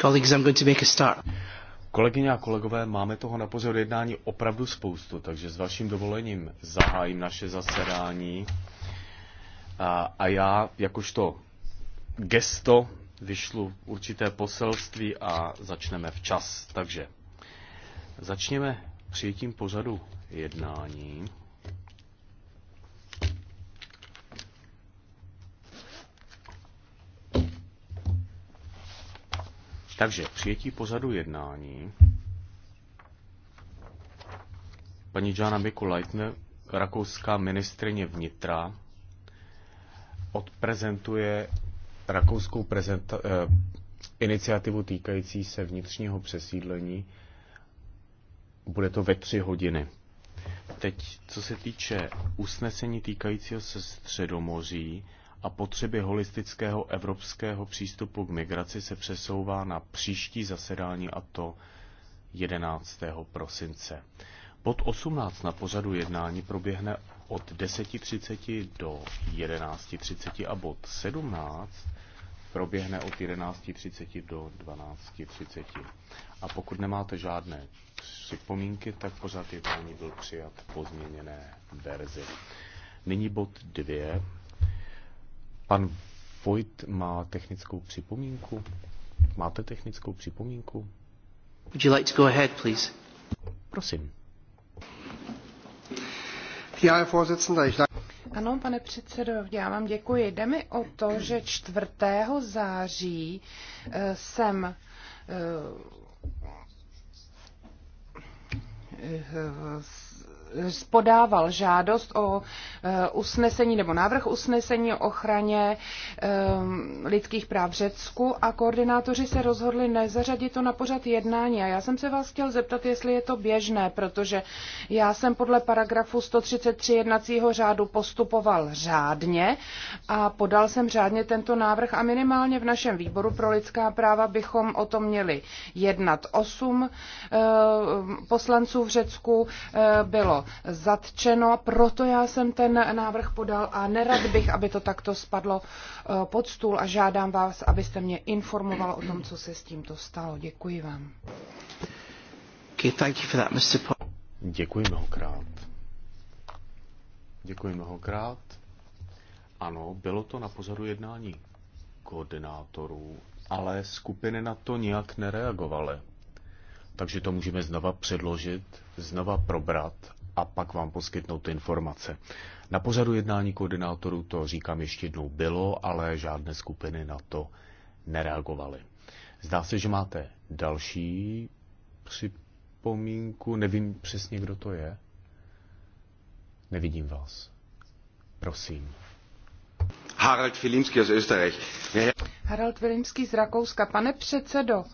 Colleagues, I'm going to make a start. Kolegyně a kolegové, máme toho na pozor jednání opravdu spoustu, takže s vaším dovolením zahájím naše zasedání. A, a já, jakožto gesto, vyšlu určité poselství a začneme včas. Takže začněme přijetím pořadu jednání. Takže přijetí pozadu jednání. Paní Jana Mikulajtne, rakouská ministrině vnitra, odprezentuje rakouskou prezenta- eh, iniciativu týkající se vnitřního přesídlení. Bude to ve tři hodiny. Teď, co se týče usnesení týkajícího se Středomoří, a potřeby holistického evropského přístupu k migraci se přesouvá na příští zasedání a to 11. prosince. Pod 18 na pořadu jednání proběhne od 10.30 do 11.30 a bod 17 proběhne od 11.30 do 12.30. A pokud nemáte žádné připomínky, tak pořád jednání byl přijat pozměněné verzi. Nyní bod 2 Pan Vojt má technickou připomínku. Máte technickou připomínku? Would you like to go ahead, please? Prosím. Já, ano, pane předsedo, já vám děkuji. Jde mi o to, že 4. září eh, jsem uh, podával žádost o eh, usnesení nebo návrh usnesení o ochraně eh, lidských práv v Řecku a koordinátoři se rozhodli nezařadit to na pořad jednání. A já jsem se vás chtěl zeptat, jestli je to běžné, protože já jsem podle paragrafu 133 jednacího řádu postupoval řádně a podal jsem řádně tento návrh a minimálně v našem výboru pro lidská práva bychom o tom měli jednat. Osm eh, poslanců v Řecku bylo zatčeno, proto já jsem ten návrh podal a nerad bych, aby to takto spadlo eh, pod stůl a žádám vás, abyste mě informoval o tom, co se s tímto stalo. Děkuji vám. Děkuji mnohokrát. Děkuji mnohokrát. Ano, bylo to na pozoru jednání koordinátorů, ale skupiny na to nijak nereagovaly. Takže to můžeme znova předložit, znova probrat a pak vám poskytnout ty informace. Na pořadu jednání koordinátorů to říkám ještě jednou bylo, ale žádné skupiny na to nereagovaly. Zdá se, že máte další připomínku. Nevím přesně, kdo to je. Nevidím vás. Prosím. Harald Vilimský z Österreich. Harald Vilimský z Rakouska. Pane předsedo,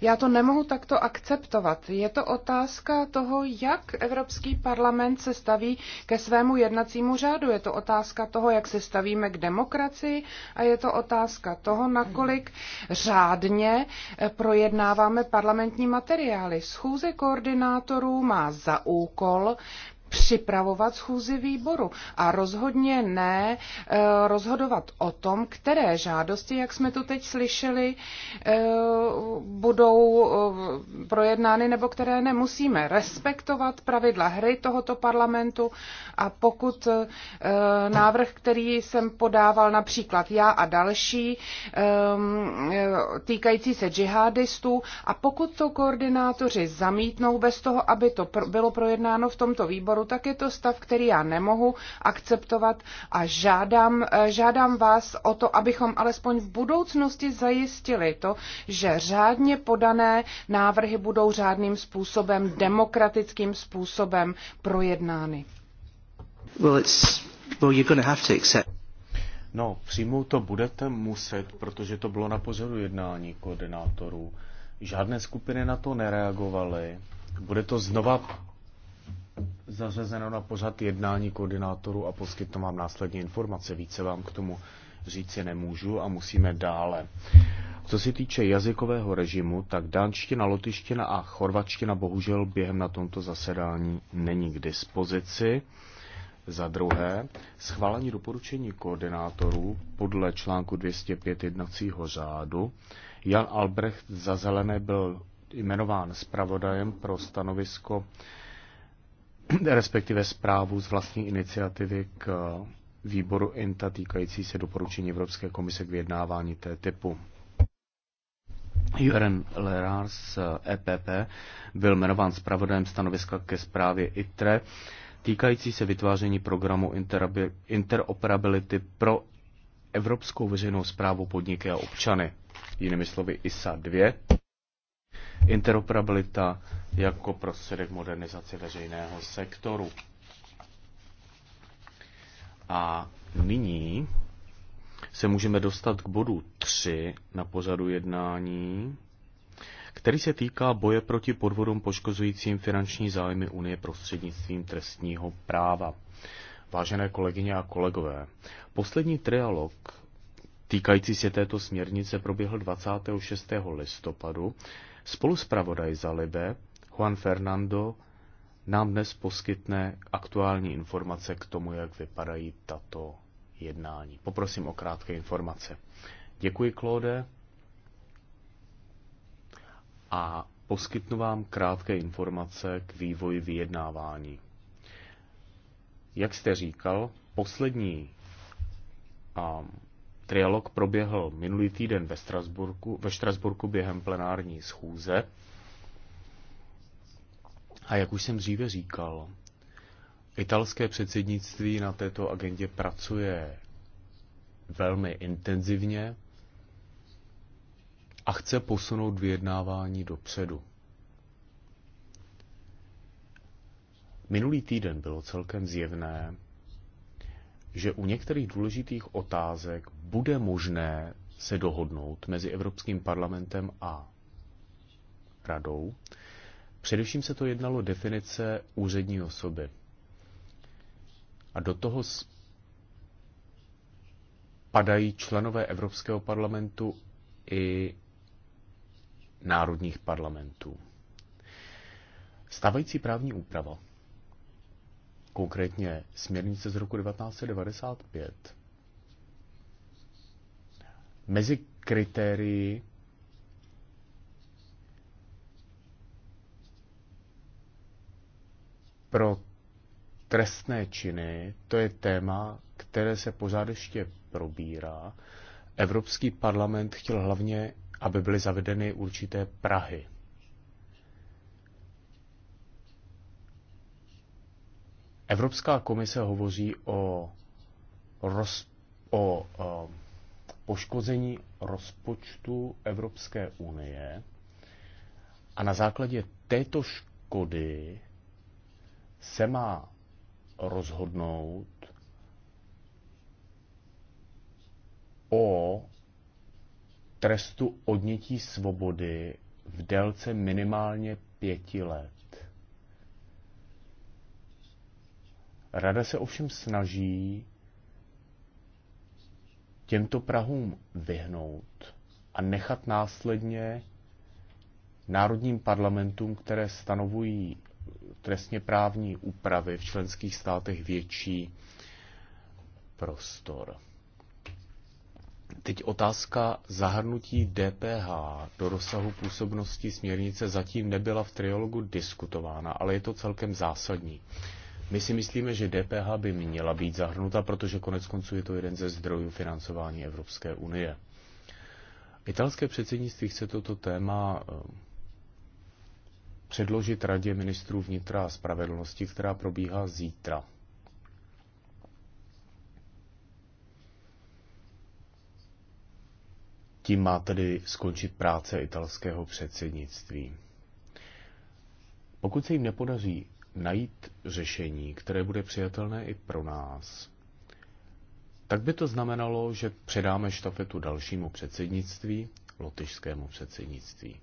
já to nemohu takto akceptovat. Je to otázka toho, jak Evropský parlament se staví ke svému jednacímu řádu. Je to otázka toho, jak se stavíme k demokracii a je to otázka toho, nakolik řádně eh, projednáváme parlamentní materiály. Schůze koordinátorů má za úkol připravovat schůzi výboru a rozhodně ne eh, rozhodovat o tom, které žádosti, jak jsme tu teď slyšeli, eh, budou eh, projednány nebo které nemusíme. Respektovat pravidla hry tohoto parlamentu a pokud návrh, který jsem podával například já a další, týkající se džihadistů a pokud to koordinátoři zamítnou bez toho, aby to bylo projednáno v tomto výboru, výboru, tak je to stav, který já nemohu akceptovat a žádám, eh, žádám vás o to, abychom alespoň v budoucnosti zajistili to, že řádně podané návrhy budou řádným způsobem, demokratickým způsobem projednány. Well, it's, well, you're gonna have to accept. No, přijmout to budete muset, protože to bylo na pozoru jednání koordinátorů. Žádné skupiny na to nereagovaly. Bude to znova zařazeno na pořad jednání koordinátorů a poskytnu vám následně informace. Více vám k tomu říci nemůžu a musíme dále. Co se týče jazykového režimu, tak dánština, lotyština a chorvačtina bohužel během na tomto zasedání není k dispozici. Za druhé, schválení doporučení koordinátorů podle článku 205 jednacího řádu. Jan Albrecht za zelené byl jmenován zpravodajem pro stanovisko respektive zprávu z vlastní iniciativy k výboru INTA týkající se doporučení Evropské komise k vyjednávání té typu. Jürgen Lerar z EPP byl jmenován zpravodajem stanoviska ke zprávě ITRE týkající se vytváření programu interoperability pro Evropskou veřejnou zprávu podniky a občany, jinými slovy ISA 2 interoperabilita jako prostředek modernizace veřejného sektoru. A nyní se můžeme dostat k bodu 3 na pořadu jednání, který se týká boje proti podvodům poškozujícím finanční zájmy Unie prostřednictvím trestního práva. Vážené kolegyně a kolegové, poslední trialog týkající se této směrnice proběhl 26. listopadu, Spoluspravodaj za Libe, Juan Fernando, nám dnes poskytne aktuální informace k tomu, jak vypadají tato jednání. Poprosím o krátké informace. Děkuji, Claude. A poskytnu vám krátké informace k vývoji vyjednávání. Jak jste říkal, poslední um, Trialog proběhl minulý týden ve Strasburku, ve Strasburku během plenární schůze. A jak už jsem dříve říkal, italské předsednictví na této agendě pracuje velmi intenzivně a chce posunout vyjednávání dopředu. Minulý týden bylo celkem zjevné, že u některých důležitých otázek bude možné se dohodnout mezi Evropským parlamentem a radou. Především se to jednalo definice úřední osoby. A do toho padají členové Evropského parlamentu i národních parlamentů. Stávající právní úprava konkrétně směrnice z roku 1995, mezi kritérii pro trestné činy, to je téma, které se pořád ještě probírá. Evropský parlament chtěl hlavně, aby byly zavedeny určité Prahy. Evropská komise hovoří o, roz, o, o eh, poškození rozpočtu Evropské unie a na základě této škody se má rozhodnout o trestu odnětí svobody v délce minimálně pěti let. Rada se ovšem snaží těmto Prahům vyhnout a nechat následně národním parlamentům, které stanovují trestně právní úpravy v členských státech větší prostor. Teď otázka zahrnutí DPH do rozsahu působnosti směrnice zatím nebyla v triologu diskutována, ale je to celkem zásadní. My si myslíme, že DPH by měla být zahrnuta, protože konec konců je to jeden ze zdrojů financování Evropské unie. Italské předsednictví chce toto téma eh, předložit Radě ministrů vnitra a spravedlnosti, která probíhá zítra. Tím má tedy skončit práce italského předsednictví. Pokud se jim nepodaří najít řešení, které bude přijatelné i pro nás, tak by to znamenalo, že předáme štafetu dalšímu předsednictví, lotyšskému předsednictví.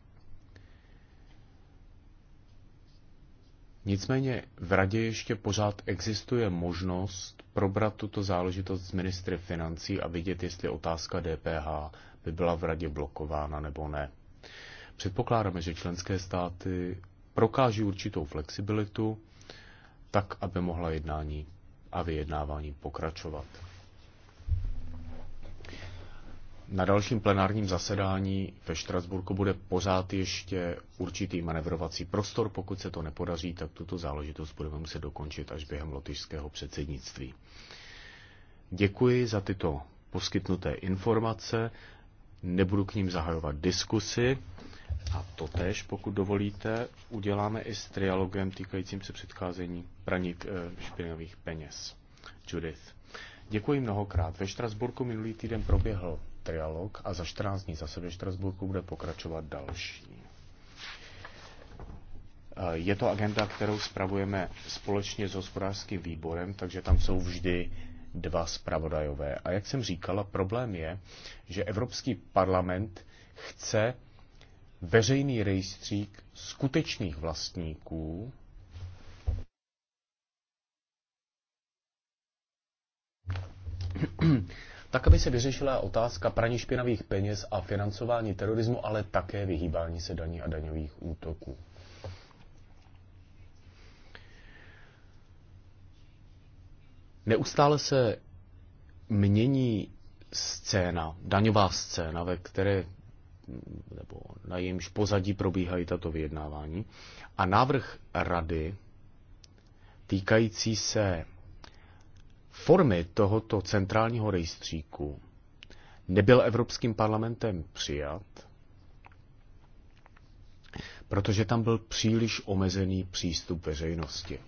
Nicméně v radě ještě pořád existuje možnost probrat tuto záležitost s ministry financí a vidět, jestli otázka DPH by byla v radě blokována nebo ne. Předpokládáme, že členské státy prokáží určitou flexibilitu, tak, aby mohla jednání a vyjednávání pokračovat. Na dalším plenárním zasedání ve Štrasburku bude pořád ještě určitý manevrovací prostor. Pokud se to nepodaří, tak tuto záležitost budeme muset dokončit až během lotyšského předsednictví. Děkuji za tyto poskytnuté informace. Nebudu k ním zahajovat diskusy. A to tež, pokud dovolíte, uděláme i s trialogem týkajícím se předcházení praní eh, špinavých peněz. Judith. Děkuji mnohokrát. Ve Štrasburku minulý týden proběhl trialog a za 14 dní zase ve Štrasburku bude pokračovat další. Eh, je to agenda, kterou spravujeme společně s hospodářským výborem, takže tam jsou vždy dva spravodajové. A jak jsem říkala, problém je, že Evropský parlament chce veřejný rejstřík skutečných vlastníků tak, aby se vyřešila otázka praní špinavých peněz a financování terorismu, ale také vyhýbání se daní a daňových útoků. Neustále se mění scéna, daňová scéna, ve které nebo na jejímž pozadí probíhají tato vyjednávání. A návrh rady týkající se formy tohoto centrálního rejstříku nebyl Evropským parlamentem přijat, protože tam byl příliš omezený přístup veřejnosti.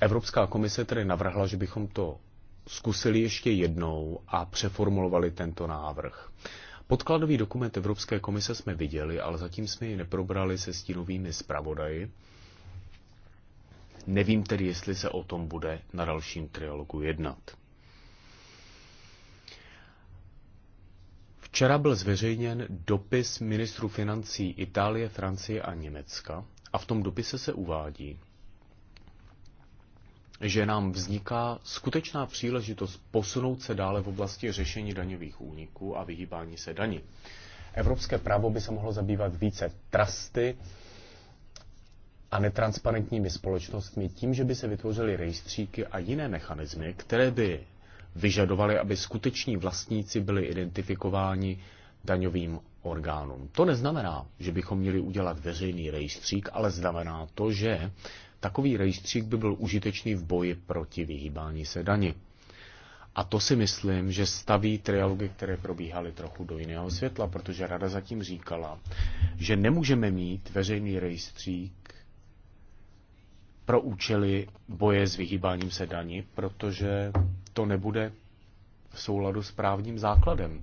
Evropská komise tedy navrhla, že bychom to zkusili ještě jednou a přeformulovali tento návrh. Podkladový dokument Evropské komise jsme viděli, ale zatím jsme ji neprobrali se stínovými zpravodaji. Nevím tedy, jestli se o tom bude na dalším trialogu jednat. Včera byl zveřejněn dopis ministrů financí Itálie, Francie a Německa a v tom dopise se uvádí, že nám vzniká skutečná příležitost posunout se dále v oblasti řešení daňových úniků a vyhýbání se daní. Evropské právo by se mohlo zabývat více trusty a netransparentními společnostmi tím, že by se vytvořily rejstříky a jiné mechanismy, které by vyžadovaly, aby skuteční vlastníci byli identifikováni daňovým orgánům. To neznamená, že bychom měli udělat veřejný rejstřík, ale znamená to, že Takový rejstřík by byl užitečný v boji proti vyhýbání se dani. A to si myslím, že staví trialogy, které probíhaly trochu do jiného světla, protože rada zatím říkala, že nemůžeme mít veřejný rejstřík pro účely boje s vyhýbáním se daní, protože to nebude v souladu s právním základem.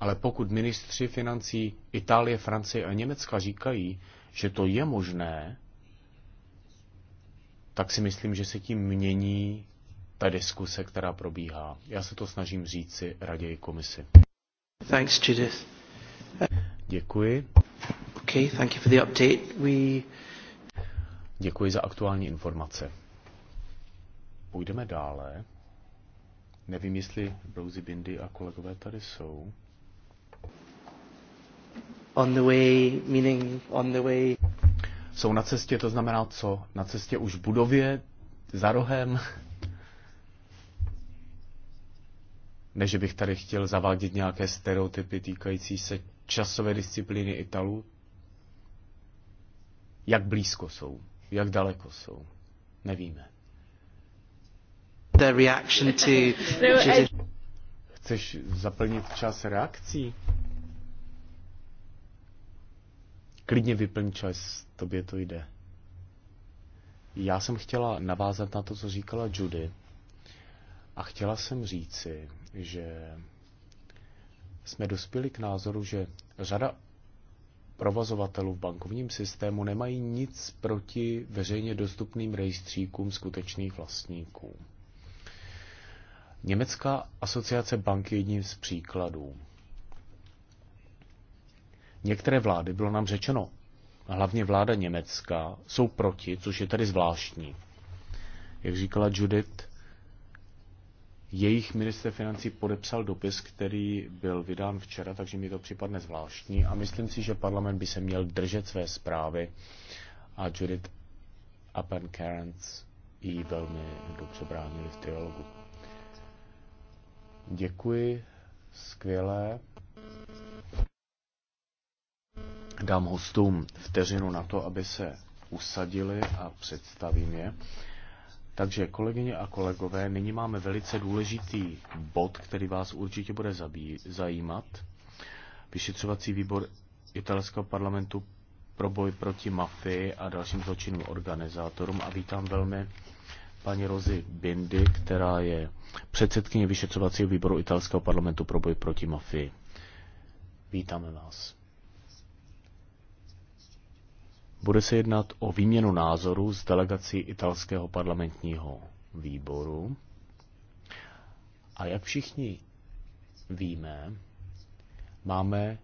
Ale pokud ministři financí Itálie, Francie a Německa říkají, že to je možné, tak si myslím, že se tím mění ta diskuse, která probíhá. Já se to snažím říci raději komisi. Thanks, Judith. Děkuji. Okay, thank you for the update. We... Děkuji za aktuální informace. Půjdeme dále. Nevím, jestli Rosie Bindy a kolegové tady jsou. On the way, meaning on the way. Jsou na cestě, to znamená co? Na cestě už v budově, za rohem? Ne, že bych tady chtěl zavádět nějaké stereotypy týkající se časové disciplíny Italů. Jak blízko jsou, jak daleko jsou, nevíme. reaction to... Chceš zaplnit čas reakcí? Klidně vyplň čas, tobě to jde. Já jsem chtěla navázat na to, co říkala Judy. A chtěla jsem říci, že jsme dospěli k názoru, že řada provozovatelů v bankovním systému nemají nic proti veřejně dostupným rejstříkům skutečných vlastníků. Německá asociace bank je jedním z příkladů. Některé vlády, bylo nám řečeno, hlavně vláda německá, jsou proti, což je tady zvláštní. Jak říkala Judith, jejich minister financí podepsal dopis, který byl vydán včera, takže mi to připadne zvláštní a myslím si, že parlament by se měl držet své zprávy a Judith Appenkerns i ji velmi dobře bránili v dialogu. Děkuji, skvělé. Dám hostům vteřinu na to, aby se usadili a představím je. Takže kolegyně a kolegové, nyní máme velice důležitý bod, který vás určitě bude zabí- zajímat. Vyšetřovací výbor italského parlamentu pro boj proti mafii a dalším zločinným organizátorům a vítám velmi paní Rozi Bindy, která je předsedkyně vyšetřovacího výboru italského parlamentu pro boj proti mafii. Vítáme vás. Bude se jednat o výměnu názorů s delegací italského parlamentního výboru. A jak všichni víme, máme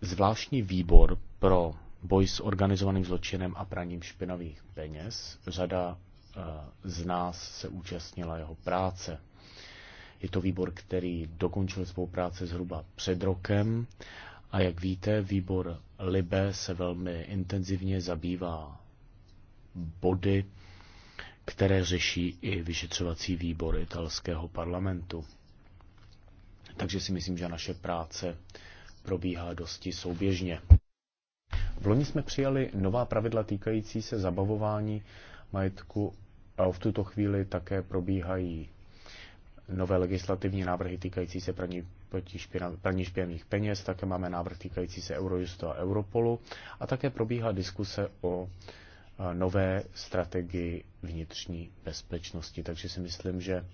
zvláštní výbor pro boj s organizovaným zločinem a praním špinavých peněz. Řada eh, z nás se účastnila jeho práce. Je to výbor, který dokončil svou práci zhruba před rokem a jak víte, výbor Libe se velmi intenzivně zabývá body, které řeší i vyšetřovací výbor italského parlamentu. Takže si myslím, že naše práce probíhá dosti souběžně. V loni jsme přijali nová pravidla týkající se zabavování majetku a v tuto chvíli také probíhají nové legislativní návrhy týkající se praní proti praní špinavých peněz, také máme návrh týkající se Eurojustu a Europolu a také probíhá diskuse o e, nové strategii vnitřní bezpečnosti. Takže si myslím, že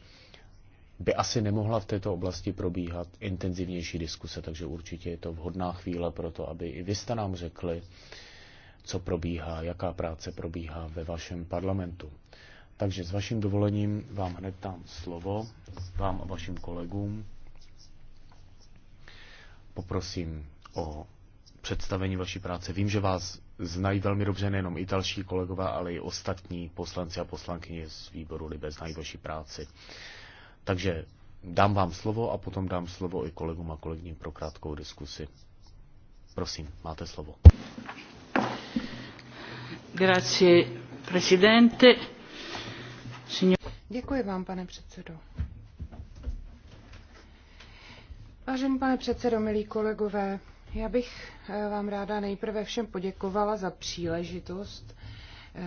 by asi nemohla v této oblasti probíhat intenzivnější diskuse, takže určitě je to vhodná chvíle pro to, aby i vy jste nám řekli, co probíhá, jaká práce probíhá ve vašem parlamentu. Takže s vaším dovolením vám hned dám slovo, vám a vašim kolegům poprosím o představení vaší práce. Vím, že vás znají velmi dobře nejenom další kolegové, ale i ostatní poslanci a poslankyně z výboru Libe znají vaší práci. Takže dám vám slovo a potom dám slovo i kolegům a kolegyním pro krátkou diskusi. Prosím, máte slovo. Grazie, presidente. Signor... Děkuji vám, pane předsedo. Vážený pane předsedo, milí kolegové, já bych eh, vám ráda nejprve všem poděkovala za příležitost, eh,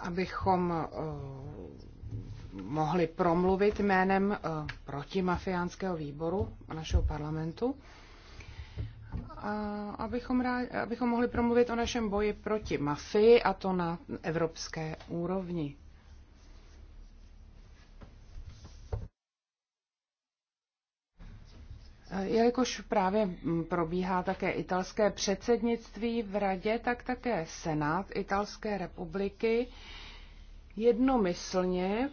abychom eh, mohli promluvit jménem protimafiánského výboru našeho parlamentu. A abychom, rád, abychom mohli promluvit o našem boji proti mafii a to na evropské úrovni. Jelikož právě probíhá také italské předsednictví v radě, tak také Senát Italské republiky jednomyslně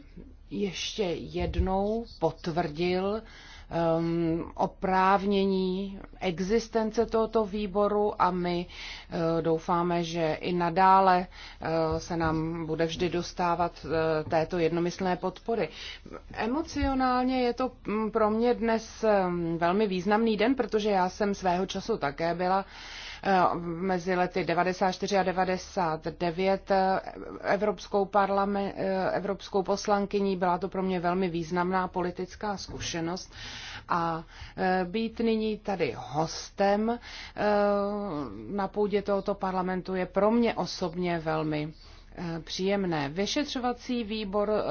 ještě jednou potvrdil um, oprávnění existence tohoto výboru a my uh, doufáme, že i nadále uh, se nám bude vždy dostávat uh, této jednomyslné podpory. Emocionálně je to mm, pro mě dnes um, velmi významný den, protože já jsem svého času také byla uh, Eh, mezi lety 94 a 99 eh, evropskou, parlament, eh, evropskou poslankyní. Byla to pro mě velmi významná politická zkušenost a být nyní tady hostem na půdě tohoto parlamentu je pro mě osobně velmi příjemné. Vyšetřovací výbor eh,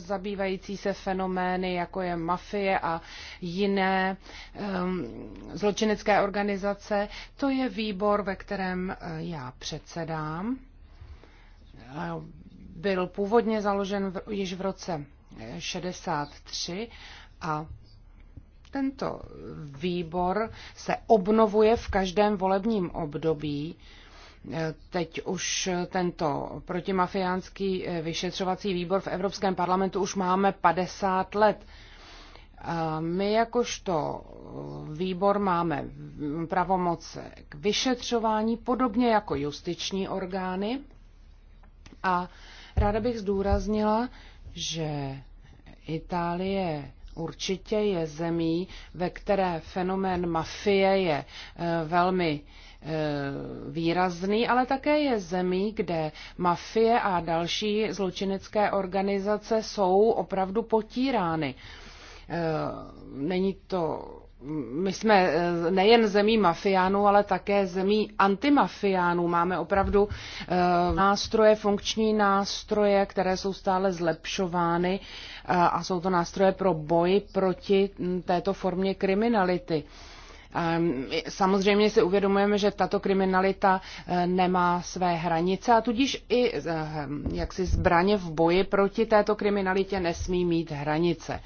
zabývající se fenomény, jako je mafie a jiné eh, zločinecké organizace, to je výbor, ve kterém eh, já předsedám. Byl původně založen již v roce 63 a tento výbor se obnovuje v každém volebním období. Teď už tento protimafiánský eh, vyšetřovací výbor v Evropském parlamentu už máme 50 let. My jakožto eh, výbor máme pravomoce k vyšetřování, podobně jako justiční orgány. A ráda bych zdůraznila, že Itálie určitě je zemí, ve které fenomén mafie je eh, velmi výrazný, ale také je zemí, kde mafie a další zločinecké organizace jsou opravdu potírány. Eh, není to my jsme eh, nejen zemí mafiánů, ale také zemí antimafiánů. Máme opravdu eh, nástroje, funkční nástroje, které jsou stále zlepšovány a jsou to nástroje pro boj proti mm, této formě kriminality. Ehm, samozřejmě si uvědomujeme, že tato kriminalita eh, nemá své hranice a tudíž i ehm, jaksi zbraně v boji proti této kriminalitě nesmí mít hranice.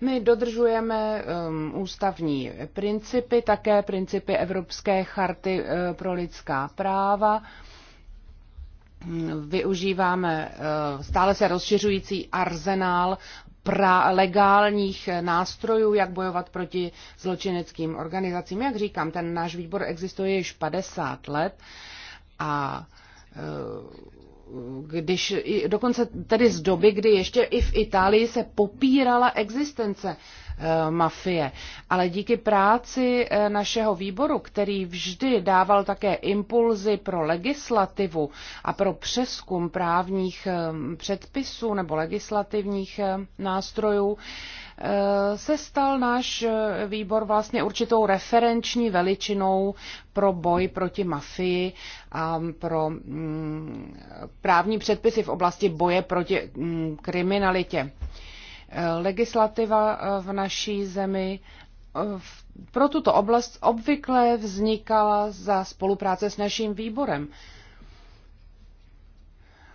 My dodržujeme um, ústavní principy, také principy Evropské charty eh, pro lidská práva. Využíváme eh, stále se rozšiřující arzenál pra- legálních eh, nástrojů, jak bojovat proti zločineckým organizacím. Jak říkám, ten náš výbor existuje již 50 let a eh, když dokonce tedy z doby, kdy ještě i v Itálii se popírala existence Eh, mafie. Ale díky práci eh, našeho výboru, který vždy dával také impulzy pro legislativu a pro přeskum právních eh, předpisů nebo legislativních nástrojů, se stal náš výbor vlastně určitou referenční veličinou pro boj proti mafii a pro mm, právní předpisy v oblasti boje proti mm, kriminalitě. Legislativa eh, v naší zemi eh, pro tuto oblast obvykle vznikala za spolupráce s naším výborem.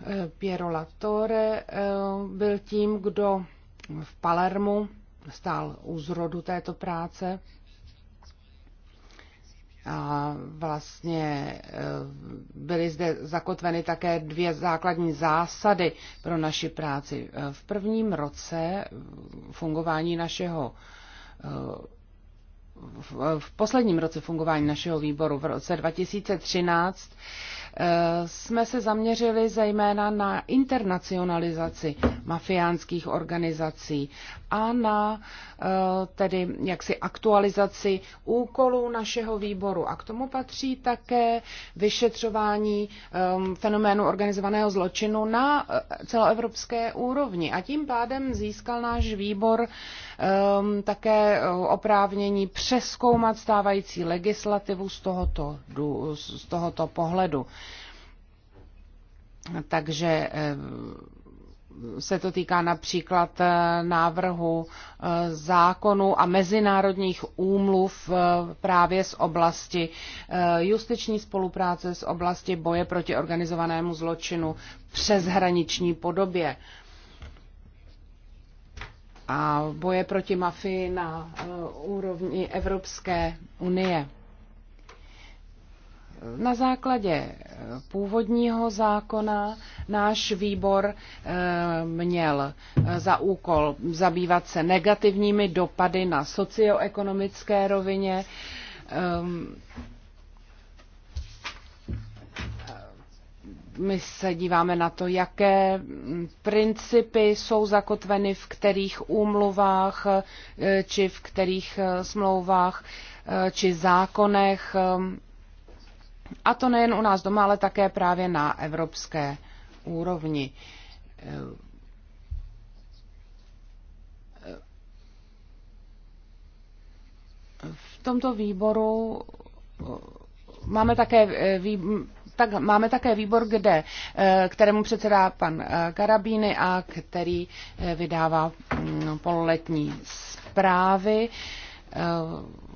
Eh, Piero Latore byl tím, kdo v Palermu stál u zrodu této práce a vlastně eh, byly zde zakotveny také dvě základní zásady pro naši práci. Eh, v prvním roce eh, fungování našeho v posledním roce fungování našeho výboru v roce 2013 jsme se zaměřili zejména na internacionalizaci mafiánských organizací a na eh, tedy jaksi aktualizaci úkolů našeho výboru. A k tomu patří také vyšetřování eh, fenoménu organizovaného zločinu na eh, celoevropské úrovni. A tím pádem získal náš výbor Ehm, také eh, oprávnění přeskoumat stávající legislativu z tohoto, z tohoto pohledu. Takže ehm, se to týká například eh, návrhu eh, zákonů a mezinárodních úmluv právě z oblasti justiční spolupráce, z oblasti boje proti organizovanému zločinu přeshraniční podobě. podobě a boje proti mafii na eh, úrovni Evropské unie. Na základě eh, původního zákona náš výbor eh, měl za úkol zabývat se negativními dopady na socioekonomické rovině My se díváme na to, jaké principy jsou zakotveny v kterých úmluvách eh, či v kterých eh, smlouvách eh, či zákonech. A to nejen u nás doma, ale také právě na evropské úrovni. V tomto výboru máme také tak máme také výbor, kde, eh, kterému předsedá pan eh, Karabíny a který eh, vydává mm, pololetní zprávy.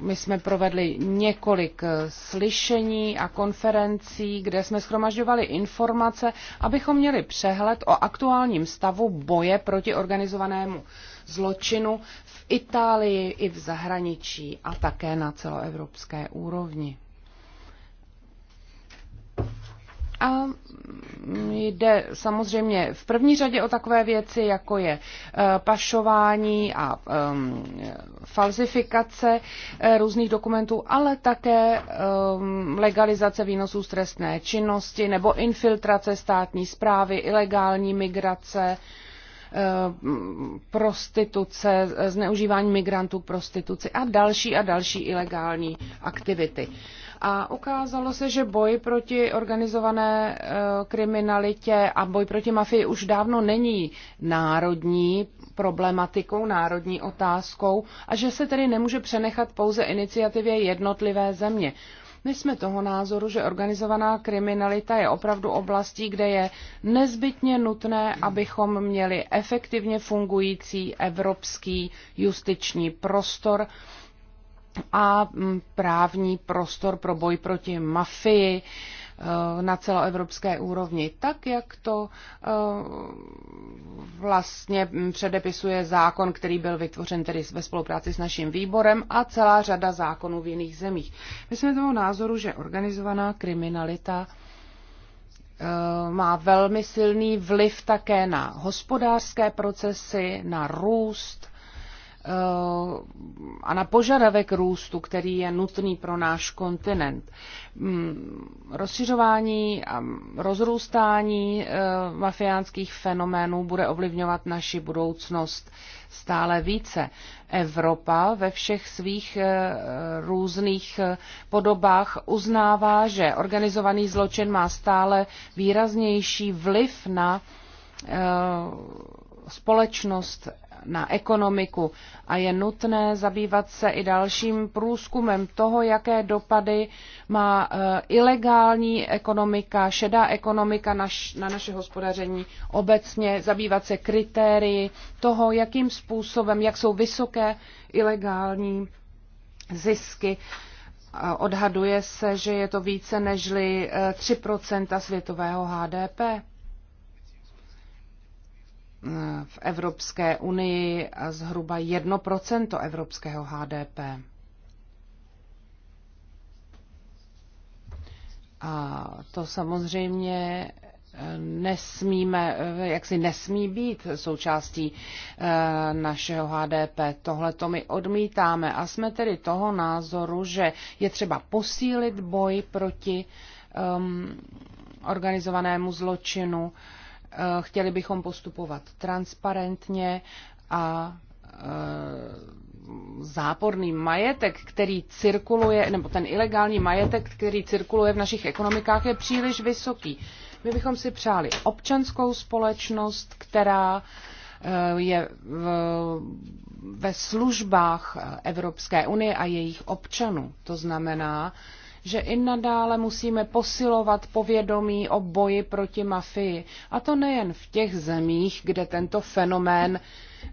My jsme provedli několik slyšení a konferencí, kde jsme schromažďovali informace, abychom měli přehled o aktuálním stavu boje proti organizovanému zločinu v Itálii i v zahraničí a také na celoevropské úrovni. A jde samozřejmě v první řadě o takové věci, jako je eh, pašování a ehm, falzifikace eh, různých dokumentů, ale také ehm, legalizace výnosů z trestné činnosti nebo infiltrace státní zprávy, ilegální migrace, Eh, prostituce, zneužívání migrantů k prostituci a další a další ilegální aktivity. A ukázalo se, že boj proti organizované eh, kriminalitě a boj proti mafii už dávno není národní problematikou, národní otázkou a že se tedy nemůže přenechat pouze iniciativě jednotlivé země. My jsme toho názoru, že organizovaná kriminalita je opravdu oblastí, kde je nezbytně nutné, abychom měli efektivně fungující evropský justiční prostor a mm, právní prostor pro boj proti mafii Eh, na celoevropské úrovni, tak jak to eh, vlastně předepisuje zákon, který byl vytvořen tedy ve spolupráci s naším výborem a celá řada zákonů v jiných zemích. My jsme toho názoru, že organizovaná kriminalita eh, má velmi silný vliv také na hospodářské procesy, na růst, Eh, a na požadavek růstu, který je nutný pro náš kontinent. Hmm, rozšiřování a rozrůstání eh, mafiánských fenoménů bude ovlivňovat naši budoucnost stále více. Evropa ve všech svých eh, různých podobách uznává, že organizovaný zločin má stále výraznější vliv na společnost, na ekonomiku a je nutné zabývat se i dalším průzkumem toho, jaké dopady má eh, ilegální ekonomika, šedá ekonomika na, na naše hospodaření obecně, zabývat se kritérii toho, jakým způsobem, jak jsou vysoké ilegální zisky. Odhaduje se, že je to více nežli 3 eh, světového HDP v Evropské unii zhruba 1% evropského HDP. A to samozřejmě nesmíme, jak si nesmí být součástí eh, našeho HDP. Tohle to my odmítáme a jsme tedy toho názoru, že je třeba posílit boj proti um, organizovanému zločinu, uh, Eh, chtěli bychom postupovat transparentně a eh, záporný majetek, který cirkuluje, nebo ten ilegální majetek, který cirkuluje v našich ekonomikách, je příliš vysoký. My bychom si přáli občanskou společnost, která eh, je v, ve službách Evropské unie a jejich občanů. To znamená, že i nadále musíme posilovat povědomí o boji proti mafii. A to nejen v těch zemích, kde tento fenomén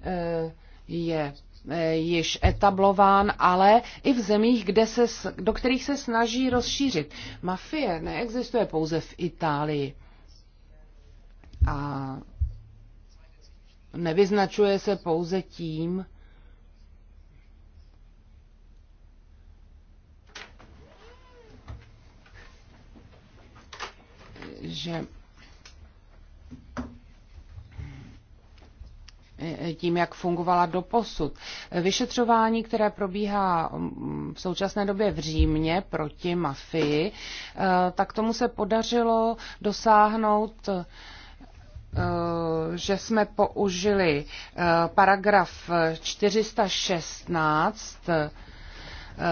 eh, je eh, již etablován, ale i v zemích, kde se, do kterých se snaží rozšířit. Mafie neexistuje pouze v Itálii. A nevyznačuje se pouze tím, že tím, jak fungovala doposud. Vyšetřování, které probíhá mm, v současné době v Římě proti mafii, eh, tak tomu se podařilo dosáhnout eh, že jsme použili eh, paragraf 416 Eh,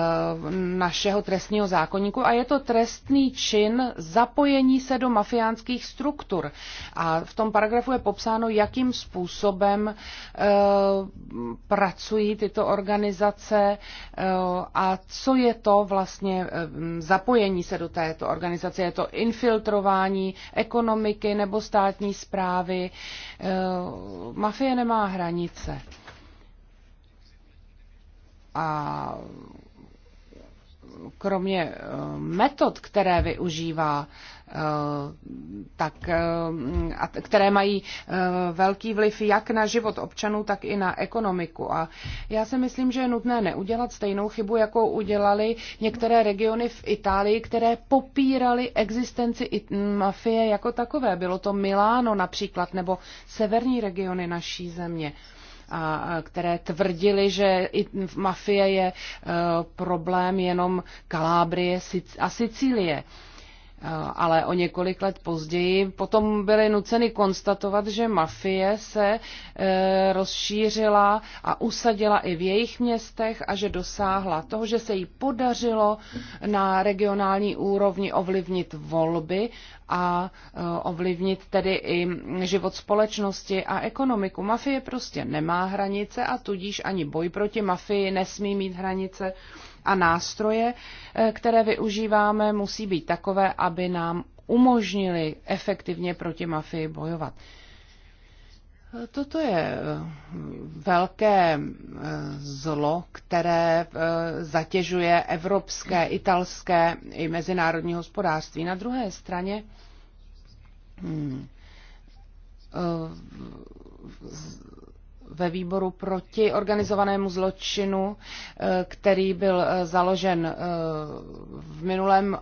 našeho trestního zákonníku a je to trestný čin zapojení se do mafiánských struktur. A v tom paragrafu je popsáno, jakým způsobem eh, pracují tyto organizace eh, a co je to vlastně zapojení se do této organizace. Je to infiltrování ekonomiky nebo státní zprávy. Mafie nemá hranice. A kromě eh, metod, které využívá, eh, tak, eh, které mají velký vliv jak na život občanů, tak i na ekonomiku. A já si myslím, že je nutné neudělat stejnou chybu, jakou udělali některé regiony v Itálii, které popíraly existenci mafie jako takové. Bylo to Miláno například, nebo severní regiony naší země a které tvrdili, že i mafie je e, problém jenom Kalábrie a Sicílie. Eh, ale o několik let později potom byly nuceny konstatovat, že mafie se eh, rozšířila a usadila i v jejich městech a že dosáhla toho, že se jí podařilo na regionální úrovni ovlivnit volby a eh, ovlivnit tedy i život společnosti a ekonomiku. Mafie prostě nemá hranice a tudíž ani boj proti mafii nesmí mít hranice a nástroje, eh, které využíváme, musí být takové, aby nám umožnili efektivně proti mafii bojovat. Toto je eh, velké eh, zlo, které zatěžuje evropské, italské i mezinárodní hospodářství. Na druhé straně hmm, ve výboru proti organizovanému zločinu, eh, který byl eh, založen eh, v minulém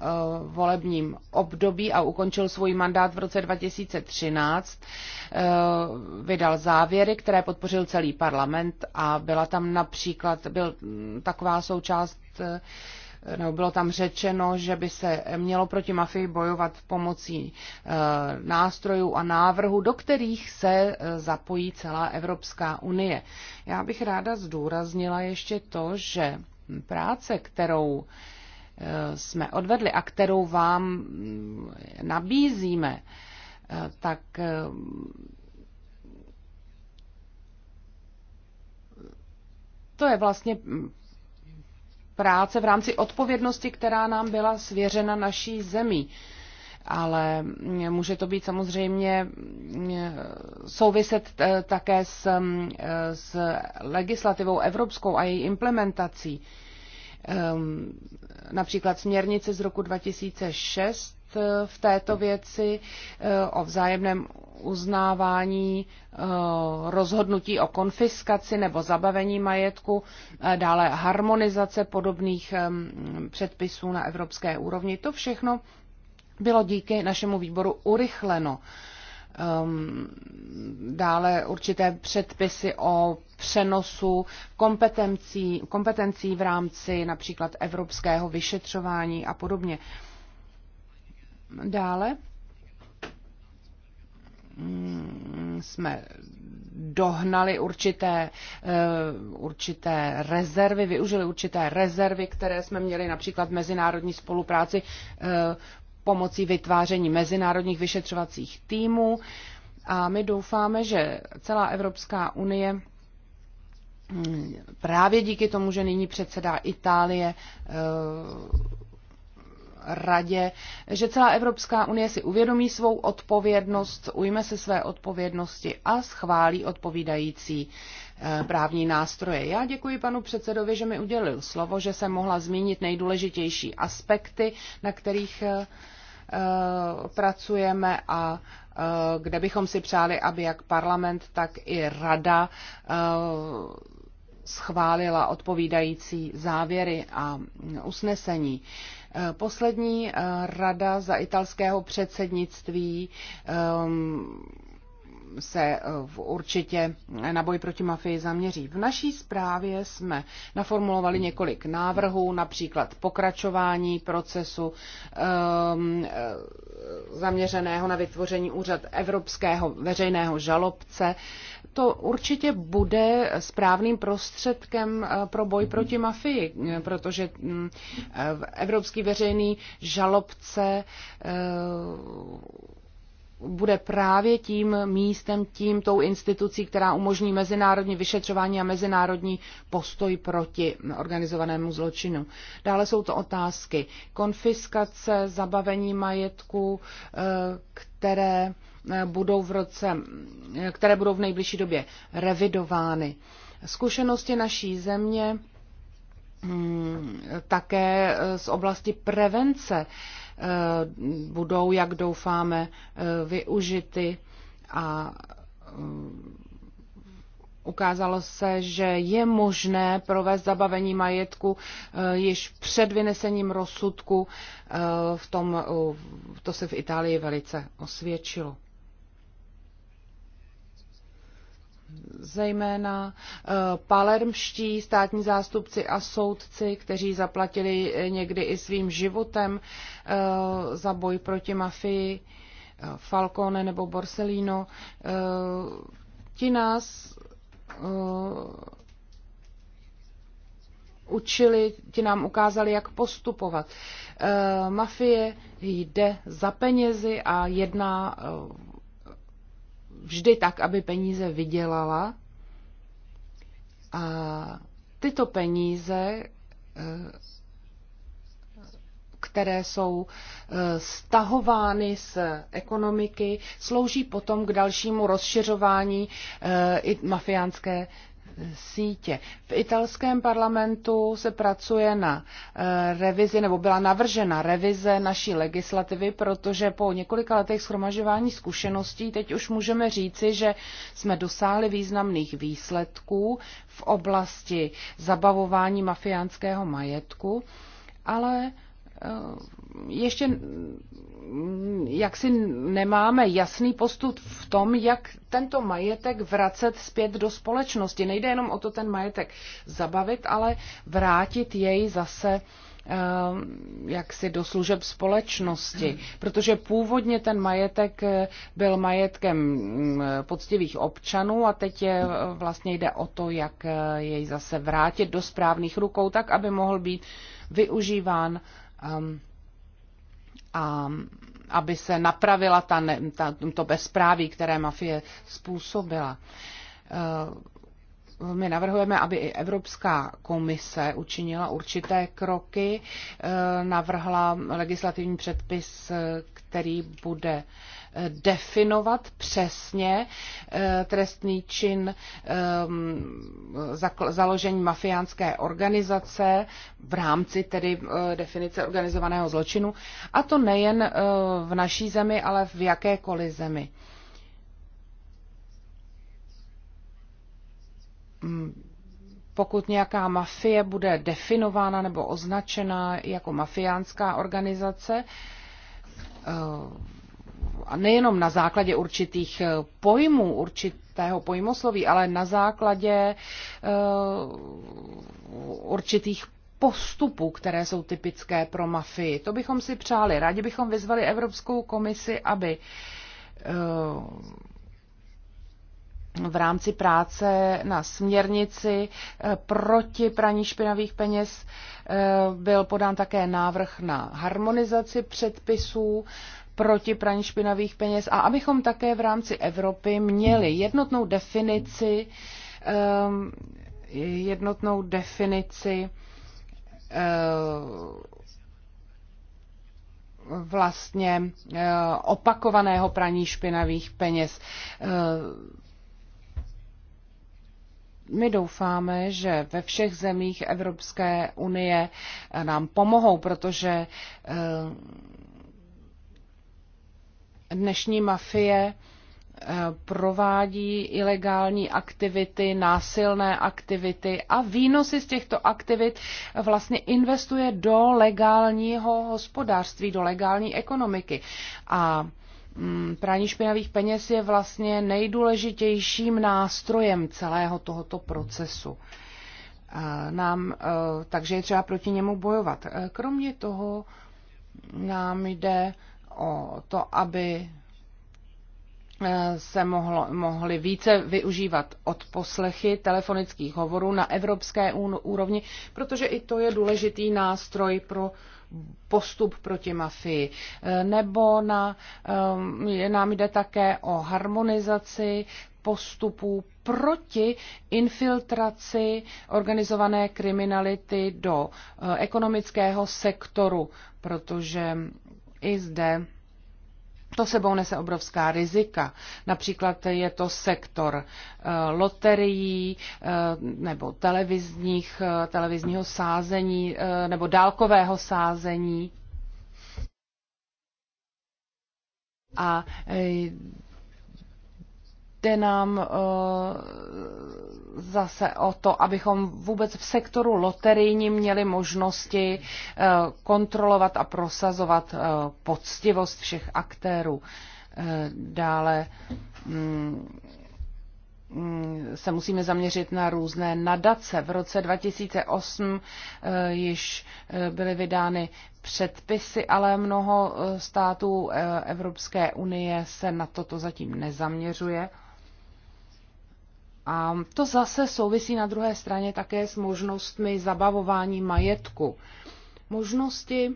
volebním období a ukončil svůj mandát v roce 2013. Vydal závěry, které podpořil celý parlament a byla tam například byl mm, taková součást nebo bylo tam řečeno, že by se mělo proti mafii bojovat pomocí e, nástrojů a návrhů, do kterých se e, zapojí celá Evropská unie. Já bych ráda zdůraznila ještě to, že práce, kterou e, jsme odvedli a kterou vám mm, nabízíme, tak to je vlastně práce v rámci odpovědnosti, která nám byla svěřena naší zemí. Ale může to být samozřejmě mm, souviset eh, také s, mm, eh, s legislativou evropskou a její implementací. Ehm, například směrnice z roku 2006 Eh, v této věci eh, o vzájemném uznávání eh, rozhodnutí o konfiskaci nebo zabavení majetku, dále harmonizace podobných předpisů na evropské úrovni. To všechno bylo díky našemu výboru urychleno. Ehm, dále určité předpisy o přenosu kompetencí, kompetencí v rámci například evropského vyšetřování a podobně. Dále mm, jsme dohnali určité, eh, určité rezervy, využili určité rezervy, které jsme měli například v mezinárodní spolupráci eh, pomocí vytváření mezinárodních vyšetřovacích týmů. A my doufáme, že celá Evropská unie mm, právě díky tomu, že nyní předsedá Itálie, eh, radě, že celá Evropská unie si uvědomí svou odpovědnost, ujme se své odpovědnosti a schválí odpovídající eh, právní nástroje. Já děkuji panu předsedovi, že mi udělil slovo, že jsem mohla zmínit nejdůležitější aspekty, na kterých eh, eh, pracujeme a kde bychom si přáli, aby jak parlament, tak i rada schválila odpovídající závěry a usnesení. Poslední eh, rada za italského předsednictví ehm, se eh, určitě na boj proti mafii zaměří. V naší zprávě jsme naformulovali několik návrhů, například pokračování procesu ehm, eh, zaměřeného na vytvoření úřad evropského veřejného žalobce. To určitě bude správným prostředkem eh, pro boj proti mafii, protože hm, evropský veřejný žalobce bude právě tím místem, tím tou institucí, která umožní mezinárodní vyšetřování a mezinárodní postoj proti organizovanému zločinu. Dále jsou to otázky konfiskace, zabavení majetku, eh, které eh, budou v, roce, eh, které budou v nejbližší době revidovány. Zkušenosti naší země hm, také z oblasti prevence Eh, budou, jak doufáme, eh, využity a eh, Ukázalo se, že je možné provést zabavení majetku již před vynesením rozsudku. V tom, to se v Itálii velice osvědčilo. zejména eh, palermští státní zástupci a soudci, kteří zaplatili eh, někdy i svým životem eh, za boj proti mafii, Falcone nebo Borsellino, ti nás učili, ti nám ukázali, jak postupovat. Mafie jde za penězi a jedná vždy tak, aby peníze vydělala. A tyto peníze, eh, které jsou eh, stahovány z ekonomiky, slouží potom k dalšímu rozšiřování eh, i mafiánské sítě. V italském parlamentu se pracuje na eh, revizi, nebo byla navržena revize naší legislativy, protože po několika letech schromažování zkušeností teď už můžeme říci, že jsme dosáhli významných výsledků v oblasti zabavování mafiánského majetku, ale Eh, ještě jaksi nemáme jasný postup v tom, jak tento majetek vracet zpět do společnosti. Nejde jenom o to ten majetek zabavit, ale vrátit jej zase eh, jaksi do služeb společnosti, protože původně ten majetek eh, byl majetkem mm, poctivých občanů a teď je, vlastně jde o to, jak jej zase vrátit do správných rukou, tak aby mohl být využíván uh, a aby se napravila ta, ta, to bezpráví, které mafie způsobila. My navrhujeme, aby i Evropská komise učinila určité kroky, navrhla legislativní předpis, který bude definovat přesně eh, trestný čin eh, založení mafiánské organizace v rámci tedy eh, definice organizovaného zločinu, a to nejen v naší zemi, ale v jakékoliv zemi. Hmm. pokud nějaká mafie bude definována nebo označena jako mafiánská organizace, a nejenom na základě určitých eh, pojmů, určitého pojmosloví, ale na základě eh, určitých postupů, které jsou typické pro mafii. To bychom si přáli. Rádi bychom vyzvali Evropskou komisi, aby eh, v rámci práce na směrnici proti praní špinavých peněz byl podán také návrh na harmonizaci předpisů proti praní špinavých peněz a abychom také v rámci Evropy měli jednotnou definici, ehm, jednotnou definici ehm, vlastně eh, opakovaného praní špinavých peněz. Eh, my doufáme, že ve všech zemích Evropské unie nám pomohou, protože ehm, Dnešní mafie eh, provádí ilegální aktivity, násilné aktivity a výnosy z těchto aktivit vlastně investuje do legálního hospodářství, do legální ekonomiky. A mm, prání špinavých peněz je vlastně nejdůležitějším nástrojem celého tohoto procesu. Nám, eh, takže je třeba proti němu bojovat. Eh, kromě toho nám jde o to, aby eh, se mohlo, mohly více využívat od poslechy telefonických hovorů na evropské úrovni, protože i to je důležitý nástroj pro postup proti mafii. Eh, nebo na, eh, nám jde také o harmonizaci postupů proti infiltraci organizované kriminality do ekonomického sektoru, protože i zde to sebou nese obrovská rizika. Například je to sektor eh, loterií eh, nebo televizních, eh, televizního sázení nebo dálkového sázení. A jde nám eh, zase o to, abychom vůbec v sektoru loterijní měli možnosti eh, kontrolovat a prosazovat eh, poctivost všech aktérů. Dále mm, mm, se musíme zaměřit na různé nadace. V roce 2008 již byly vydány předpisy, ale mnoho států Evropské unie se na toto zatím nezaměřuje. A to zase souvisí na druhé straně také s možnostmi zabavování majetku. Možnosti,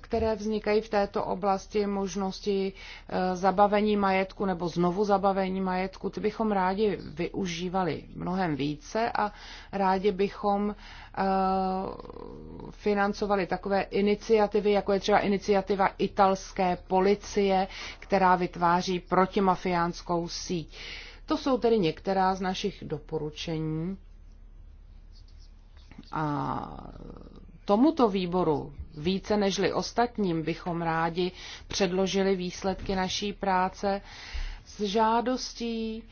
které vznikají v této oblasti, možnosti e, zabavení majetku nebo znovu zabavení majetku, ty bychom rádi využívali mnohem více a rádi bychom e, financovali takové iniciativy, jako je třeba iniciativa italské policie, která vytváří protimafiánskou síť to jsou tedy některá z našich doporučení. A tomuto výboru více nežli ostatním bychom rádi předložili výsledky naší práce s žádostí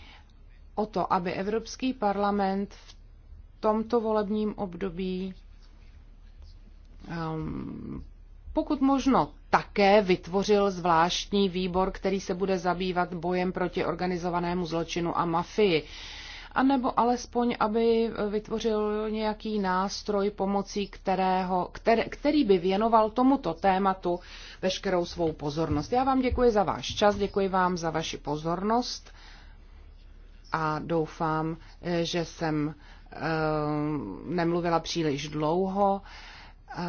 o to, aby Evropský parlament v tomto volebním období um, pokud možno také vytvořil zvláštní výbor, který se bude zabývat bojem proti organizovanému zločinu a mafii. A nebo alespoň, aby vytvořil nějaký nástroj pomocí, kterého, který, který by věnoval tomuto tématu veškerou svou pozornost. Já vám děkuji za váš čas, děkuji vám za vaši pozornost a doufám, že jsem eh, nemluvila příliš dlouho. Eh,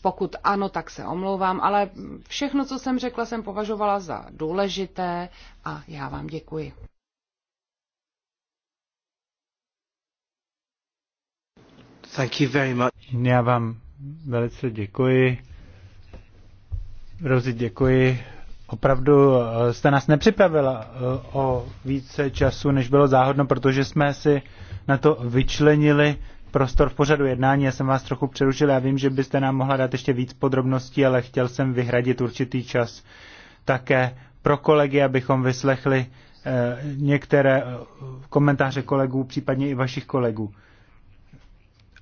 pokud ano, tak se omlouvám, ale všechno, co jsem řekla, jsem považovala za důležité a já vám děkuji. Thank you very much. Já vám velice děkuji. Rozi, děkuji. Opravdu eh, jste nás nepřipravila eh, o více času, než bylo záhodno, protože jsme si na to vyčlenili prostor v pořadu jednání. Já jsem vás trochu přerušil, já vím, že byste nám mohla dát ještě víc podrobností, ale chtěl jsem vyhradit určitý čas také pro kolegy, abychom vyslechli eh, některé eh, komentáře kolegů, případně i vašich kolegů.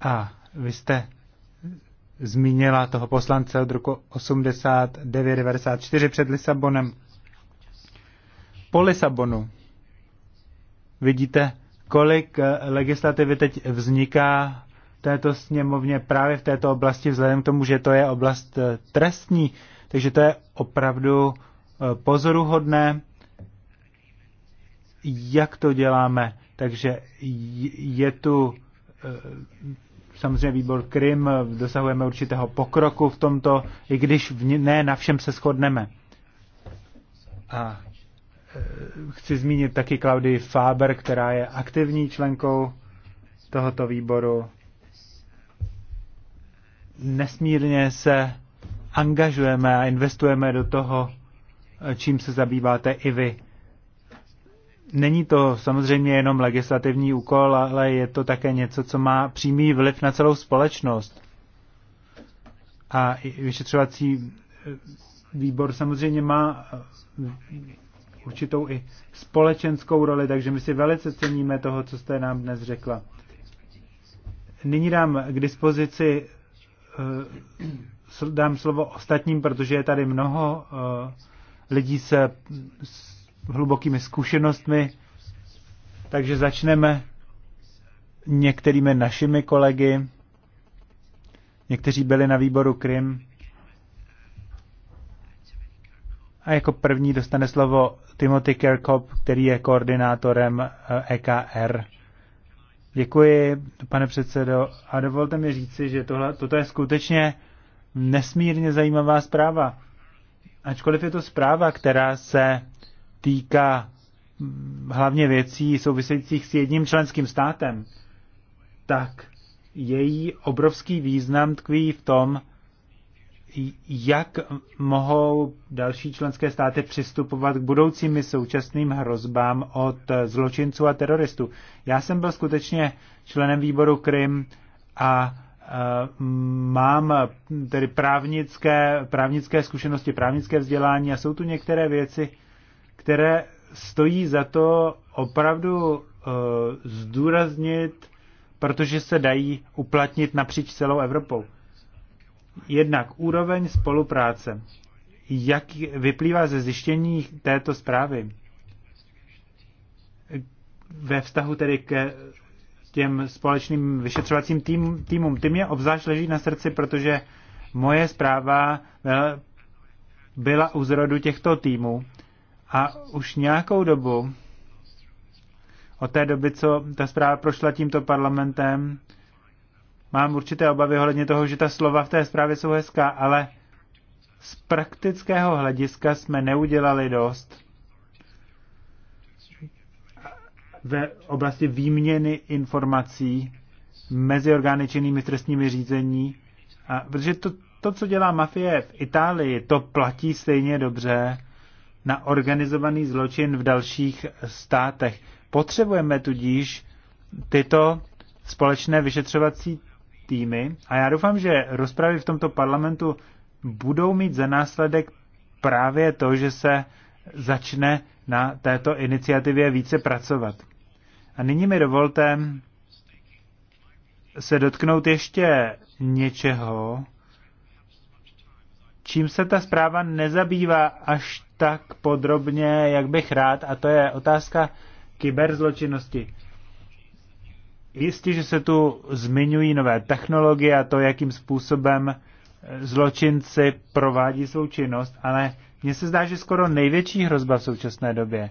A vy jste zmínila toho poslance od roku 89-94 před Lisabonem. Po Lisabonu vidíte kolik eh, legislativy teď vzniká této sněmovně právě v této oblasti, vzhledem k tomu, že to je oblast eh, trestní. Takže to je opravdu eh, pozoruhodné, jak to děláme. Takže je tu samozřejmě výbor Krym, dosahujeme určitého pokroku v tomto, i když v, ne na všem se shodneme. A chci zmínit taky Klaudii Faber, která je aktivní členkou tohoto výboru. Nesmírně se angažujeme a investujeme do toho, čím se zabýváte i vy. Není to samozřejmě jenom legislativní úkol, ale je to také něco, co má přímý vliv na celou společnost. A vyšetřovací výbor samozřejmě má určitou i společenskou roli, takže my si velice ceníme toho, co jste nám dnes řekla. Nyní dám k dispozici, eh, dám slovo ostatním, protože je tady mnoho eh, lidí se s hlubokými zkušenostmi, takže začneme některými našimi kolegy. Někteří byli na výboru Krim A jako první dostane slovo Timothy Kerkop, který je koordinátorem EKR. Eh, e Děkuji, pane předsedo, a dovolte mi říci, že tohle, toto je skutečně nesmírně zajímavá zpráva. Ačkoliv je to zpráva, která se týká mm, hlavně věcí souvisejících s jedním členským státem, tak její obrovský význam tkví v tom, jak mohou další členské státy přistupovat k budoucím i současným hrozbám od zločinců a teroristů. Já jsem byl skutečně členem výboru Krym a eh, mám tedy právnické, právnické zkušenosti, právnické vzdělání a jsou tu některé věci, které stojí za to opravdu eh, zdůraznit, protože se dají uplatnit napříč celou Evropou. Jednak úroveň spolupráce. Jak vyplývá ze zjištění této zprávy? Ve vztahu tedy ke těm společným vyšetřovacím tým, týmům. Ty mě obzvlášť leží na srdci, protože moje zpráva byla u zrodu těchto týmů a už nějakou dobu od té doby, co ta zpráva prošla tímto parlamentem, mám určité obavy ohledně toho, že ta slova v té zprávě jsou hezká, ale z praktického hlediska jsme neudělali dost ve oblasti výměny informací mezi orgány činnými trestními řízení, a, protože to, to, co dělá mafie v Itálii, to platí stejně dobře na organizovaný zločin v dalších státech. Potřebujeme tudíž tyto společné vyšetřovací týmy a já doufám, že rozpravy v tomto parlamentu budou mít za následek právě to, že se začne na této iniciativě více pracovat. A nyní mi dovolte se dotknout ještě něčeho, čím se ta zpráva nezabývá až tak podrobně, jak bych rád, a to je otázka kyberzločinnosti. Jistě, že se tu zmiňují nové technologie a to, jakým způsobem eh, zločinci provádí svou činnost, ale mně se zdá, že skoro největší hrozba v současné době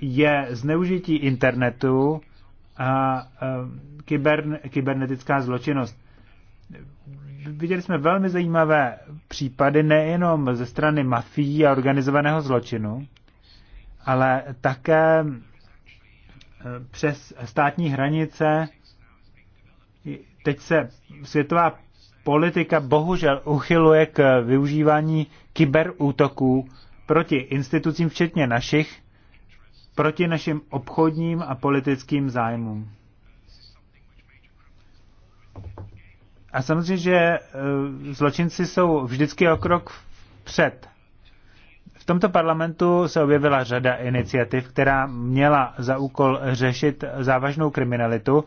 je zneužití internetu a eh, kybern, kybernetická zločinnost. Viděli jsme velmi zajímavé případy nejenom ze strany mafií a organizovaného zločinu, ale také Eh, přes státní hranice. Teď se světová politika bohužel uchyluje k využívání kyberútoků proti institucím, včetně našich, proti našim obchodním a politickým zájmům. A samozřejmě, že eh, zločinci jsou vždycky o krok před v tomto parlamentu se objevila řada iniciativ, která měla za úkol řešit závažnou kriminalitu,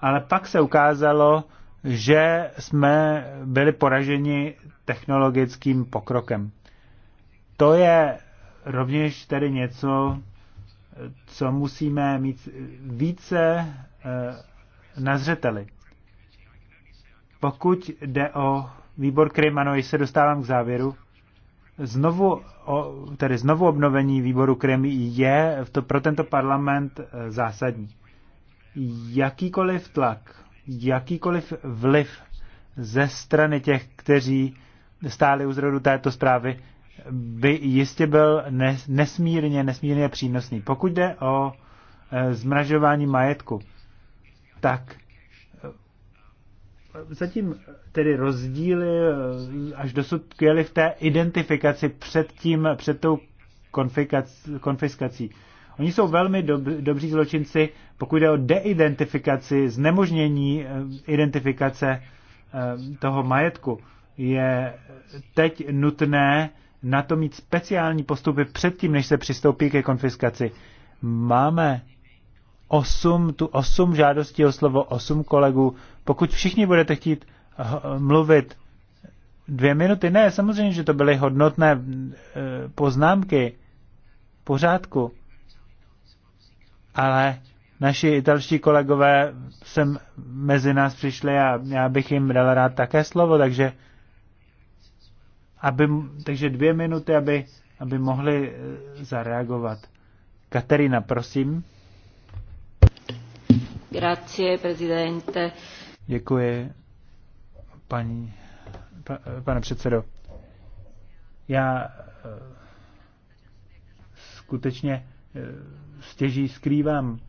ale pak se ukázalo, že jsme byli poraženi technologickým pokrokem. To je rovněž tedy něco, co musíme mít více eh, na zřeteli. Pokud jde o výbor Krym, no, se dostávám k závěru, znovu, tedy znovu obnovení výboru Krem je to, pro tento parlament e, zásadní. Jakýkoliv tlak, jakýkoliv vliv ze strany těch, kteří stáli u zrodu této zprávy, by jistě byl nesmírně, nesmírně přínosný. Pokud jde o e, zmražování majetku, tak zatím tedy rozdíly eh, až dosud jeli v té identifikaci před tím, před tou konfiskací. Oni jsou velmi dob, dobří zločinci, pokud jde o deidentifikaci, znemožnění eh, identifikace eh, toho majetku. Je teď nutné na to mít speciální postupy předtím, než se přistoupí ke konfiskaci. Máme osm, tu osm žádostí o slovo, osm kolegů, pokud všichni budete chtít eh, mluvit dvě minuty, ne, samozřejmě, že to byly hodnotné eh, poznámky, pořádku, ale naši italští kolegové sem mezi nás přišli a já bych jim dal rád také slovo, takže, aby, takže dvě minuty, aby, aby mohli eh, zareagovat. Katerina, prosím. Grazie, prezidente. Děkuji, paní, pa, pane předsedo. Já eh, skutečně eh, stěží skrývám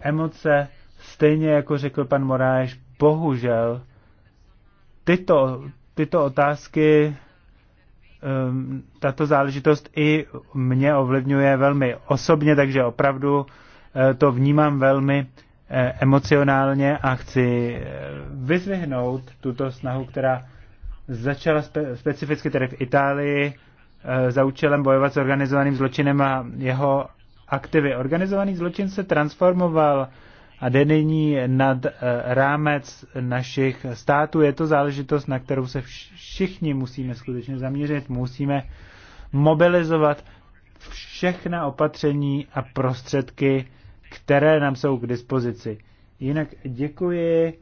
emoce, stejně jako řekl pan Moráš, bohužel tyto, tyto otázky, ehm, tato záležitost i mě ovlivňuje velmi osobně, takže opravdu eh, to vnímám velmi Eh, emocionálně a chci eh, vyzvihnout tuto snahu, která začala spe, specificky tedy v Itálii eh, za účelem bojovat s organizovaným zločinem a jeho aktivy. Organizovaný zločin se transformoval a jde nyní nad rámec našich států. Je to záležitost, na kterou se všichni musíme skutečně zaměřit. Musíme mobilizovat všechna opatření a prostředky, které nám jsou k dispozici. Jinak děkuji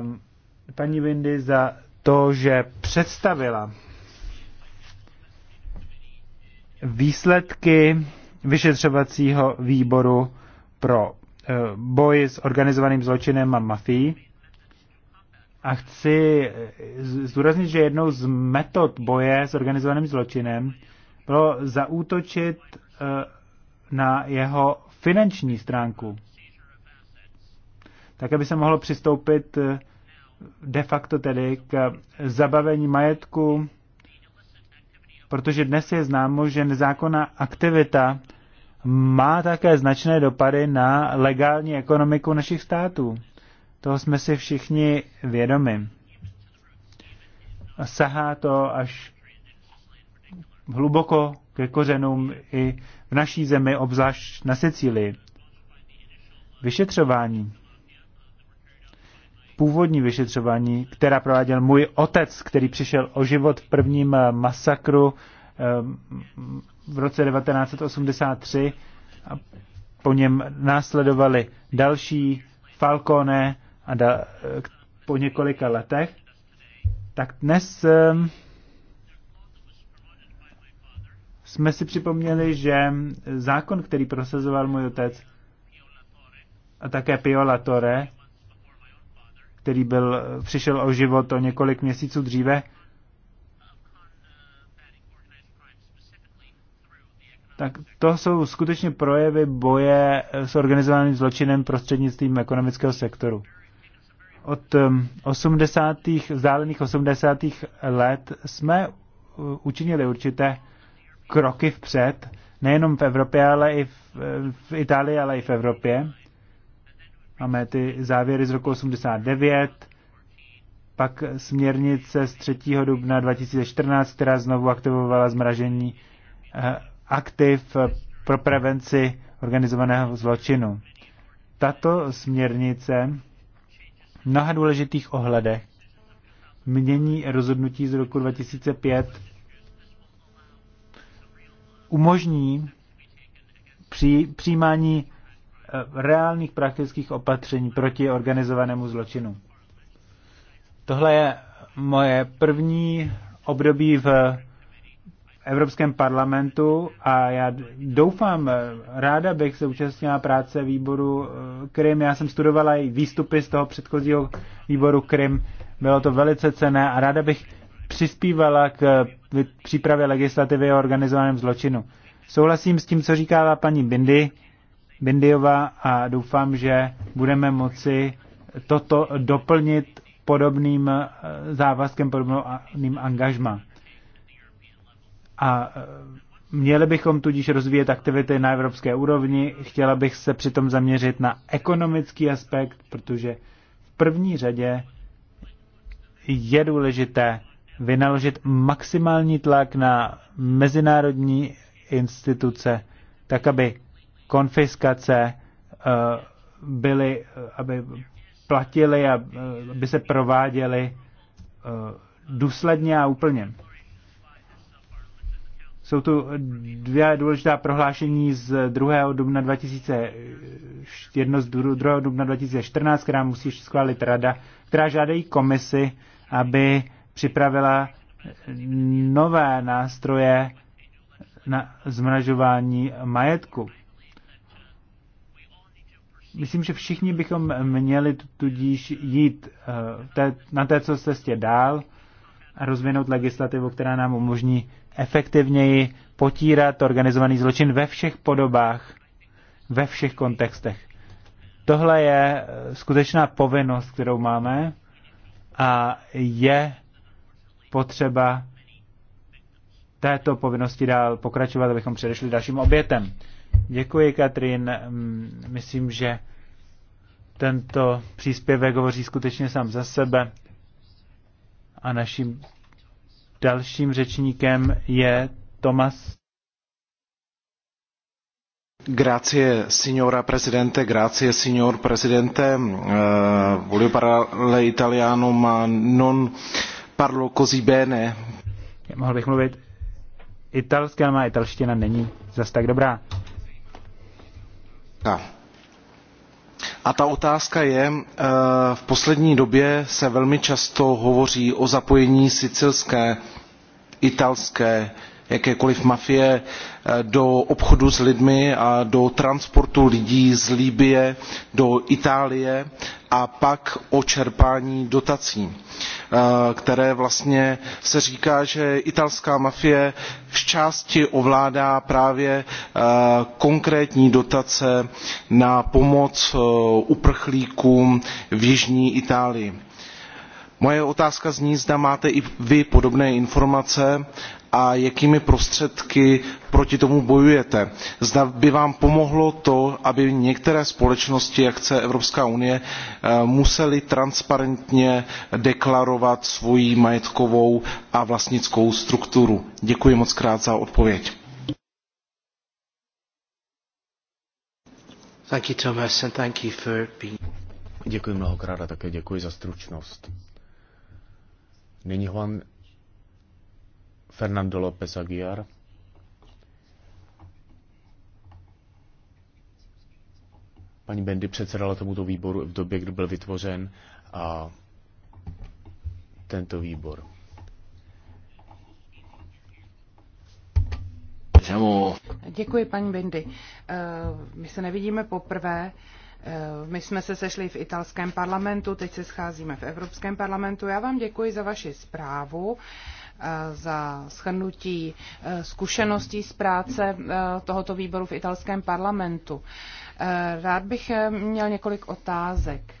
um, paní Windy za to, že představila výsledky vyšetřovacího výboru pro eh, boj s organizovaným zločinem a mafií. A chci eh, zdůraznit, že jednou z metod boje s organizovaným zločinem bylo zaútočit eh, na jeho finanční stránku, tak aby se mohlo přistoupit eh, de facto tedy k zabavení majetku, protože dnes je známo, že nezákonná aktivita má také značné dopady na legální ekonomiku našich států. Toho jsme si všichni vědomi. Sahá to až hluboko ke kořenům i v naší zemi, obzvlášť na Sicílii. Vyšetřování, původní vyšetřování, která prováděl můj otec, který přišel o život v prvním eh, masakru eh, v roce 1983 a po něm následovali další Falcone a da, eh, po několika letech, tak dnes jsme si připomněli, že zákon, který prosazoval můj otec, a také Piola Torre, který byl, přišel o život o několik měsíců dříve, tak to jsou skutečně projevy boje s organizovaným zločinem prostřednictvím ekonomického sektoru. Od 80. Um, vzdálených 80. let jsme uh, učinili určité kroky vpřed, nejenom v Evropě, ale i v, v Itálii, ale i v Evropě. Máme ty závěry z roku 89, pak směrnice z 3. dubna 2014, která znovu aktivovala zmražení eh, aktiv pro prevenci organizovaného zločinu. Tato směrnice v mnoha důležitých ohledech mění rozhodnutí z roku 2005 umožní při, přijímání eh, reálných praktických opatření proti organizovanému zločinu. Tohle je moje první období v Evropském parlamentu a já doufám, ráda bych se účastnila práce výboru eh, Krym. Já jsem studovala i výstupy z toho předchozího výboru Krym. Bylo to velice cené a ráda bych přispívala k přípravě legislativy o organizovaném zločinu. Souhlasím s tím, co říkala paní Bindy, Bindyová a doufám, že budeme moci toto doplnit podobným eh, závazkem, podobným angažma. A eh, Měli bychom tudíž rozvíjet aktivity na evropské úrovni. Chtěla bych se přitom zaměřit na ekonomický aspekt, protože v první řadě je důležité vynaložit maximální tlak na mezinárodní instituce, tak aby konfiskace eh, byly, eh, aby platily a eh, aby se prováděly důsledně a úplně. Jsou tu dvě důležitá prohlášení z 2. dubna 2000, jedno z 2. dubna 2014, která musí schválit rada, která žádají komisi, aby připravila nové nástroje na zmražování majetku. Myslím, že všichni bychom měli tudíž jít eh, na této cestě dál a rozvinout legislativu, která nám umožní efektivněji potírat organizovaný zločin ve všech podobách, ve všech kontextech. Tohle je eh, skutečná povinnost, kterou máme a je potřeba této povinnosti dál pokračovat, abychom předešli dalším obětem. Děkuji, Katrin. Mm, myslím, že tento příspěvek hovoří skutečně sám za sebe. A naším dalším řečníkem je Tomas. Grazie signora Presidente, grazie signor Presidente, Uh, voglio parlare italiano ma non Uh, parlo così bene. Mohl bych mluvit italsky, ale má italština není zas tak dobrá. A. A ta otázka je, eh, v poslední době se velmi často hovoří o zapojení sicilské, italské, jakékoliv mafie do obchodu s lidmi a do transportu lidí z libye do itálie a pak o čerpání dotací eh, které vlastně se říká že italská mafie zčásti ovládá právě eh, konkrétní dotace na pomoc eh, uprchlíkům v jižní itálii. moje otázka zní zda máte i vy podobné informace a jakými prostředky proti tomu bojujete. Zda by vám pomohlo to, aby některé společnosti, jak chce Evropská unie, eh, musely transparentně deklarovat svoji majetkovou a vlastnickou strukturu. Děkuji moc krát za odpověď. Thank you, Thomas, and thank you for being... Děkuji mnohokrát a také děkuji za stručnost. Není Juan Fernando López Aguiar. Paní Bendy předsedala tomuto výboru v době, kdy byl vytvořen a tento výbor. Děkuji, paní Bendy. Eh, my se nevidíme poprvé. Eh, my jsme se sešli v italském parlamentu, teď se scházíme v Evropském parlamentu. Já vám děkuji za vaši zprávu eh, za schrnutí eh, zkušeností z práce tohoto výboru v italském parlamentu. Rád bych měl několik otázek.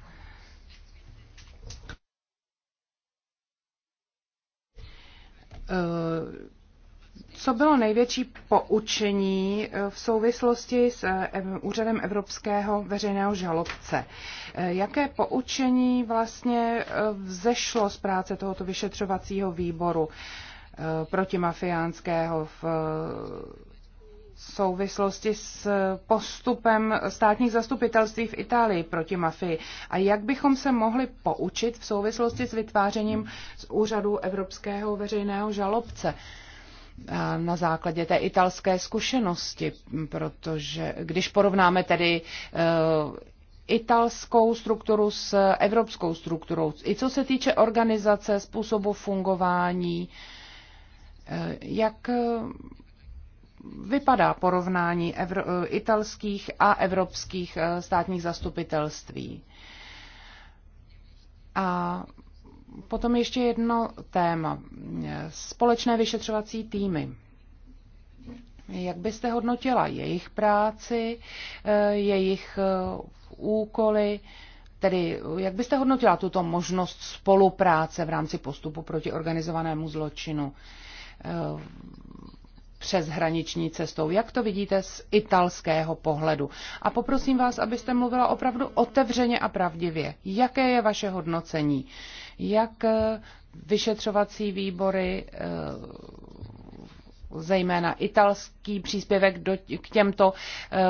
Co bylo největší poučení eh, v souvislosti s eh, Úřadem Evropského veřejného žalobce? Eh, jaké poučení vlastně vzešlo z práce tohoto vyšetřovacího výboru protimafiánského v souvislosti s postupem státních zastupitelství v Itálii proti mafii a jak bychom se mohli poučit v souvislosti s vytvářením z úřadu Evropského veřejného žalobce na základě té italské zkušenosti, protože když porovnáme tedy e, italskou strukturu s evropskou strukturou, i co se týče organizace, způsobu fungování, e, jak e, vypadá porovnání evro- italských a evropských státních zastupitelství. A Potom ještě jedno téma. Společné vyšetřovací týmy. Jak byste hodnotila jejich práci, eh, jejich eh, úkoly, tedy jak byste hodnotila tuto možnost spolupráce v rámci postupu proti organizovanému zločinu eh, přes hraniční cestou? Jak to vidíte z italského pohledu? A poprosím vás, abyste mluvila opravdu otevřeně a pravdivě. Jaké je vaše hodnocení? jak eh, vyšetřovací výbory eh, zejména italský příspěvek do, k těmto eh,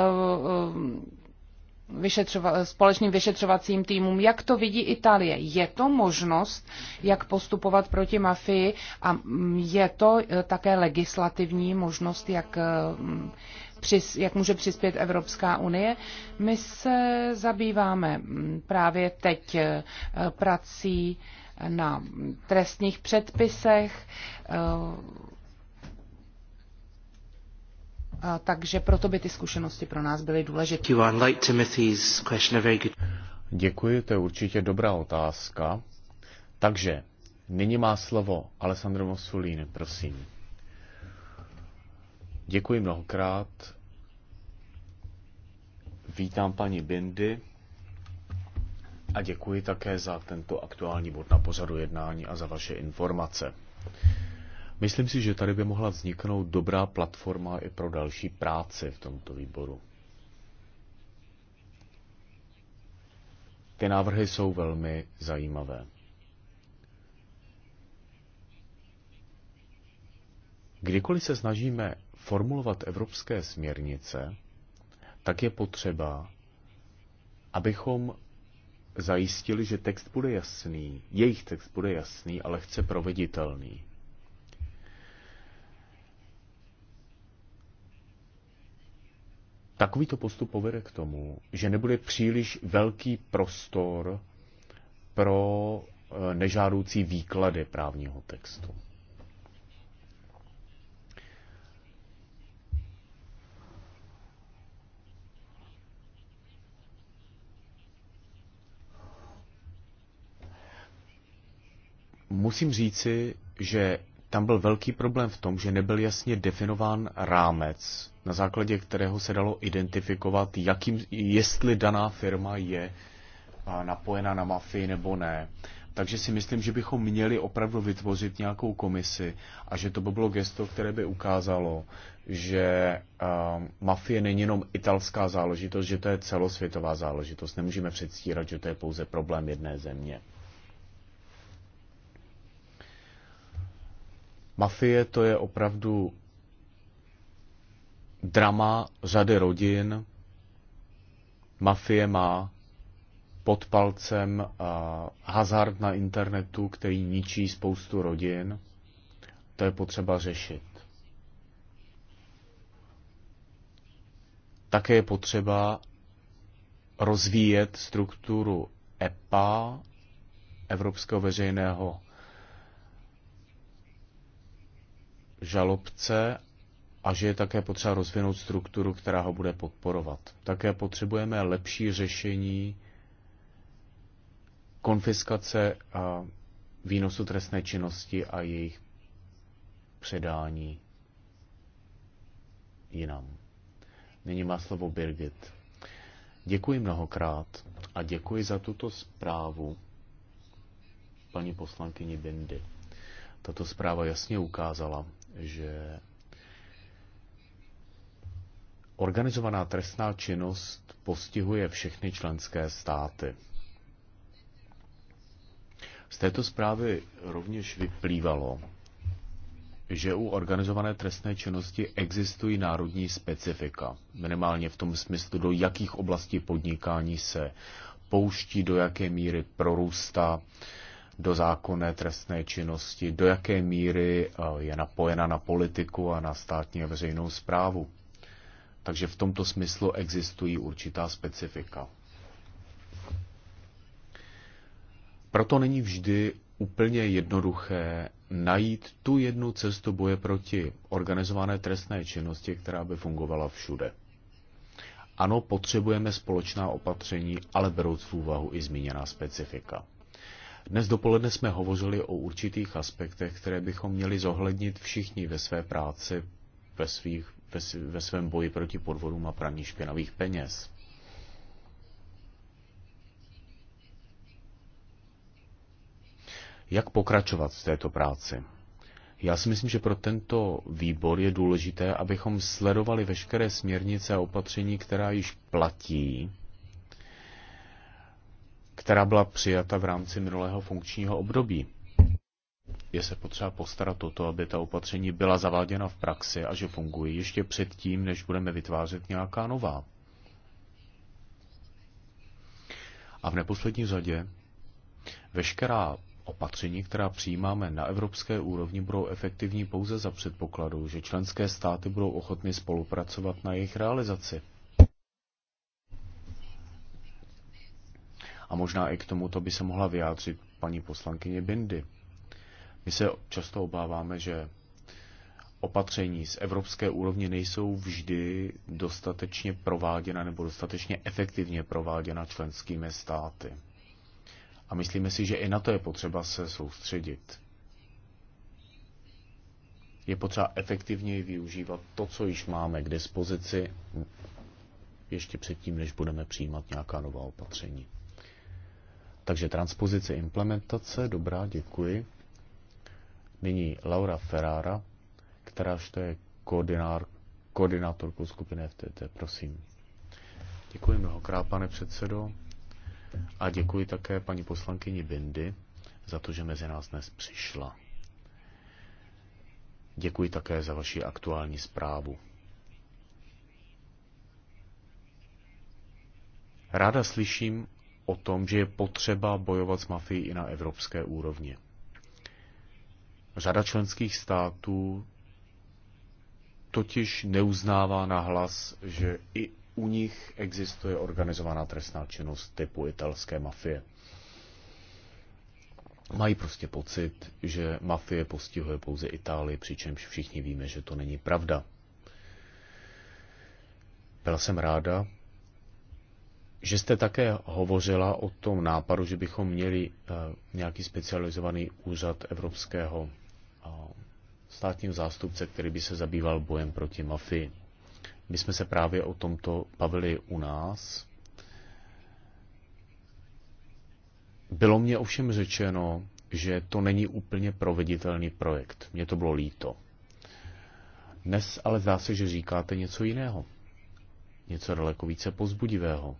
vyšetřova, společným vyšetřovacím týmům. Jak to vidí Itálie? Je to možnost, jak postupovat proti mafii a mm, je to také legislativní možnost, jak jak může přispět Evropská unie. My se zabýváme mm, právě teď eh, prací na trestních předpisech, eh, takže proto by ty zkušenosti pro nás byly důležité. Děkuji, to je určitě dobrá otázka. Takže nyní má slovo Alessandro Mussolini, prosím. Děkuji mnohokrát. Vítám paní Bindy a děkuji také za tento aktuální bod na pořadu jednání a za vaše informace. Myslím si, že tady by mohla vzniknout dobrá platforma i pro další práci v tomto výboru. Ty návrhy jsou velmi zajímavé. Kdykoliv se snažíme formulovat evropské směrnice, tak je potřeba, abychom zajistili, že text bude jasný, jejich text bude jasný ale lehce proveditelný. Takovýto postup povede k tomu, že nebude příliš velký prostor pro eh, nežádoucí výklady právního textu. musím říci, že tam byl velký problém v tom, že nebyl jasně definován rámec, na základě kterého se dalo identifikovat, jakým, jestli daná firma je napojena na mafii nebo ne. Takže si myslím, že bychom měli opravdu vytvořit nějakou komisi a že to by bylo gesto, které by ukázalo, že uh, mafie není jenom italská záležitost, že to je celosvětová záležitost. Nemůžeme předstírat, že to je pouze problém jedné země. Mafie to je opravdu drama řady rodin. Mafie má pod palcem eh, hazard na internetu, který ničí spoustu rodin. To je potřeba řešit. Také je potřeba rozvíjet strukturu EPA, Evropského veřejného žalobce a že je také potřeba rozvinout strukturu, která ho bude podporovat. Také potřebujeme lepší řešení konfiskace a výnosu trestné činnosti a jejich předání jinam. Nyní má slovo Birgit. Děkuji mnohokrát a děkuji za tuto zprávu paní poslankyni Bindy. Tato zpráva jasně ukázala, že organizovaná trestná činnost postihuje všechny členské státy. Z této zprávy rovněž vyplývalo, že u organizované trestné činnosti existují národní specifika, minimálně v tom smyslu, do jakých oblastí podnikání se pouští, do jaké míry prorůstá uh, do zákonné trestné činnosti, do jaké míry eh, je napojena na politiku a na státní a veřejnou zprávu. Takže v tomto smyslu existují určitá specifika. Proto není vždy úplně jednoduché najít tu jednu cestu boje proti organizované trestné činnosti, která by fungovala všude. Ano, potřebujeme společná opatření, ale berou v úvahu i zmíněná specifika. Dnes dopoledne jsme hovořili o určitých aspektech, které bychom měli zohlednit všichni ve své práci, ve, svých, ve, ve svém boji proti podvodům a praní špinavých peněz. Jak pokračovat v této práci? Já si myslím, že pro tento výbor je důležité, abychom sledovali veškeré směrnice a opatření, která již platí která byla přijata v rámci minulého funkčního období. Je se potřeba postarat o to, aby ta opatření byla zaváděna v praxi a že fungují ještě předtím, než budeme vytvářet nějaká nová. A v neposlední řadě veškerá opatření, která přijímáme na evropské úrovni, budou efektivní pouze za předpokladu, že členské státy budou ochotny spolupracovat na jejich realizaci. A možná i k tomuto by se mohla vyjádřit paní poslankyně Bindy. My se často obáváme, že opatření z evropské úrovně nejsou vždy dostatečně prováděna nebo dostatečně efektivně prováděna členskými státy. A myslíme si, že i na to je potřeba se soustředit. Je potřeba efektivněji využívat to, co již máme k dispozici, ještě předtím, než budeme přijímat nějaká nová opatření. Takže transpozice, implementace, dobrá, děkuji. Nyní Laura Ferrara, která je koordinár, koordinátorkou skupiny FTT, prosím. Děkuji mnohokrát, pane předsedo. A děkuji také paní poslankyni Bindy za to, že mezi nás dnes přišla. Děkuji také za vaši aktuální zprávu. Ráda slyším o tom, že je potřeba bojovat s mafií i na evropské úrovni. Řada členských států totiž neuznává nahlas, že i u nich existuje organizovaná trestná činnost typu italské mafie. Mají prostě pocit, že mafie postihuje pouze Itálii, přičemž všichni víme, že to není pravda. Byla jsem ráda, že jste také hovořila o tom nápadu, že bychom měli eh, nějaký specializovaný úřad evropského eh, státního zástupce, který by se zabýval bojem proti mafii. My jsme se právě o tomto bavili u nás. Bylo mě ovšem řečeno, že to není úplně proveditelný projekt. Mně to bylo líto. Dnes ale zdá se, že říkáte něco jiného. Něco daleko více pozbudivého.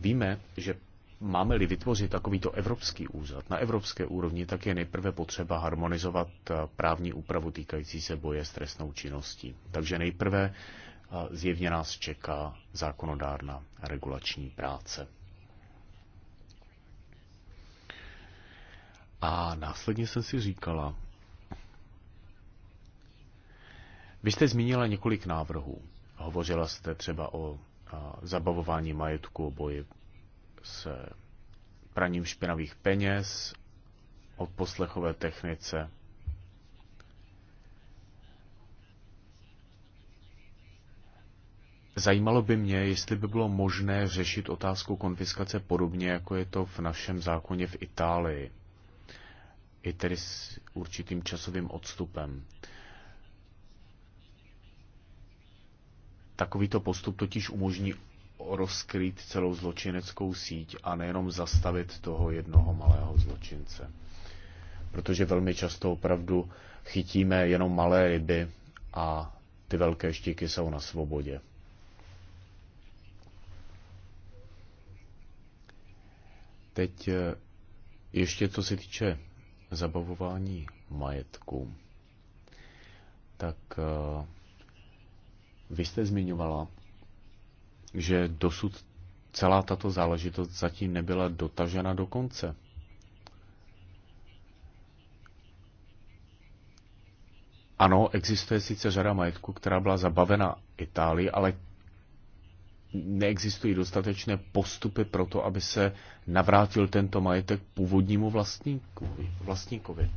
Víme, že máme-li vytvořit takovýto evropský úřad na evropské úrovni, tak je nejprve potřeba harmonizovat eh, právní úpravu týkající se boje s trestnou činností. Takže nejprve eh, zjevně nás čeká zákonodárna regulační práce. A následně jsem si říkala, vy jste zmínila několik návrhů. Hovořila jste třeba o zabavování majetku, boji s praním špinavých peněz, o poslechové technice. Zajímalo by mě, jestli by bylo možné řešit otázku konfiskace podobně, jako je to v našem zákoně v Itálii. I tedy s určitým časovým odstupem. Takovýto postup totiž umožní rozkrýt celou zločineckou síť a nejenom zastavit toho jednoho malého zločince. Protože velmi často opravdu chytíme jenom malé ryby a ty velké štíky jsou na svobodě. Teď eh, ještě co se týče zabavování majetku, tak eh, vy jste zmiňovala, že dosud celá tato záležitost zatím nebyla dotažena do konce. Ano, existuje sice řada majetku, která byla zabavena Itálii, ale neexistují dostatečné postupy pro to, aby se navrátil tento majetek původnímu vlastníkovi. vlastníkovi.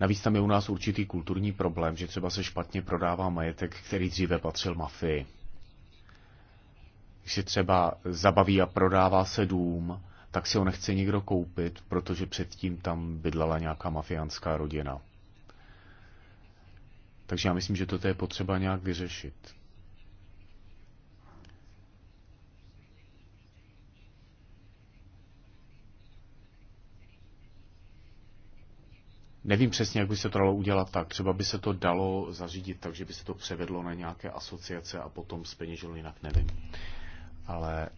Navíc tam je u nás určitý kulturní problém, že třeba se špatně prodává majetek, který dříve patřil mafii. Když se třeba zabaví a prodává se dům, tak si ho nechce nikdo koupit, protože předtím tam bydlela nějaká mafiánská rodina. Takže já myslím, že toto je potřeba nějak vyřešit. Nevím přesně, jak by se to dalo udělat tak. Třeba by se to dalo zařídit tak, že by se to převedlo na nějaké asociace a potom speněžilo jinak, nevím. Ale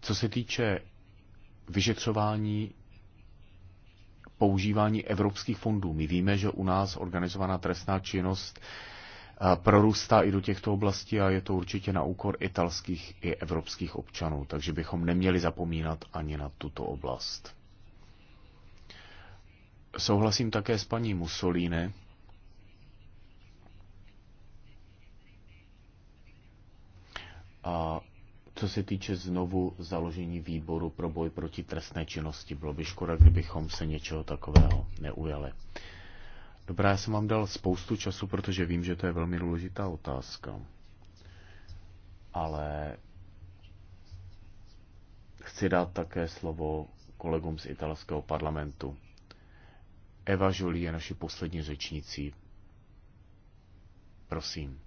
co se týče vyšetřování používání evropských fondů. My víme, že u nás organizovaná trestná činnost eh, prorůstá i do těchto oblastí a je to určitě na úkor italských i evropských občanů, takže bychom neměli zapomínat ani na tuto oblast. Souhlasím také s paní Mussolini, A co se týče znovu založení výboru pro boj proti trestné činnosti, bylo by škoda, kdybychom se něčeho takového neujali. Dobrá, já jsem vám dal spoustu času, protože vím, že to je velmi důležitá otázka. Ale chci dát také slovo kolegům z italského parlamentu. Eva Žolí je naši poslední řečnící. Prosím.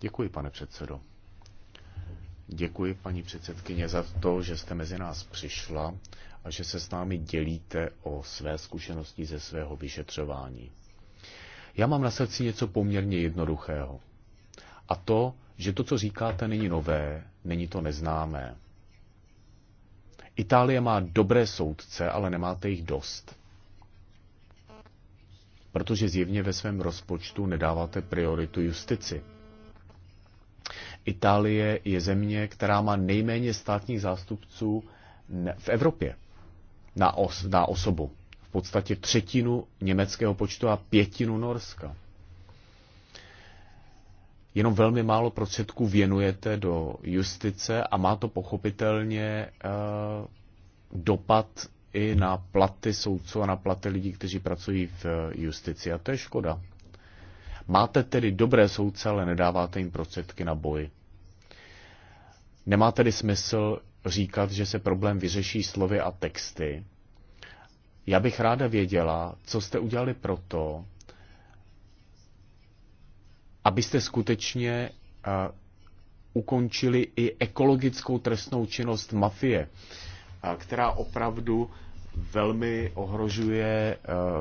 Děkuji, pane předsedo. Děkuji, paní předsedkyně, za to, že jste mezi nás přišla a že se s námi dělíte o své zkušenosti ze svého vyšetřování. Já mám na srdci něco poměrně jednoduchého. A to, že to, co říkáte, není nové, není to neznámé. Itálie má dobré soudce, ale nemáte jich dost protože zjevně ve svém rozpočtu nedáváte prioritu justici. Itálie je země, která má nejméně státních zástupců v Evropě na, os, na osobu. V podstatě třetinu německého počtu a pětinu Norska. Jenom velmi málo prostředků věnujete do justice a má to pochopitelně e, dopad i na platy soudců a na platy lidí, kteří pracují v eh, justici. A to je škoda. Máte tedy dobré soudce, ale nedáváte jim prostředky na boj. Nemá tedy smysl říkat, že se problém vyřeší slovy a texty. Já bych ráda věděla, co jste udělali proto, abyste skutečně uh, ukončili i ekologickou trestnou činnost mafie. Uh, která opravdu velmi ohrožuje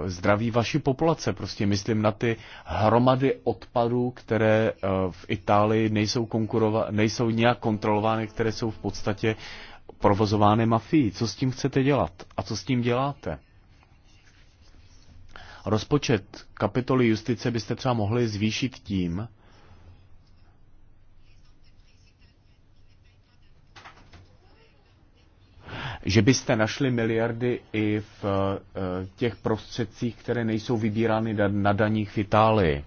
eh, zdraví vaší populace. Prostě myslím na ty hromady odpadů, které eh, v Itálii nejsou, konkurova- nejsou nějak kontrolovány, které jsou v podstatě provozovány mafií. Co s tím chcete dělat? A co s tím děláte? Rozpočet kapitoly justice byste třeba mohli zvýšit tím, že byste našli miliardy i v eh, těch prostředcích, které nejsou vybírány na daních v Itálii.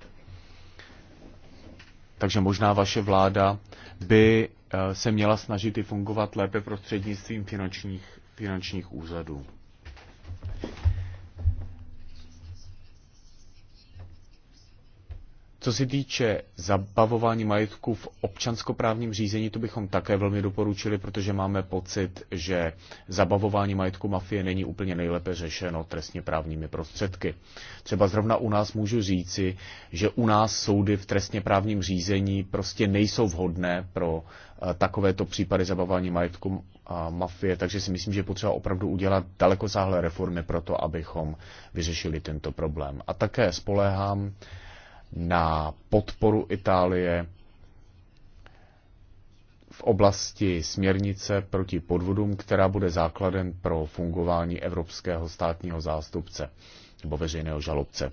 Takže možná vaše vláda by eh, se měla snažit i fungovat lépe prostřednictvím finančních, finančních úřadů. Co se týče zabavování majetku v občanskoprávním řízení, to bychom také velmi doporučili, protože máme pocit, že zabavování majetku mafie není úplně nejlépe řešeno trestně právními prostředky. Třeba zrovna u nás můžu říci, že u nás soudy v trestně právním řízení prostě nejsou vhodné pro eh, takovéto případy zabavování majetku a eh, mafie, takže si myslím, že potřeba opravdu udělat dalekosáhlé reformy pro to, abychom vyřešili tento problém. A také spoléhám, na podporu Itálie v oblasti směrnice proti podvodům, která bude základem pro fungování evropského státního zástupce nebo veřejného žalobce.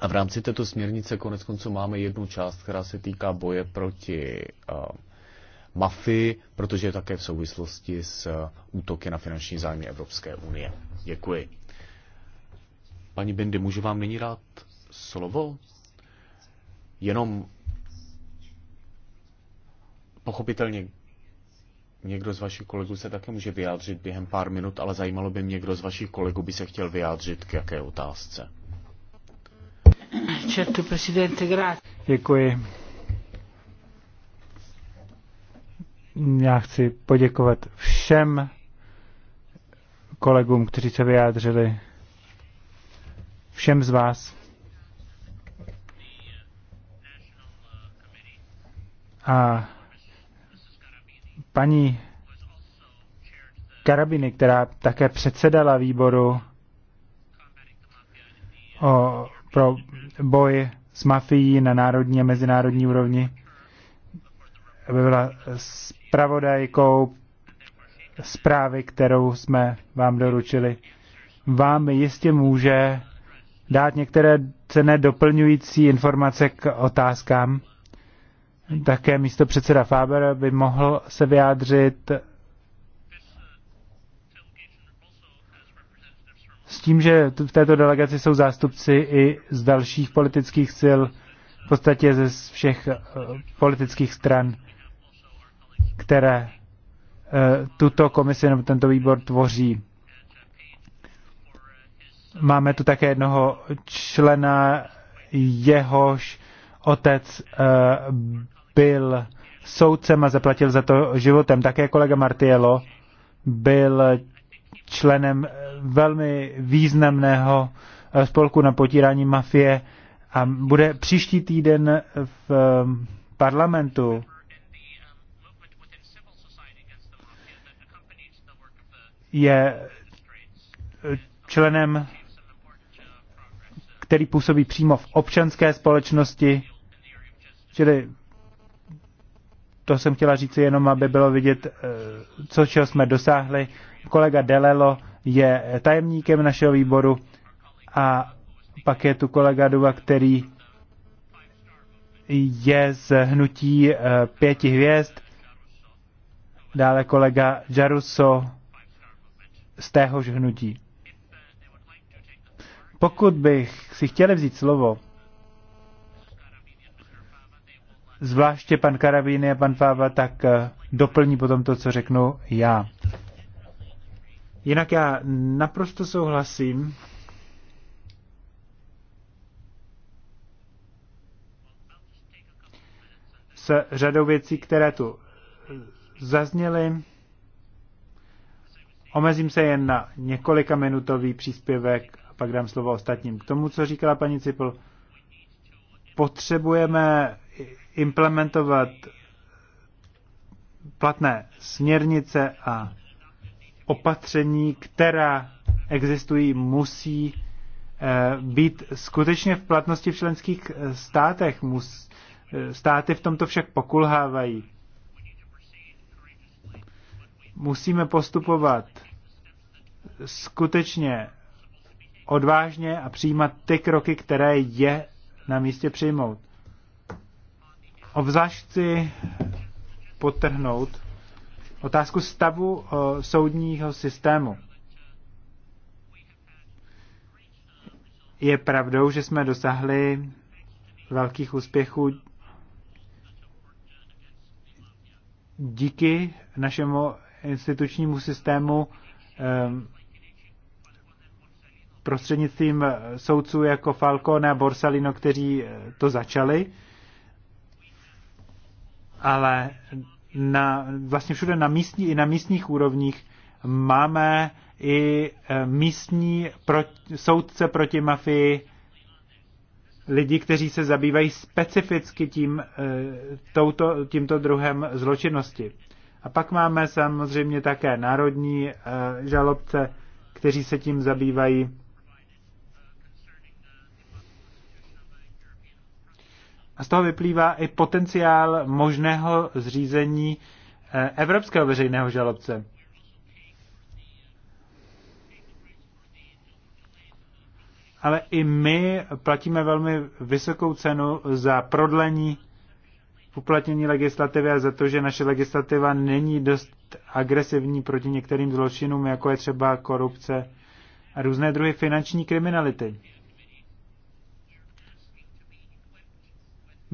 A v rámci této směrnice konec konců máme jednu část, která se týká boje proti uh, mafii, protože je také v souvislosti s uh, útoky na finanční zájmy Evropské unie. Děkuji. Paní Bendy, můžu vám nyní dát slovo. Jenom pochopitelně někdo z vašich kolegů se také může vyjádřit během pár minut, ale zajímalo by mě, kdo z vašich kolegů by se chtěl vyjádřit k jaké otázce. Děkuji. Já chci poděkovat všem kolegům, kteří se vyjádřili, všem z vás. A paní Karabiny, která také předsedala výboru o, pro boj s mafií na národní a mezinárodní úrovni, aby byla spravodajkou zprávy, kterou jsme vám doručili, vám jistě může dát některé cené doplňující informace k otázkám, také místo předseda Faber by mohl se vyjádřit s tím, že v této delegaci jsou zástupci i z dalších politických sil, v podstatě ze všech eh, politických stran, které eh, tuto komisi nebo tento výbor tvoří. Máme tu také jednoho člena, jehož otec eh, byl soudcem a zaplatil za to životem. Také kolega Martiello byl členem velmi významného eh, spolku na potírání mafie a bude příští týden v eh, parlamentu. Je eh, členem, který působí přímo v občanské společnosti, čili to jsem chtěla říct jenom, aby bylo vidět, eh, co čeho jsme dosáhli. Kolega Delelo je tajemníkem našeho výboru a pak je tu kolega Duva, který je z hnutí eh, pěti hvězd. Dále kolega Jaruso z téhož hnutí. Pokud bych si chtěli vzít slovo, zvláště pan Karabíny a pan Fáva, tak eh, doplní potom to, co řeknu já. Jinak já naprosto souhlasím. s řadou věcí, které tu eh, zazněly. Omezím se jen na několika minutový příspěvek a pak dám slovo ostatním. K tomu, co říkala paní Cipl, potřebujeme implementovat platné směrnice a opatření, která existují, musí eh, být skutečně v platnosti v členských eh, státech. Eh, státy v tomto však pokulhávají. Musíme postupovat skutečně odvážně a přijímat ty kroky, které je na místě přijmout. Obzvlášť chci potrhnout otázku stavu eh, soudního systému. Je pravdou, že jsme dosáhli velkých úspěchů díky našemu institučnímu systému eh, prostřednictvím soudců jako Falcone a Borsalino, kteří eh, to začali ale na, vlastně všude na místní, i na místních úrovních máme i e, místní pro, soudce proti mafii, lidi, kteří se zabývají specificky tím, e, touto, tímto druhem zločinnosti. A pak máme samozřejmě také národní e, žalobce, kteří se tím zabývají A z toho vyplývá i potenciál možného zřízení eh, evropského veřejného žalobce. Ale i my platíme velmi vysokou cenu za prodlení v uplatnění legislativy a za to, že naše legislativa není dost agresivní proti některým zločinům, jako je třeba korupce a různé druhy finanční kriminality.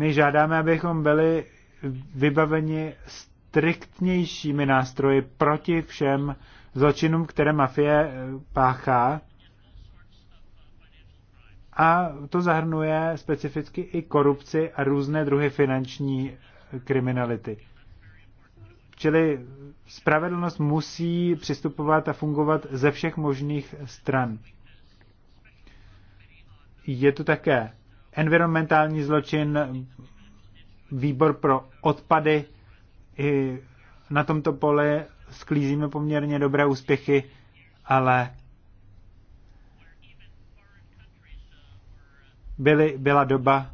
My žádáme, abychom byli vybaveni striktnějšími nástroji proti všem zločinům, které mafie eh, páchá. A to zahrnuje specificky i korupci a různé druhy finanční eh, kriminality. Čili spravedlnost musí přistupovat a fungovat ze všech možných stran. Je to také environmentální zločin, výbor pro odpady. I na tomto poli sklízíme poměrně dobré úspěchy, ale byly, byla doba,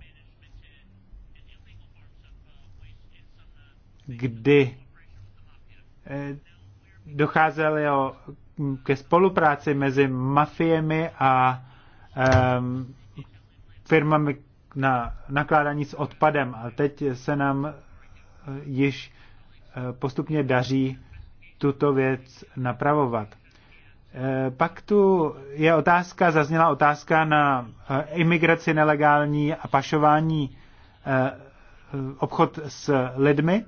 kdy eh, docházelo ke spolupráci mezi mafiemi a um, firmami na nakládání s odpadem. A teď se nám eh, již eh, postupně daří tuto věc napravovat. Eh, pak tu je otázka, zazněla otázka na imigraci nelegální a pašování obchod s lidmi.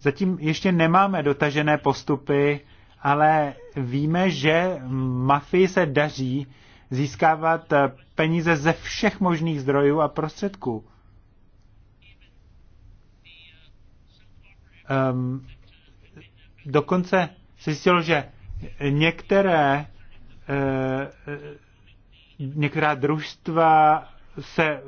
Zatím ještě nemáme dotažené postupy, ale víme, že mafii se daří získávat eh, peníze ze všech možných zdrojů a prostředků. Um, dokonce se zjistilo, že některé eh, eh, některá družstva se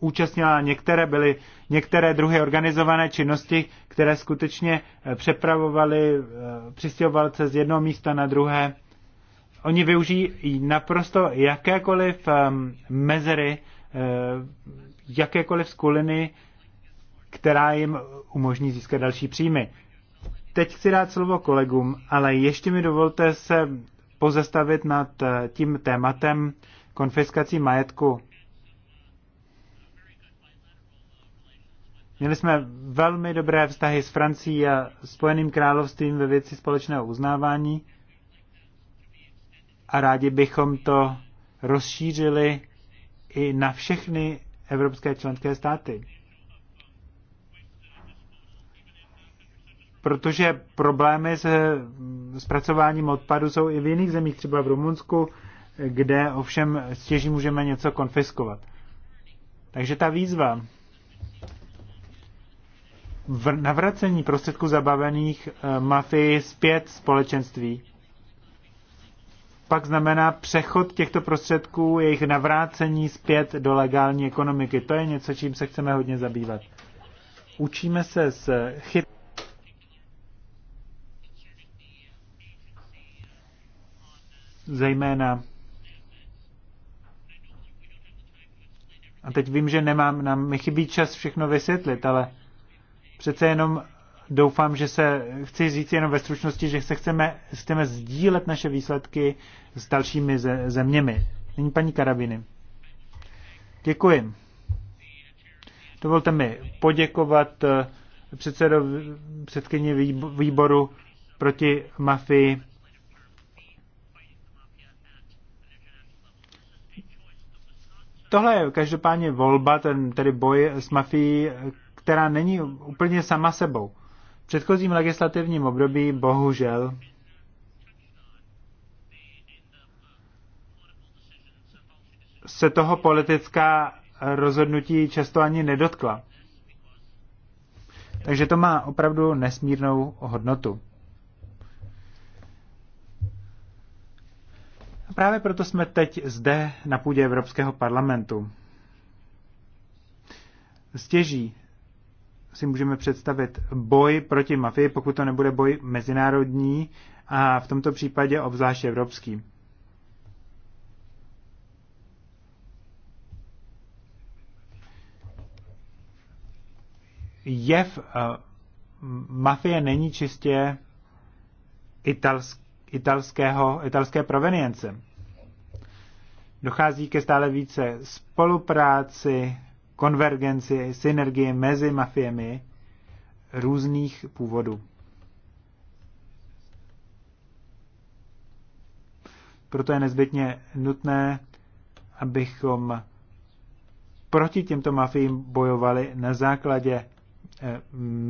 účastnila, některé byly některé druhy organizované činnosti, které skutečně přepravovaly přistěhovalce z jednoho místa na druhé oni využijí naprosto jakékoliv ehm, mezery, eh, jakékoliv skuliny, která jim umožní získat další příjmy. Teď chci dát slovo kolegům, ale ještě mi dovolte se pozastavit nad eh, tím tématem konfiskací majetku. Měli jsme velmi dobré vztahy s Francií a Spojeným královstvím ve věci společného uznávání a rádi bychom to rozšířili i na všechny evropské členské státy. Protože problémy s zpracováním odpadu jsou i v jiných zemích, třeba v Rumunsku, kde ovšem stěží můžeme něco konfiskovat. Takže ta výzva v navracení prostředků zabavených eh, mafii zpět společenství pak znamená přechod těchto prostředků, jejich navrácení zpět do legální ekonomiky. To je něco, čím se chceme hodně zabývat. Učíme se z chyb. Zejména. A teď vím, že nemám, nám mi chybí čas všechno vysvětlit, ale přece jenom doufám, že se, chci říct jenom ve stručnosti, že se chceme, chceme sdílet naše výsledky s dalšími ze, zeměmi. Nyní paní Karabiny. Děkuji. Dovolte mi poděkovat eh, předsedo, výboru proti mafii tohle je každopádně volba, ten tedy boj s mafií, která není úplně sama sebou. V předchozím legislativním období bohužel se toho politická rozhodnutí často ani nedotkla. Takže to má opravdu nesmírnou hodnotu. A právě proto jsme teď zde na půdě Evropského parlamentu. Stěží si můžeme představit boj proti mafii, pokud to nebude boj mezinárodní a v tomto případě obzvlášť evropský. Jev uh, mafie není čistě italsk, italského, italské provenience. Dochází ke stále více spolupráci konvergenci, synergie mezi mafiemi různých původů. Proto je nezbytně nutné, abychom proti těmto mafiím bojovali na základě eh,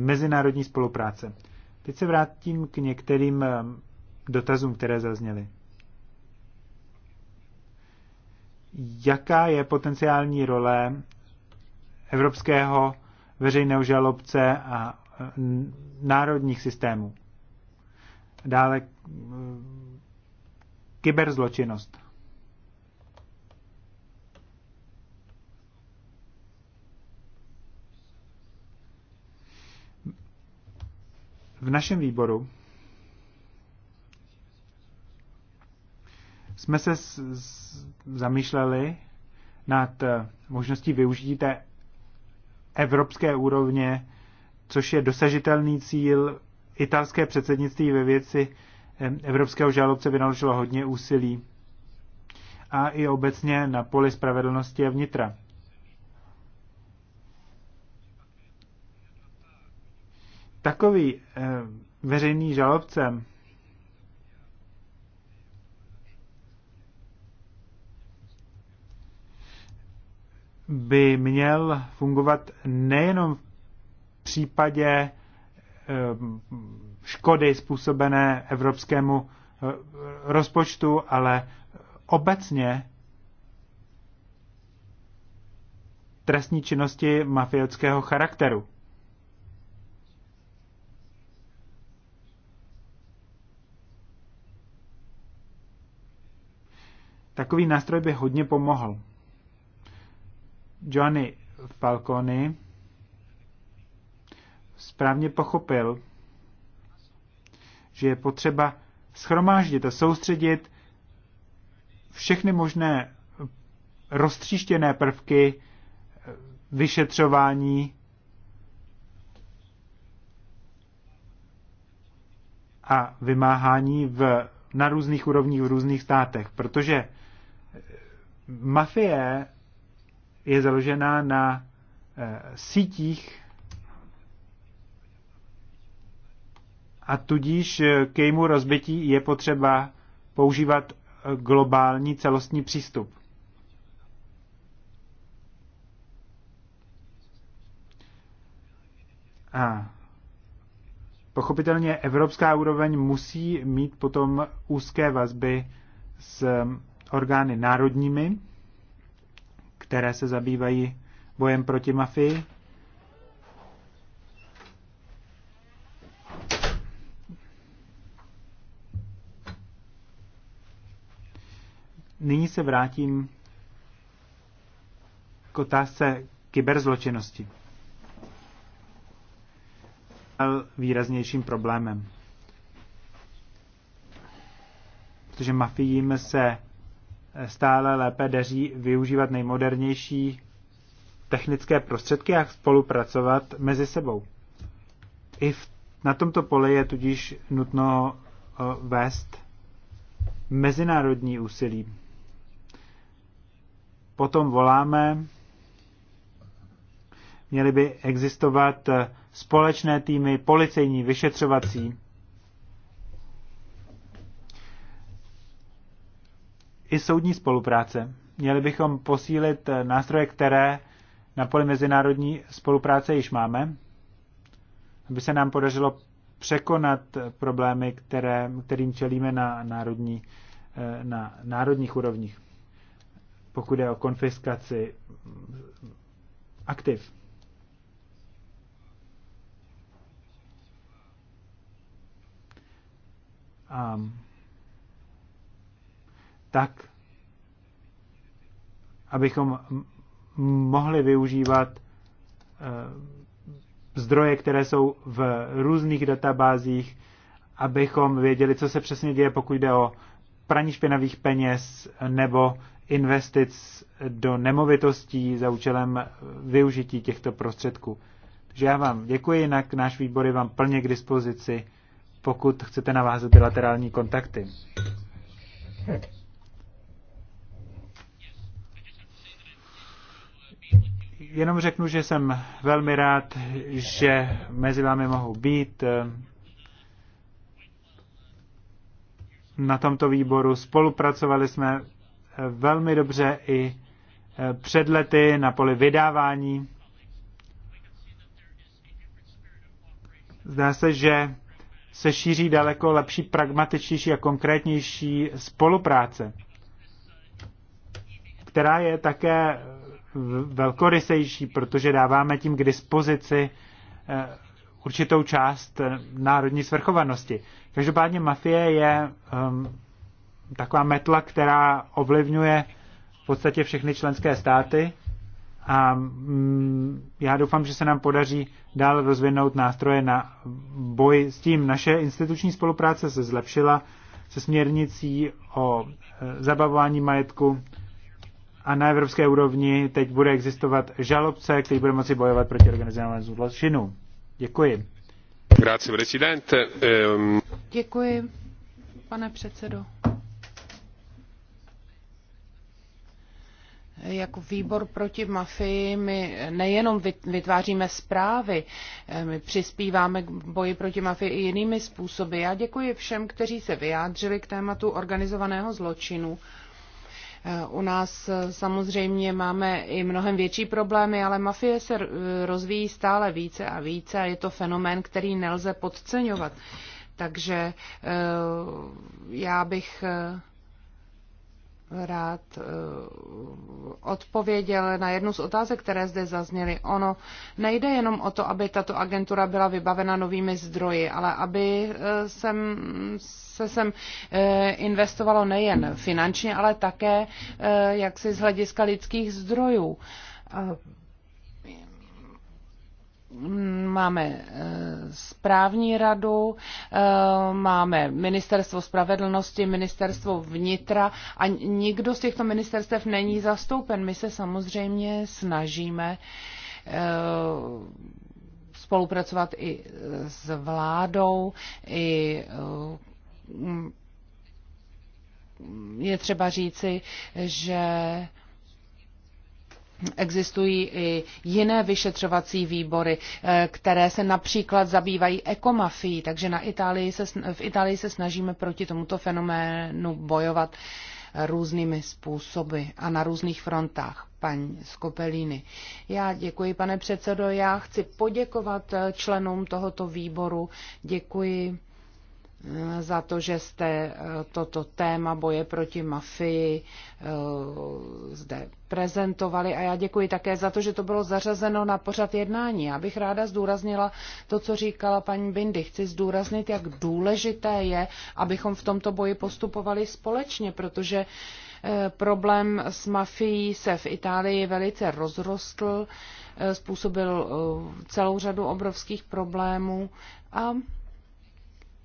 mezinárodní spolupráce. Teď se vrátím k některým eh, dotazům, které zazněly. Jaká je potenciální role evropského veřejného žalobce a e, národních systémů. Dále e, kyberzločinnost. V našem výboru jsme se zamýšleli nad e, možností využití té evropské úrovně, což je dosažitelný cíl. Italské předsednictví ve věci evropského žalobce vynaložilo hodně úsilí a i obecně na poli spravedlnosti a vnitra. Takový veřejný žalobce by měl fungovat nejenom v případě eh, škody způsobené evropskému eh, rozpočtu, ale obecně trestní činnosti mafiotského charakteru. Takový nástroj by hodně pomohl v Falcone správně pochopil, že je potřeba schromáždit a soustředit všechny možné roztříštěné prvky vyšetřování a vymáhání v, na různých úrovních v různých státech, protože mafie je založená na eh, sítích a tudíž eh, k jejímu rozbití je potřeba používat eh, globální celostní přístup. A pochopitelně evropská úroveň musí mít potom úzké vazby s orgány národními, které se zabývají bojem proti mafii. Nyní se vrátím k otázce kyberzločinnosti. Výraznějším problémem. Protože mafiím se stále lépe daří využívat nejmodernější technické prostředky a spolupracovat mezi sebou. I v, na tomto poli je tudíž nutno vést mezinárodní úsilí. Potom voláme, měly by existovat společné týmy policejní, vyšetřovací, i soudní spolupráce. Měli bychom posílit eh, nástroje, které na poli mezinárodní spolupráce již máme, aby se nám podařilo překonat eh, problémy, které, kterým čelíme na, národní, eh, na národních úrovních, pokud je o konfiskaci aktiv. Um, tak, abychom mohli využívat eh, zdroje, které jsou v různých databázích, abychom věděli, co se přesně děje, pokud jde o praní špinavých peněz nebo investic do nemovitostí za účelem využití těchto prostředků. Takže já vám děkuji, jinak náš výbor je vám plně k dispozici, pokud chcete navázat bilaterální kontakty. jenom řeknu, že jsem velmi rád, že mezi vámi mohu být eh, na tomto výboru. Spolupracovali jsme eh, velmi dobře i eh, před lety na poli vydávání. Zdá se, že se šíří daleko lepší, pragmatičtější a konkrétnější spolupráce, která je také velkorysejší, protože dáváme tím k dispozici eh, určitou část eh, národní svrchovanosti. Každopádně mafie je um, taková metla, která ovlivňuje v podstatě všechny členské státy a um, já doufám, že se nám podaří dál rozvinout nástroje na boj s tím. Naše instituční spolupráce se zlepšila se směrnicí o eh, zabavování majetku a na evropské úrovni teď bude existovat žalobce, který bude moci bojovat proti organizovanému zločinu. Děkuji. Grazie, presidente. Ehm. Děkuji, pane předsedo. Jako výbor proti mafii my nejenom vytváříme zprávy, eh, my přispíváme k boji proti mafii i jinými způsoby. Já děkuji všem, kteří se vyjádřili k tématu organizovaného zločinu u nás samozřejmě máme i mnohem větší problémy, ale mafie se rozvíjí stále více a více a je to fenomén, který nelze podceňovat. Takže eh, já bych eh, rád eh, odpověděl na jednu z otázek, které zde zazněly. Ono nejde jenom o to, aby tato agentura byla vybavena novými zdroji, ale aby eh, sem, se sem eh, investovalo nejen finančně, ale také jaksi z hlediska lidských zdrojů máme eh, správní radu, eh, máme ministerstvo spravedlnosti, ministerstvo vnitra a nikdo z těchto ministerstev není zastoupen. My se samozřejmě snažíme eh, spolupracovat i s vládou, i mm, je třeba říci, že Existují i jiné vyšetřovací výbory, eh, které se například zabývají ekomafií, takže na Itálii se, v Itálii se snažíme proti tomuto fenoménu bojovat eh, různými způsoby a na různých frontách. Paní Skopelíny. Já děkuji, pane předsedo. Já chci poděkovat eh, členům tohoto výboru. Děkuji za to, že jste eh, toto téma boje proti mafii eh, zde prezentovali a já děkuji také za to, že to bylo zařazeno na pořad jednání. Já bych ráda zdůraznila to, co říkala paní Bindy. Chci zdůraznit, jak důležité je, abychom v tomto boji postupovali společně, protože eh, problém s mafií se v Itálii velice rozrostl, způsobil celou řadu obrovských problémů a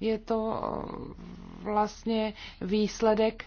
je to eh, vlastně výsledek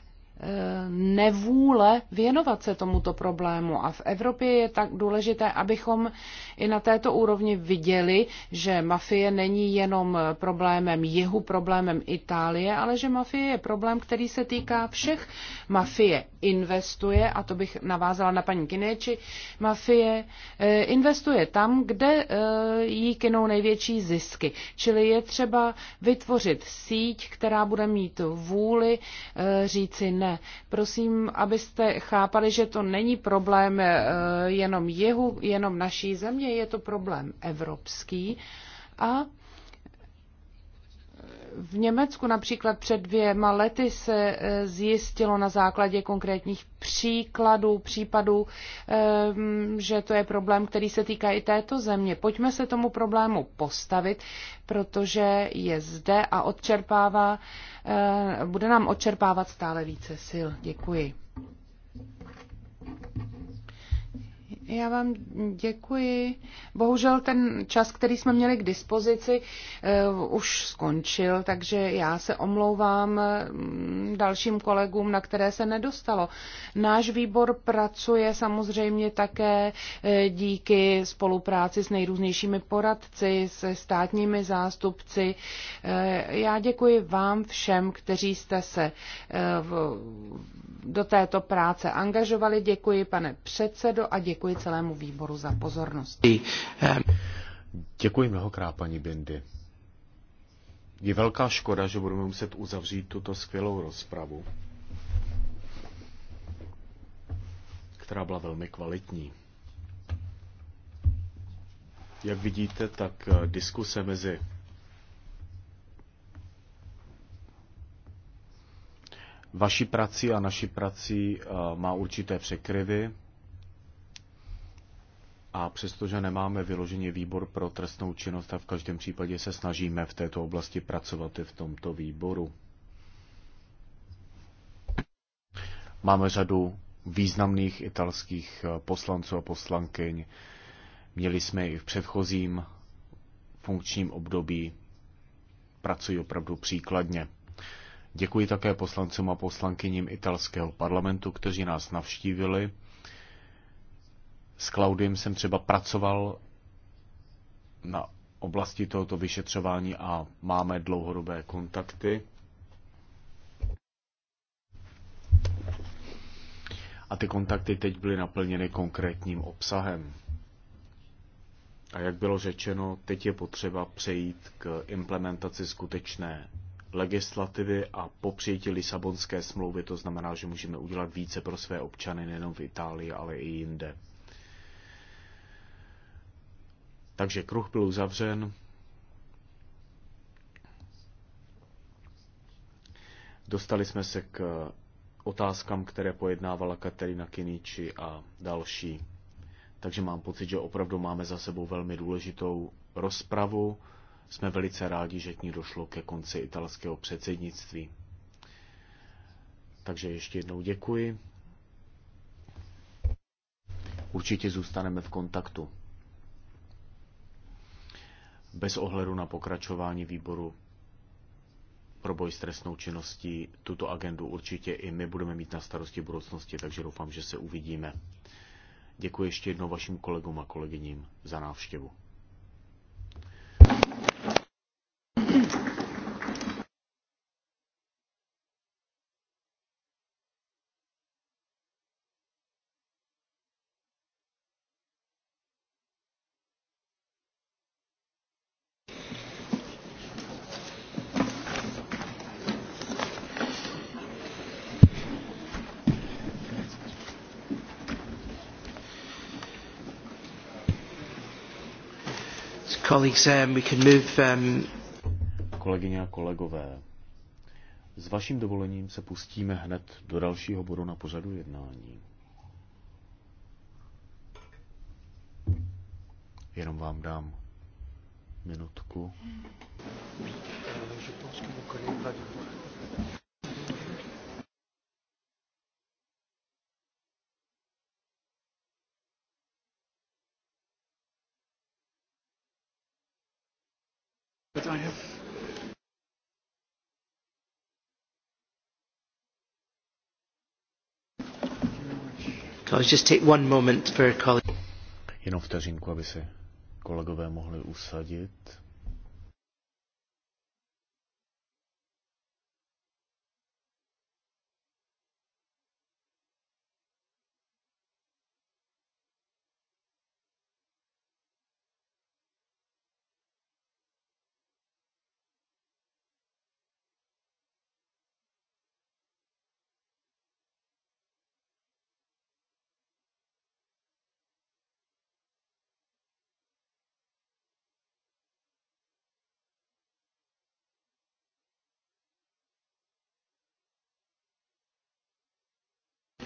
nevůle věnovat se tomuto problému. A v Evropě je tak důležité, abychom i na této úrovni viděli, že mafie není jenom problémem jihu, problémem Itálie, ale že mafie je problém, který se týká všech. Mafie investuje, a to bych navázala na paní Kineči, mafie eh, investuje tam, kde eh, jí kinou největší zisky. Čili je třeba vytvořit síť, která bude mít vůli eh, říci ne. Prosím, abyste chápali, že to není problém eh, jenom jihu, jenom naší země, je to problém evropský a v Německu například před dvěma lety se eh, zjistilo na základě konkrétních příkladů, případů, ehm, že to je problém, který se týká i této země. Pojďme se tomu problému postavit, protože je zde a odčerpává, eh, bude nám odčerpávat stále více sil. Děkuji. Já vám děkuji. Bohužel ten čas, který jsme měli k dispozici, uh, už skončil, takže já se omlouvám mm, dalším kolegům, na které se nedostalo. Náš výbor pracuje samozřejmě také eh, díky spolupráci s nejrůznějšími poradci, se státními zástupci. Eh, já děkuji vám všem, kteří jste se do této práce angažovali. Děkuji, pane předsedo, a děkuji celému výboru za pozornost. Děkuji mnohokrát, paní Bindy. Je velká škoda, že budeme muset uzavřít tuto skvělou rozpravu, která byla velmi kvalitní. Jak vidíte, tak eh, diskuse mezi vaší prací a naší prací eh, má určité překryvy a přestože nemáme vyloženě výbor pro trestnou činnost a v každém případě se snažíme v této oblasti pracovat i v tomto výboru. Máme řadu významných italských eh, poslanců a poslankyň. Měli jsme i v předchozím funkčním období. Pracují opravdu příkladně. Děkuji také poslancům a poslankyním italského parlamentu, kteří nás navštívili s Klaudiem jsem třeba pracoval na oblasti tohoto vyšetřování a máme dlouhodobé kontakty. A ty kontakty teď byly naplněny konkrétním obsahem. A jak bylo řečeno, teď je potřeba přejít k implementaci skutečné legislativy a po přijetí Lisabonské smlouvy to znamená, že můžeme udělat více pro své občany nejenom v Itálii, ale i jinde. Takže kruh byl uzavřen. Dostali jsme se k otázkám, které pojednávala Katerina Kiniči a další. Takže mám pocit, že opravdu máme za sebou velmi důležitou rozpravu. Jsme velice rádi, že k ní došlo ke konci italského předsednictví. Takže ještě jednou děkuji. Určitě zůstaneme v kontaktu bez ohledu na pokračování výboru pro boj s trestnou činností tuto agendu určitě i my budeme mít na starosti budoucnosti, takže doufám, že se uvidíme. Děkuji ještě jednou vašim kolegům a kolegyním za návštěvu. Um, um, Kolegyně a kolegové, s vaším dovolením se pustíme hned do dalšího bodu na pořadu jednání. Jenom vám dám minutku. Jenom vteřinku, aby se kolegové mohli usadit.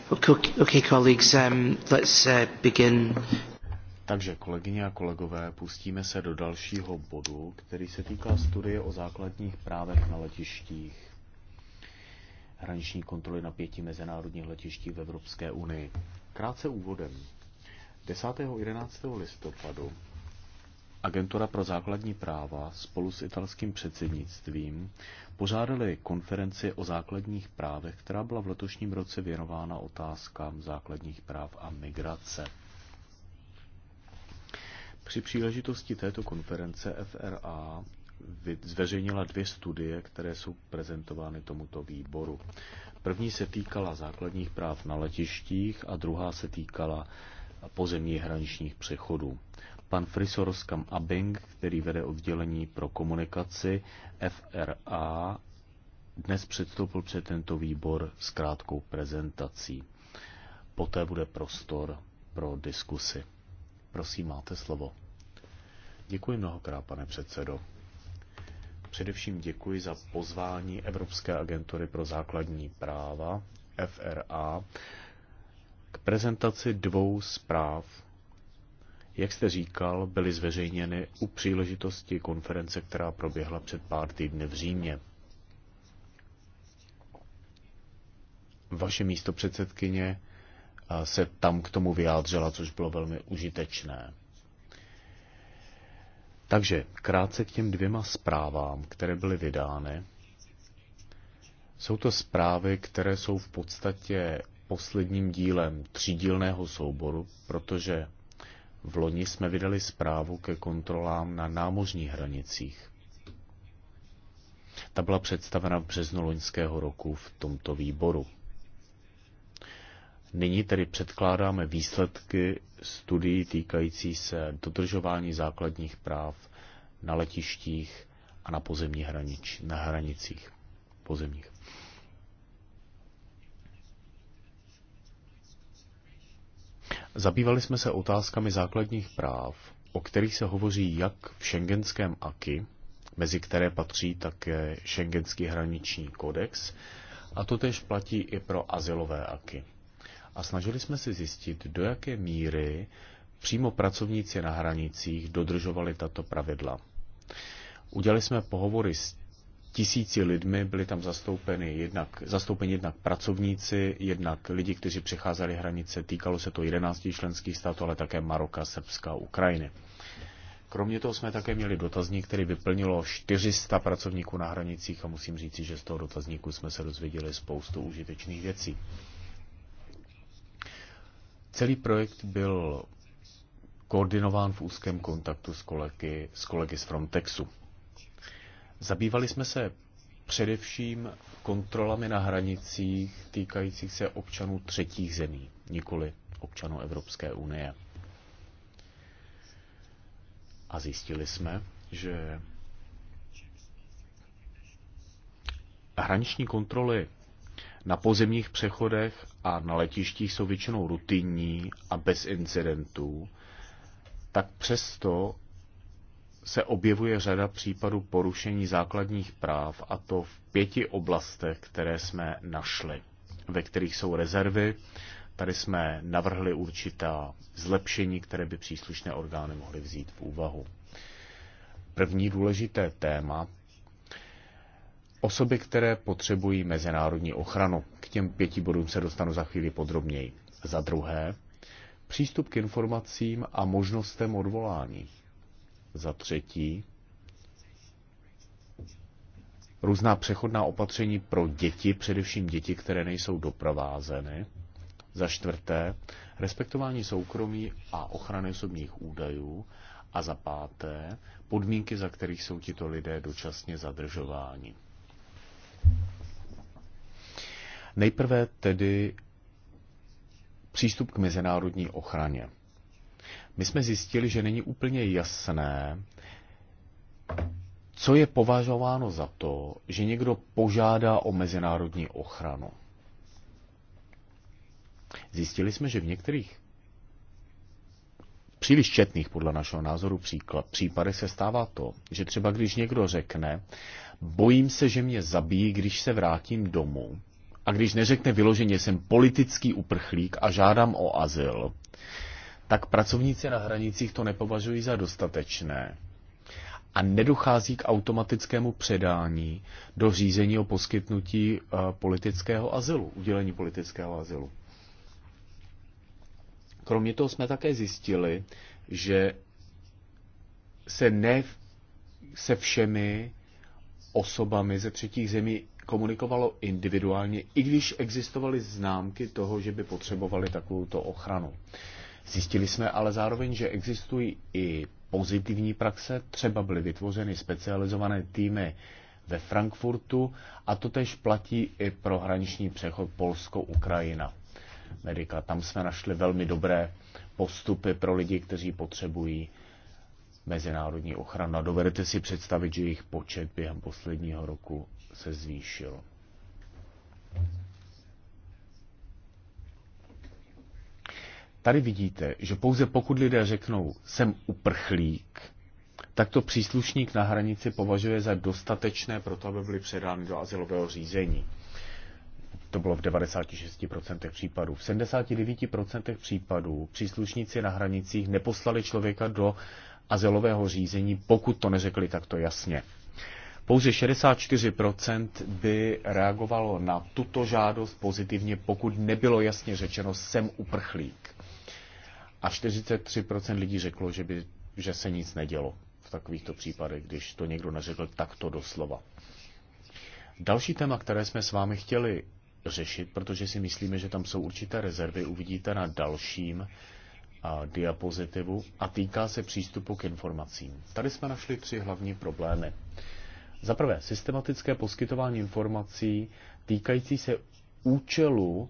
Okay, colleagues, um, let's uh, begin. Takže kolegyně a kolegové, pustíme se do dalšího bodu, který se týká studie o základních právech na letištích hraniční kontroly na pěti mezinárodních letištích v Evropské unii. Krátce úvodem. 10. a 11. listopadu Agentura pro základní práva spolu s italským předsednictvím pořádali konferenci o základních právech, která byla v letošním roce věnována otázkám základních práv a migrace. Při příležitosti této konference FRA zveřejnila dvě studie, které jsou prezentovány tomuto výboru. První se týkala základních práv na letištích a druhá se týkala pozemních hraničních přechodů. Pan Frisoros Kam Abing, který vede oddělení pro komunikaci FRA, dnes předstoupil před tento výbor s krátkou prezentací. Poté bude prostor pro diskusy. Prosím, máte slovo. Děkuji mnohokrát, pane předsedo. Především děkuji za pozvání Evropské agentury pro základní práva, FRA, k prezentaci dvou zpráv jak jste říkal, byly zveřejněny u příležitosti konference, která proběhla před pár týdny v Římě. Vaše místo předsedkyně se tam k tomu vyjádřila, což bylo velmi užitečné. Takže krátce k těm dvěma zprávám, které byly vydány. Jsou to zprávy, které jsou v podstatě posledním dílem třídílného souboru, protože v loni jsme vydali zprávu ke kontrolám na námořních hranicích. Ta byla představena v březnu loňského roku v tomto výboru. Nyní tedy předkládáme výsledky studií týkající se dodržování základních práv na letištích a na pozemních hranic, na hranicích pozemních. Zabývali jsme se otázkami základních práv, o kterých se hovoří jak v šengenském AKI, mezi které patří také šengenský hraniční kodex, a to tež platí i pro asilové AKI. A snažili jsme se zjistit, do jaké míry přímo pracovníci na hranicích dodržovali tato pravidla. Udělali jsme pohovory s tisíci lidmi, byli tam zastoupeni, jednak, zastoupeni jednak pracovníci, jednak lidi, kteří přecházeli hranice, týkalo se to 11 členských států, ale také Maroka, Srbska, Ukrajiny. Kromě toho jsme také měli dotazník, který vyplnilo 400 pracovníků na hranicích a musím říci, že z toho dotazníku jsme se dozvěděli spoustu užitečných věcí. Celý projekt byl koordinován v úzkém kontaktu s kolegy, s kolegy z Frontexu. Zabývali jsme se především kontrolami na hranicích týkajících se občanů třetích zemí, nikoli občanů Evropské unie. A zjistili jsme, že hraniční kontroly na pozemních přechodech a na letištích jsou většinou rutinní a bez incidentů, tak přesto se objevuje řada případů porušení základních práv, a to v pěti oblastech, které jsme našli, ve kterých jsou rezervy. Tady jsme navrhli určitá zlepšení, které by příslušné orgány mohly vzít v úvahu. První důležité téma Osoby, které potřebují mezinárodní ochranu. K těm pěti bodům se dostanu za chvíli podrobněji. Za druhé, přístup k informacím a možnostem odvolání. Za třetí, různá přechodná opatření pro děti, především děti, které nejsou doprovázeny. Za čtvrté, respektování soukromí a ochrany osobních údajů. A za páté, podmínky, za kterých jsou tito lidé dočasně zadržováni. Nejprve tedy přístup k mezinárodní ochraně. My jsme zjistili, že není úplně jasné, co je považováno za to, že někdo požádá o mezinárodní ochranu. Zjistili jsme, že v některých příliš četných podle našeho názoru příklad, případech se stává to, že třeba když někdo řekne, bojím se, že mě zabijí, když se vrátím domů, a když neřekne vyloženě, jsem politický uprchlík a žádám o azyl, tak pracovníci na hranicích to nepovažují za dostatečné a nedochází k automatickému předání do řízení o poskytnutí eh, politického azylu, udělení politického azylu. Kromě toho jsme také zjistili, že se ne se všemi osobami ze třetích zemí komunikovalo individuálně, i když existovaly známky toho, že by potřebovali takovouto ochranu. Zjistili jsme ale zároveň, že existují i pozitivní praxe, třeba byly vytvořeny specializované týmy ve Frankfurtu a to tež platí i pro hraniční přechod Polsko-Ukrajina. Medika. Tam jsme našli velmi dobré postupy pro lidi, kteří potřebují mezinárodní ochranu. A dovedete si představit, že jejich počet během posledního roku se zvýšil. Tady vidíte, že pouze pokud lidé řeknou, jsem uprchlík, tak to příslušník na hranici považuje za dostatečné pro to, aby byli předány do asilového řízení. To bylo v 96% případů. V 79% případů příslušníci na hranicích neposlali člověka do azylového řízení, pokud to neřekli takto jasně. Pouze 64% by reagovalo na tuto žádost pozitivně, pokud nebylo jasně řečeno jsem uprchlík. A 43% lidí řeklo, že, by, že se nic nedělo v takovýchto případech, když to někdo neřekl takto doslova. Další téma, které jsme s vámi chtěli řešit, protože si myslíme, že tam jsou určité rezervy, uvidíte na dalším a, diapozitivu a týká se přístupu k informacím. Tady jsme našli tři hlavní problémy. Za prvé, systematické poskytování informací týkající se účelu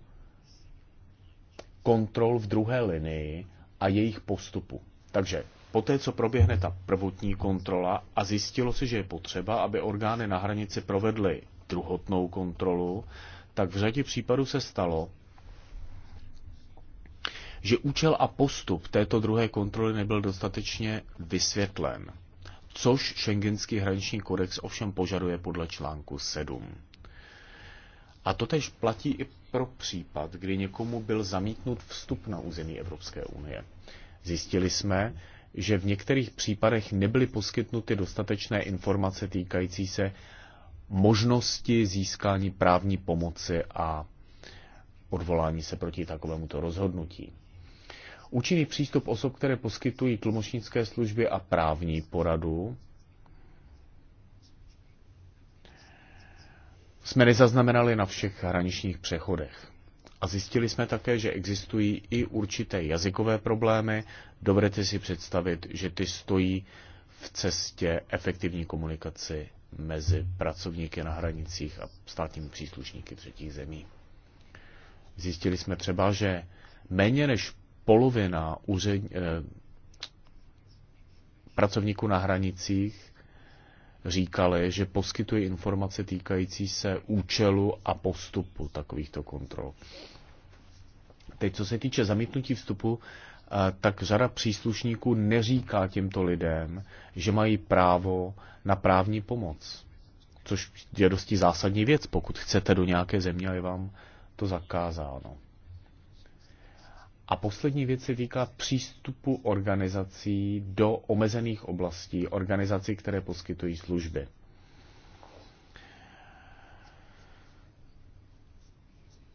kontrol v druhé linii a jejich postupu. Takže poté, co proběhne ta prvotní kontrola a zjistilo se, že je potřeba, aby orgány na hranici provedly druhotnou kontrolu, tak v řadě případů se stalo, že účel a postup této druhé kontroly nebyl dostatečně vysvětlen, což Schengenský hraniční kodex ovšem požaduje podle článku 7. A to tež platí i pro případ, kdy někomu byl zamítnut vstup na území Evropské unie. Zjistili jsme, že v některých případech nebyly poskytnuty dostatečné informace týkající se možnosti získání právní pomoci a odvolání se proti takovémuto rozhodnutí. Účinný přístup osob, které poskytují tlumočnické služby a právní poradu, jsme nezaznamenali na všech hraničních přechodech. A zjistili jsme také, že existují i určité jazykové problémy. Dobrete si představit, že ty stojí v cestě efektivní komunikaci mezi pracovníky na hranicích a státními příslušníky třetích zemí. Zjistili jsme třeba, že méně než polovina úřed, eh, pracovníků na hranicích říkali, že poskytují informace týkající se účelu a postupu takovýchto kontrol. Teď, co se týče zamítnutí vstupu, eh, tak řada příslušníků neříká těmto lidem, že mají právo na právní pomoc. Což je dosti zásadní věc, pokud chcete do nějaké země a je vám to zakázáno. A poslední věc se týká přístupu organizací do omezených oblastí, organizací, které poskytují služby.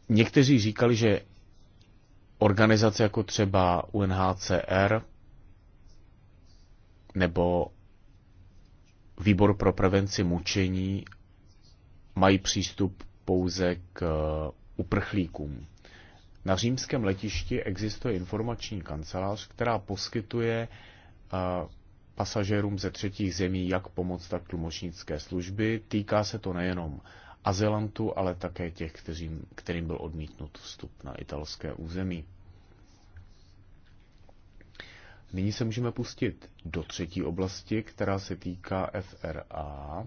Někteří říkali, že organizace jako třeba UNHCR nebo Výbor pro prevenci mučení mají přístup pouze k eh, uprchlíkům. Na římském letišti existuje informační kancelář, která poskytuje eh, pasažérům ze třetích zemí jak pomoc, tak tlumočnické služby. Týká se to nejenom azylantů, ale také těch, kterým, kterým byl odmítnut vstup na italské území. Nyní se můžeme pustit do třetí oblasti, která se týká FRA.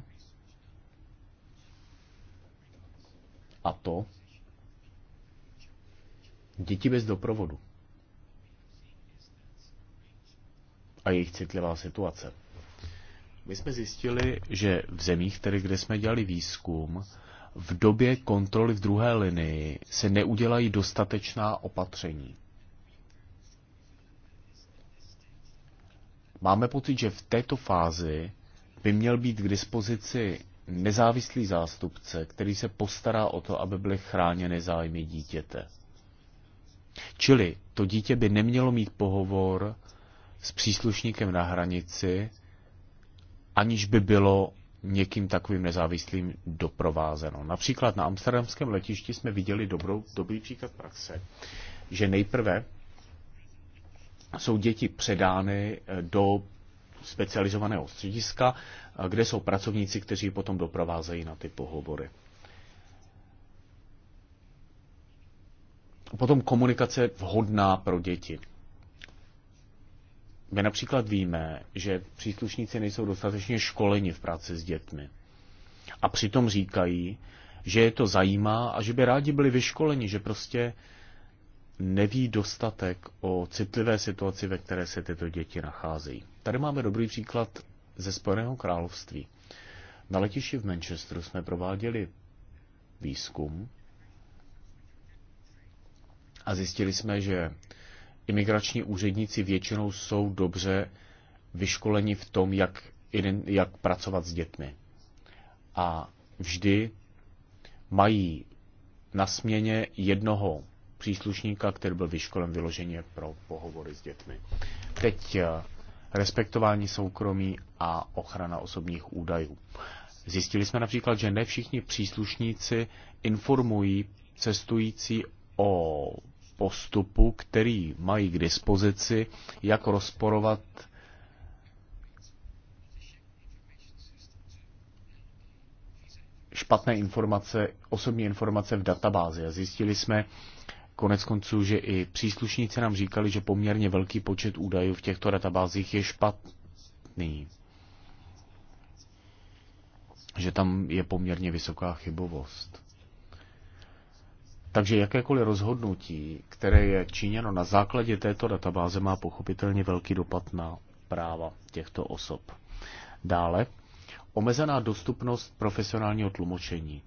A to děti bez doprovodu a jejich citlivá situace. My jsme zjistili, že v zemích, tedy kde jsme dělali výzkum, v době kontroly v druhé linii se neudělají dostatečná opatření. Máme pocit, že v této fázi by měl být k dispozici nezávislý zástupce, který se postará o to, aby byly chráněny zájmy dítěte. Čili to dítě by nemělo mít pohovor s příslušníkem na hranici, aniž by bylo někým takovým nezávislým doprovázeno. Například na amsterdamském letišti jsme viděli dobrou, dobrý příklad praxe, že nejprve jsou děti předány eh, do specializovaného střediska, eh, kde jsou pracovníci, kteří potom doprovázejí na ty pohovory. Potom komunikace vhodná pro děti. My například víme, že příslušníci nejsou dostatečně školeni v práci s dětmi. A přitom říkají, že je to zajímá a že by rádi byli vyškoleni, že prostě neví dostatek o citlivé situaci, ve které se tyto děti nacházejí. Tady máme dobrý příklad ze Spojeného království. Na letišti v Manchesteru jsme prováděli výzkum a zjistili jsme, že imigrační úředníci většinou jsou dobře vyškoleni v tom, jak, jak pracovat s dětmi. A vždy mají na směně jednoho příslušníka, který byl vyškolen vyloženě pro pohovory s dětmi. Teď eh, respektování soukromí a ochrana osobních údajů. Zjistili jsme například, že ne všichni příslušníci informují cestující o postupu, který mají k dispozici, jak rozporovat špatné informace, osobní informace v databázi. A zjistili jsme konec konců, že i příslušníci nám říkali, že poměrně velký počet údajů v těchto databázích je špatný. Že tam je poměrně vysoká chybovost. Takže jakékoliv rozhodnutí, které je činěno na základě této databáze, má pochopitelně velký dopad na práva těchto osob. Dále, omezená dostupnost profesionálního tlumočení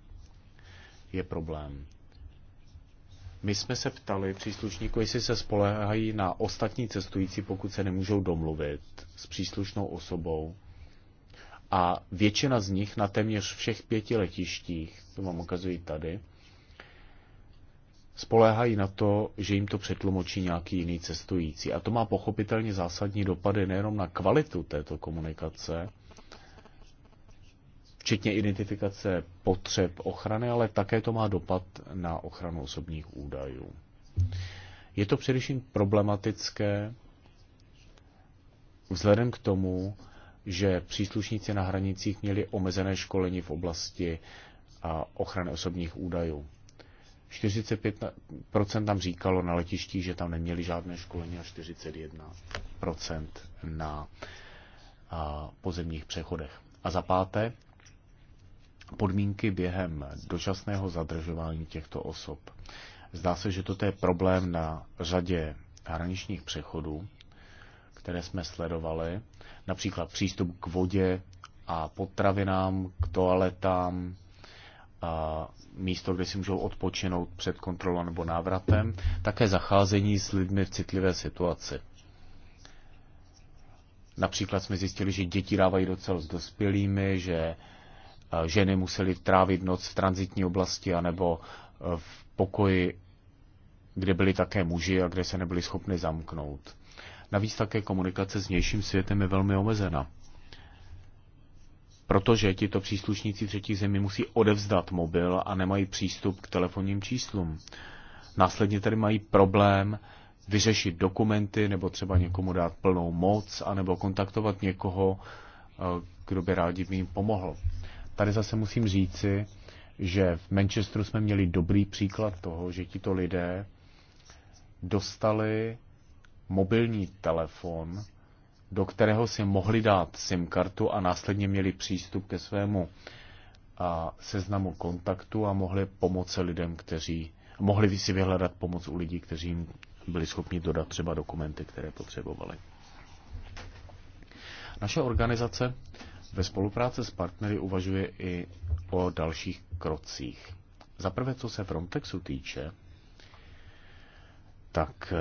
je problém. My jsme se ptali příslušníků, jestli se spolehají na ostatní cestující, pokud se nemůžou domluvit s příslušnou osobou. A většina z nich na téměř všech pěti letištích, to vám ukazují tady, spoléhají na to, že jim to přetlumočí nějaký jiný cestující. A to má pochopitelně zásadní dopady nejenom na kvalitu této komunikace, včetně identifikace potřeb ochrany, ale také to má dopad na ochranu osobních údajů. Je to především problematické vzhledem k tomu, že příslušníci na hranicích měli omezené školení v oblasti ochrany osobních údajů. 45% tam říkalo na letišti, že tam neměli žádné školení a 41% na a, pozemních přechodech. A za páté, podmínky během dočasného zadržování těchto osob. Zdá se, že toto je problém na řadě hraničních přechodů, které jsme sledovali, například přístup k vodě a potravinám, k toaletám, a místo, kde si můžou odpočinout před kontrolou nebo návratem, také zacházení s lidmi v citlivé situaci. Například jsme zjistili, že děti dávají docela s dospělými, že ženy musely trávit noc v transitní oblasti anebo v pokoji, kde byli také muži a kde se nebyli schopni zamknout. Navíc také komunikace s vnějším světem je velmi omezena protože tito příslušníci třetích zemí musí odevzdat mobil a nemají přístup k telefonním číslům. Následně tedy mají problém vyřešit dokumenty nebo třeba někomu dát plnou moc anebo kontaktovat někoho, eh, kdo by rádi by jim pomohl. Tady zase musím říci, že v Manchesteru jsme měli dobrý příklad toho, že tito lidé dostali mobilní telefon do kterého si mohli dát SIM kartu a následně měli přístup ke svému a seznamu kontaktu a mohli pomoci lidem, kteří mohli si vyhledat pomoc u lidí, kteří jim byli schopni dodat třeba dokumenty, které potřebovali. Naše organizace ve spolupráci s partnery uvažuje i o dalších krocích. Za prvé, co se Frontexu týče, tak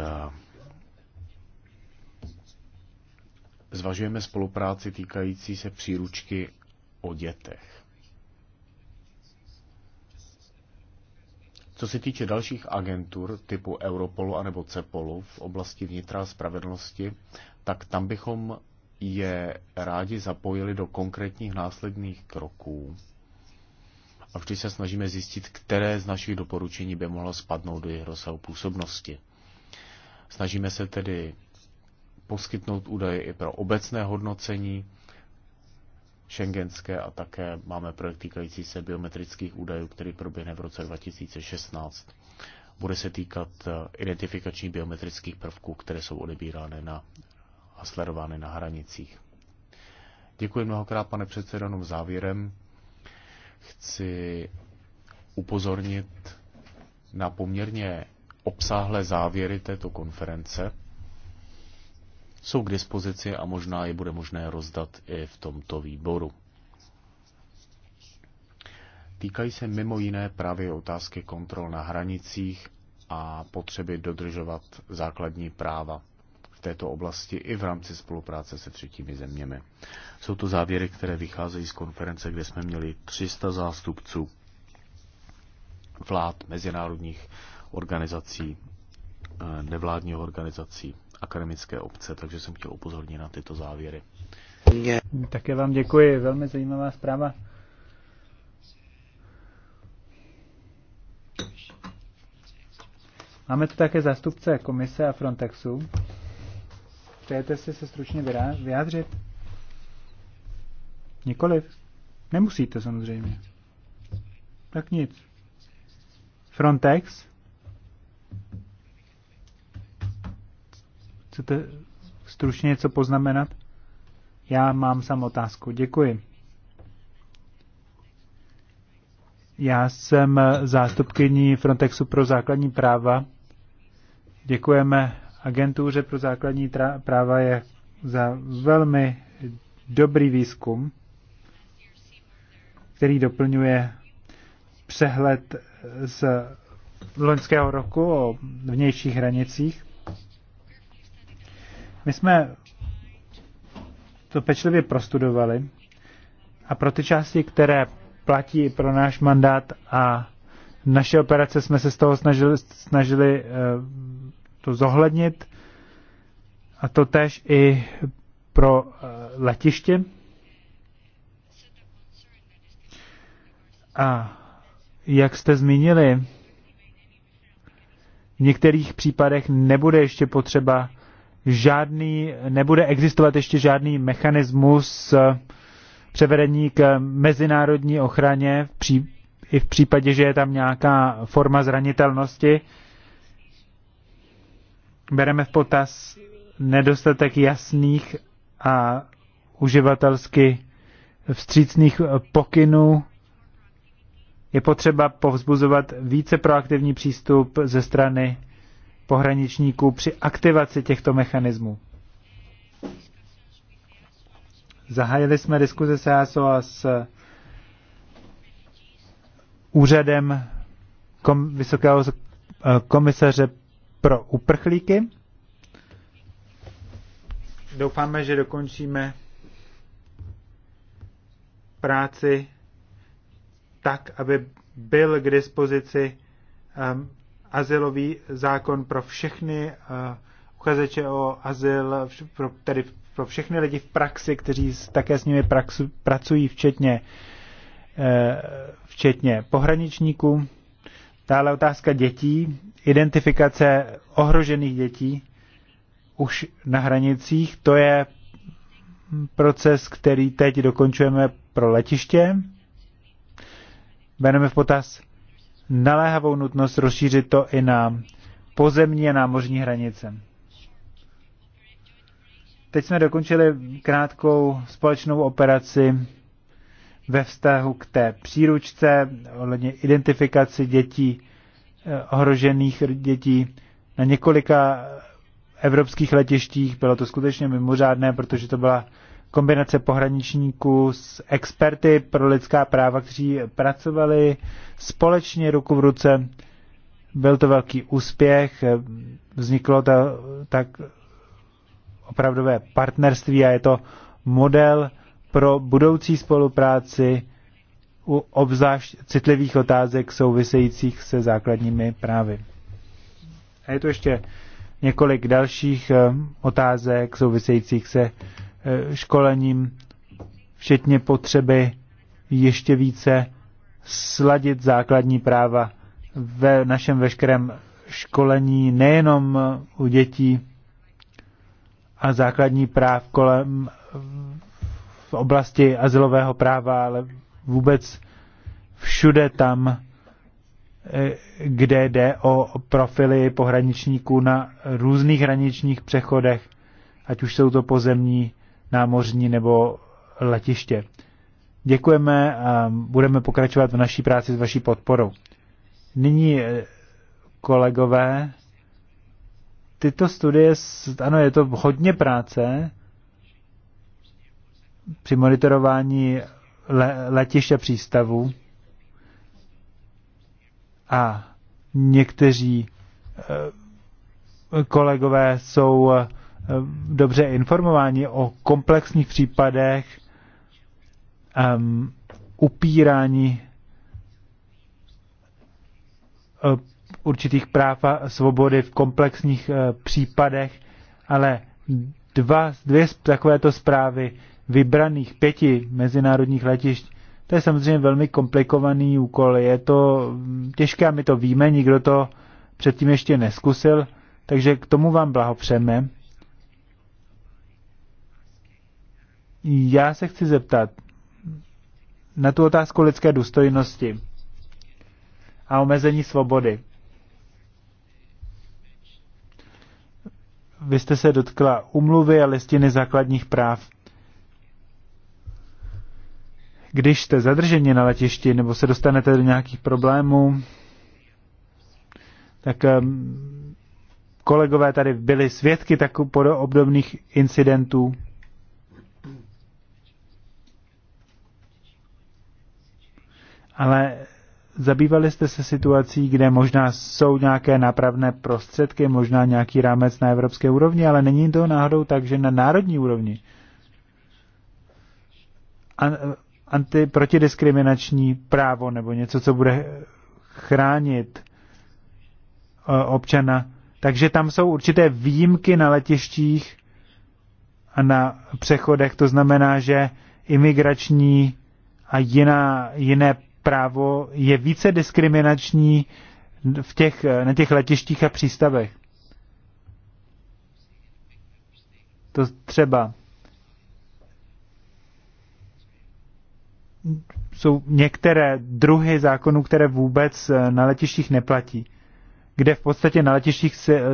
zvažujeme spolupráci týkající se příručky o dětech. Co se týče dalších agentur typu Europolu anebo Cepolu v oblasti vnitra a spravedlnosti, tak tam bychom je rádi zapojili do konkrétních následných kroků. A vždy se snažíme zjistit, které z našich doporučení by mohlo spadnout do jejich rozsahu působnosti. Snažíme se tedy poskytnout údaje i pro obecné hodnocení šengenské a také máme projekt týkající se biometrických údajů, který proběhne v roce 2016. Bude se týkat eh, identifikačních biometrických prvků, které jsou odebírány na, a sledovány na hranicích. Děkuji mnohokrát, pane jenom závěrem. Chci upozornit na poměrně obsáhlé závěry této konference jsou k dispozici a možná je bude možné rozdat i v tomto výboru. Týkají se mimo jiné právě otázky kontrol na hranicích a potřeby dodržovat základní práva v této oblasti i v rámci spolupráce se třetími zeměmi. Jsou to závěry, které vycházejí z konference, kde jsme měli 300 zástupců vlád, mezinárodních organizací, nevládních organizací akademické obce, takže jsem chtěl upozornit na tyto závěry. Také vám děkuji, velmi zajímavá zpráva. Máme tu také zástupce komise a Frontexu. Přejete si se stručně vyjádřit? Nikoliv. Nemusíte samozřejmě. Tak nic. Frontex? Chcete stručně něco poznamenat? Já mám sam otázku. Děkuji. Já jsem zástupkyní Frontexu pro základní práva. Děkujeme agentuře pro základní práva je za velmi dobrý výzkum, který doplňuje přehled z loňského roku o vnějších hranicích. My jsme to pečlivě prostudovali a pro ty části, které platí pro náš mandát a naše operace jsme se z toho snažili, snažili eh, to zohlednit a to tež i pro eh, letiště. A jak jste zmínili, v některých případech nebude ještě potřeba žádný, nebude existovat ještě žádný mechanismus eh, převedení k mezinárodní ochraně v pří, i v případě, že je tam nějaká forma zranitelnosti. Bereme v potaz nedostatek jasných a uživatelsky vstřícných pokynů. Je potřeba povzbuzovat více proaktivní přístup ze strany pohraničníků při aktivaci těchto mechanismů. Zahájili jsme diskuze s e ASO a s úřadem kom, Vysokého e, komisaře pro uprchlíky. Doufáme, že dokončíme práci tak, aby byl k dispozici um, azylový zákon pro všechny eh, uchazeče o azyl, pro, tedy pro všechny lidi v praxi, kteří také s nimi praxu, pracují, včetně, eh, včetně pohraničníků. Dále otázka dětí, identifikace ohrožených dětí už na hranicích. To je proces, který teď dokončujeme pro letiště. Bereme v potaz naléhavou nutnost rozšířit to i na pozemní a námořní hranice. Teď jsme dokončili krátkou společnou operaci ve vztahu k té příručce ohledně identifikaci dětí, eh, ohrožených dětí na několika evropských letištích. Bylo to skutečně mimořádné, protože to byla kombinace pohraničníků s experty pro lidská práva, kteří pracovali společně ruku v ruce. Byl to velký úspěch, vzniklo to tak opravdové partnerství a je to model pro budoucí spolupráci u obzvlášť citlivých otázek souvisejících se základními právy. A je to ještě několik dalších eh, otázek souvisejících se Eh, školením, včetně potřeby ještě více sladit základní práva ve našem veškerém školení nejenom u dětí a základní práv kolem v oblasti asilového práva, ale vůbec všude tam, eh, kde jde o profily pohraničníků na různých hraničních přechodech, ať už jsou to pozemní námořní nebo letiště. Děkujeme a budeme pokračovat v naší práci s vaší podporou. Nyní, eh, kolegové, tyto studie, ano, je to hodně práce při monitorování le, letiště přístavů a někteří eh, kolegové jsou eh, Eh, dobře informováni o komplexních případech um, upírání eh, určitých práv a svobody v komplexních uh, případech, ale dva, dvě takovéto zprávy vybraných pěti mezinárodních letišť, to je samozřejmě velmi komplikovaný úkol. Je to mm, těžké a my to víme, nikdo to předtím ještě neskusil, takže k tomu vám blahopřeme. Já se chci zeptat na tu otázku lidské důstojnosti a omezení svobody. Vy jste se dotkla umluvy a listiny základních práv. Když jste zadrženi na letišti nebo se dostanete do nějakých problémů, tak kolegové tady byli svědky tak obdobných incidentů. ale zabývali jste se situací, kde možná jsou nějaké napravné prostředky, možná nějaký rámec na evropské úrovni, ale není to náhodou tak, že na národní úrovni anti, protidiskriminační právo nebo něco, co bude chránit e, občana. Takže tam jsou určité výjimky na letištích a na přechodech. To znamená, že imigrační a jiná, jiné právo je více diskriminační v těch, na těch letištích a přístavech. To třeba jsou některé druhy zákonů, které vůbec eh, na letištích neplatí. Kde v podstatě na letištích si eh,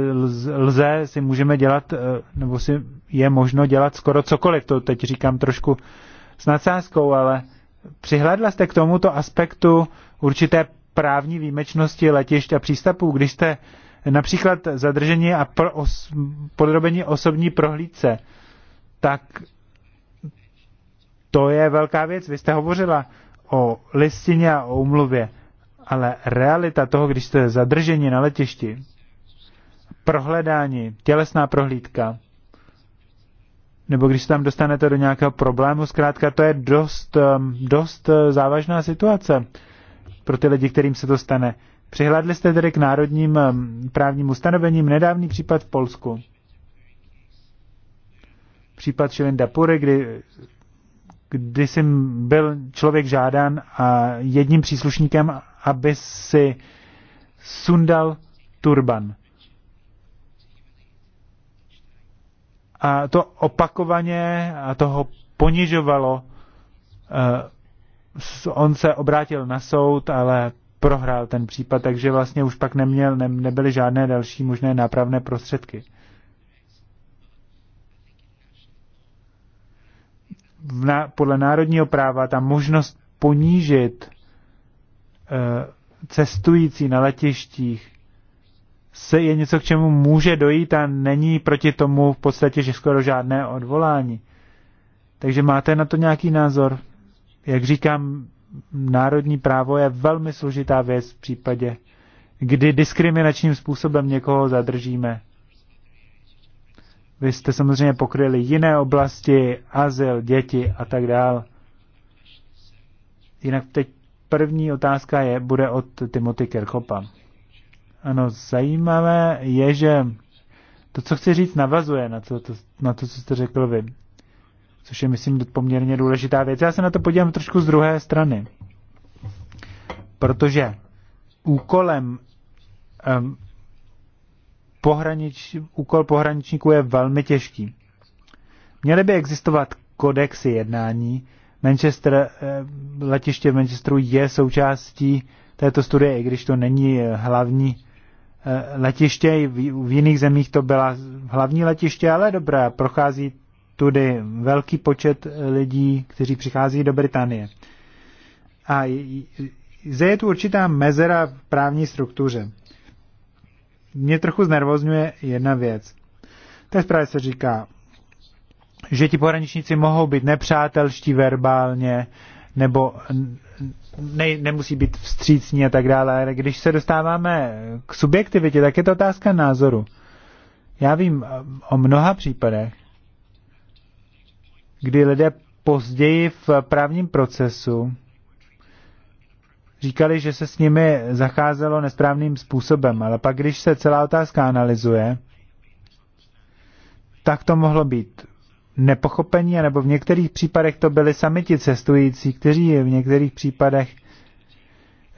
lze, si můžeme dělat, eh, nebo si je možno dělat skoro cokoliv. To teď říkám trošku s nadsázkou, ale Přihlédla jste k tomuto aspektu určité právní výjimečnosti letišť a přístavů, když jste například zadrženi a pro os, podrobení osobní prohlídce, tak to je velká věc. Vy jste hovořila o listině a o umluvě, ale realita toho, když jste zadrženi na letišti, prohledání, tělesná prohlídka, nebo když se tam dostanete do nějakého problému, zkrátka to je dost, dost eh, závažná situace pro ty lidi, kterým se to stane. Přihlédli jste tedy k národním právním ustanovením nedávný případ v Polsku. Případ Šilinda Pury, kdy, kdy si byl člověk žádán a jedním příslušníkem, aby si sundal turban. a to opakovaně a toho ponižovalo. Eh, on se obrátil na soud, ale prohrál ten případ, takže vlastně už pak neměl, ne, nebyly žádné další možné nápravné prostředky. V na, podle národního práva ta možnost ponížit e, cestující na letištích se je něco, k čemu může dojít a není proti tomu v podstatě, že skoro žádné odvolání. Takže máte na to nějaký názor? Jak říkám, národní právo je velmi složitá věc v případě, kdy diskriminačním způsobem někoho zadržíme. Vy jste samozřejmě pokryli jiné oblasti, azyl, děti a tak dál. Jinak teď první otázka je, bude od Timothy Kerchopa. Ano, zajímavé je, že to, co chci říct, navazuje na to, to, na to co jste řekl vy. Což je, myslím, poměrně důležitá věc. Já se na to podívám trošku z druhé strany. Protože úkolem um, pohranič, úkol pohraničníků je velmi těžký. Měly by existovat kodexy jednání. Manchester, letiště v Manchesteru je součástí této studie, i když to není eh, hlavní Eh, letiště, v jiných zemích to byla hlavní letiště, ale dobré, prochází tudy velký počet eh, lidí, kteří přichází do Británie. A zde je tu určitá mezera v právní struktuře. Mě trochu znervozňuje jedna věc. V té zprávě se říká, že ti pohraničníci mohou být nepřátelští verbálně, nebo ne, nemusí být vstřícní a tak dále, ale když se dostáváme k subjektivitě, tak je to otázka názoru. Já vím o mnoha případech, kdy lidé později v právním procesu říkali, že se s nimi zacházelo nesprávným způsobem, ale pak, když se celá otázka analyzuje, tak to mohlo být nepochopení, nebo v některých případech to byli sami ti cestující, kteří v některých případech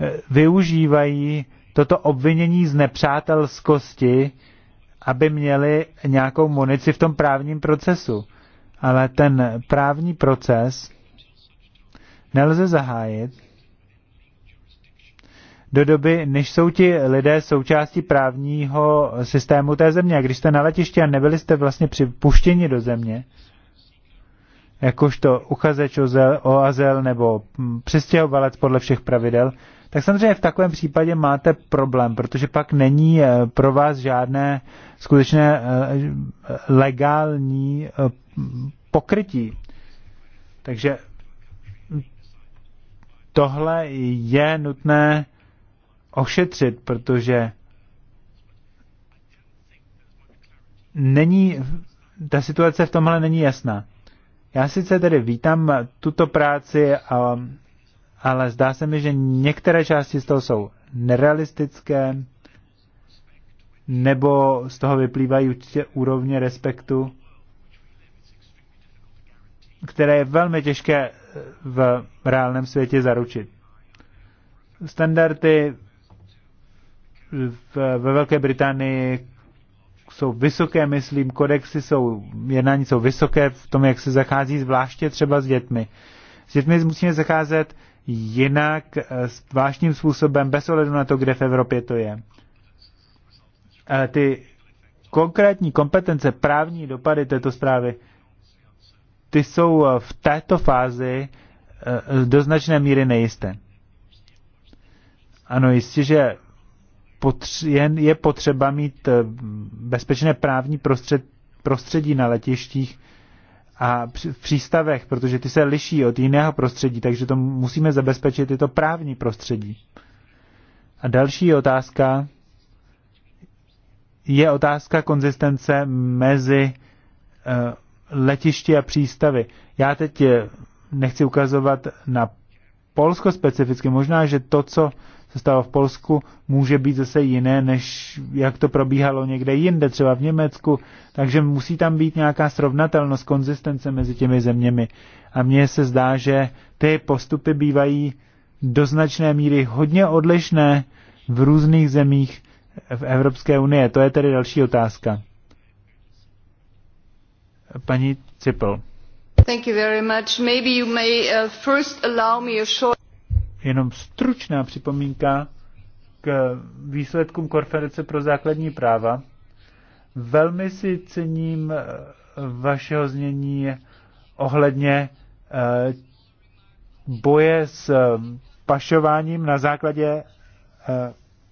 eh, využívají toto obvinění z nepřátelskosti, aby měli nějakou munici v tom právním procesu. Ale ten právní proces nelze zahájit do doby, než jsou ti lidé součástí právního systému té země. A když jste na letišti a nebyli jste vlastně připuštěni do země, jakožto uchazeč o azel nebo mm, přestěhovalec podle všech pravidel, tak samozřejmě v takovém případě máte problém, protože pak není eh, pro vás žádné skutečné eh, legální eh, pokrytí. Takže tohle je nutné ošetřit, protože není, ta situace v tomhle není jasná. Já sice tedy vítám tuto práci, ale zdá se mi, že některé části z toho jsou nerealistické, nebo z toho vyplývají určitě úrovně respektu, které je velmi těžké v reálném světě zaručit. Standardy ve Velké Británii jsou vysoké, myslím, kodexy jsou, jednání jsou vysoké v tom, jak se zachází, zvláště třeba s dětmi. S dětmi musíme zacházet jinak, eh, zvláštním způsobem, bez ohledu na to, kde v Evropě to je. Ale ty konkrétní kompetence, právní dopady této zprávy, ty jsou eh, v této fázi eh, do značné míry nejisté. Ano, jistě, že jen je potřeba mít eh, bezpečné právní prostřed- prostředí na letištích a v přístavech, protože ty se liší od jiného prostředí, takže to musíme zabezpečit i to právní prostředí. A další otázka je otázka konzistence mezi eh, letišti a přístavy. Já teď eh, nechci ukazovat na Polsko specificky, možná, že to, co se stalo v Polsku, může být zase jiné, než jak to probíhalo někde jinde, třeba v Německu. Takže musí tam být nějaká srovnatelnost, konzistence mezi těmi zeměmi. A mně se zdá, že ty postupy bývají do značné míry hodně odlišné v různých zemích v Evropské unie. To je tedy další otázka. Paní Cipl. Thank you very much. Maybe you may uh, first allow me a short... Jenom stručná připomínka k výsledkům Konference pro základní práva. Velmi si cením eh, vašeho znění ohledně eh, boje s eh, pašováním na základě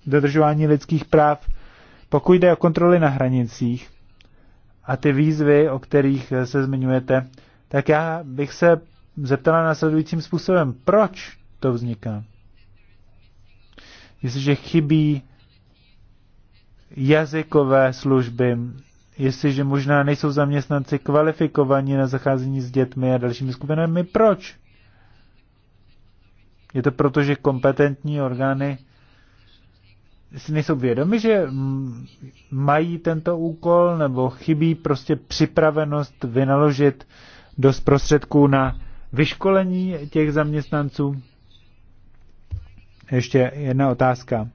dodržování lidských práv, pokud jde o kontroly na hranicích a ty výzvy, o kterých se zmiňujete, tak já bych se zeptala následujícím způsobem. Proč to vzniká. Jestliže chybí jazykové služby, jestliže možná nejsou zaměstnanci kvalifikovaní na zacházení s dětmi a dalšími skupinami, proč? Je to proto, že kompetentní orgány si nejsou vědomi, že mají tento úkol, nebo chybí prostě připravenost vynaložit dost prostředků na vyškolení těch zaměstnanců. Ještě jedna otázka.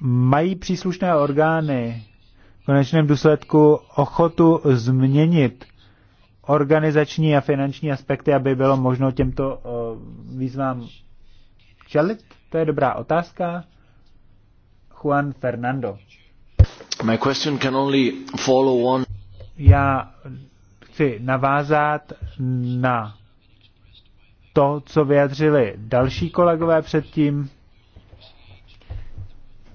Mají příslušné orgány v konečném důsledku ochotu změnit organizační a finanční aspekty, aby bylo možno těmto eh, výzvám čelit? To je dobrá otázka. Juan Fernando. My question can only follow on. Já chci navázat na to, co vyjadřili další kolegové předtím.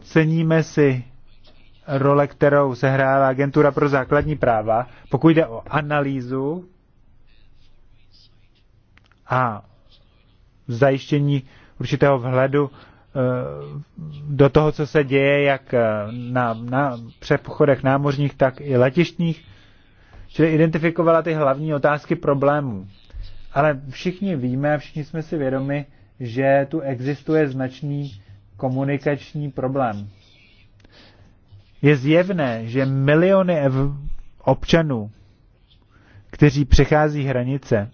Ceníme si role, kterou sehrála Agentura pro základní práva, pokud jde o analýzu a zajištění určitého vhledu eh, do toho, co se děje jak eh, na, na přepochodech námořních, tak i letištních, čili identifikovala ty hlavní otázky problémů. Ale všichni víme, všichni jsme si vědomi, že tu existuje značný komunikační problém. Je zjevné, že miliony občanů, kteří přechází hranice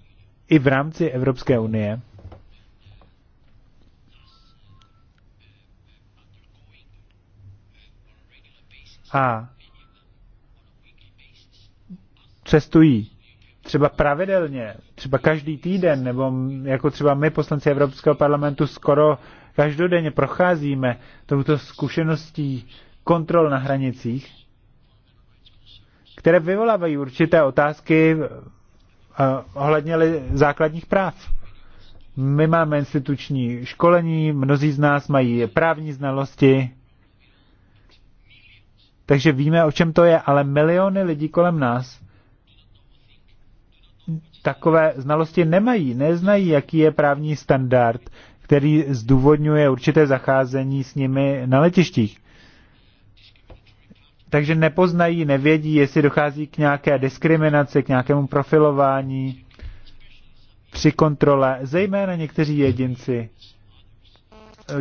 i v rámci Evropské unie, a cestují třeba pravidelně, třeba každý týden, nebo jako třeba my poslanci Evropského parlamentu skoro každodenně procházíme touto zkušeností kontrol na hranicích, které vyvolávají určité otázky e, ohledně základních práv. My máme instituční školení, mnozí z nás mají právní znalosti, takže víme, o čem to je, ale miliony lidí kolem nás takové znalosti nemají, neznají, jaký je právní standard, který zdůvodňuje určité zacházení s nimi na letištích. Takže nepoznají, nevědí, jestli dochází k nějaké diskriminaci, k nějakému profilování při kontrole, zejména někteří jedinci.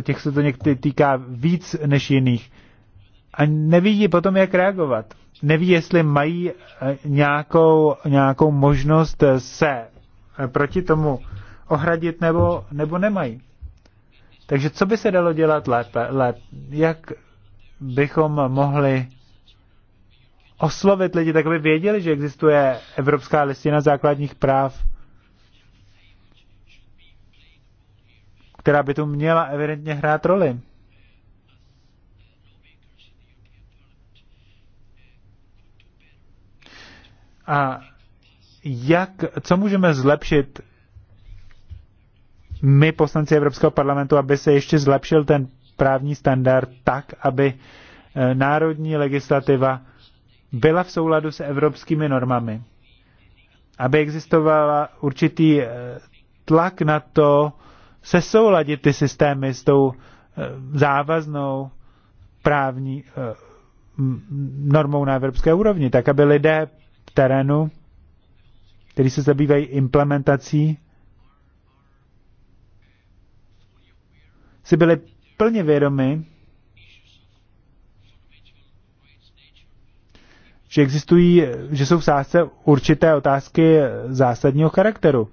Těch se to někdy týká víc než jiných. A nevidí potom, jak reagovat neví, jestli mají eh, nějakou, nějakou možnost eh, se eh, proti tomu ohradit nebo, nebo nemají. Takže co by se dalo dělat lépe? lépe? Jak bychom mohli oslovit lidi, tak aby věděli, že existuje Evropská listina základních práv, která by tu měla evidentně hrát roli. A jak, co můžeme zlepšit my, poslanci Evropského parlamentu, aby se ještě zlepšil ten právní standard tak, aby eh, národní legislativa byla v souladu s evropskými normami. Aby existovala určitý eh, tlak na to, se souladit ty systémy s tou eh, závaznou právní normou na evropské úrovni, tak aby lidé terénu, který se zabývají implementací, si byli plně vědomi, že existují, že jsou v sázce určité otázky zásadního charakteru.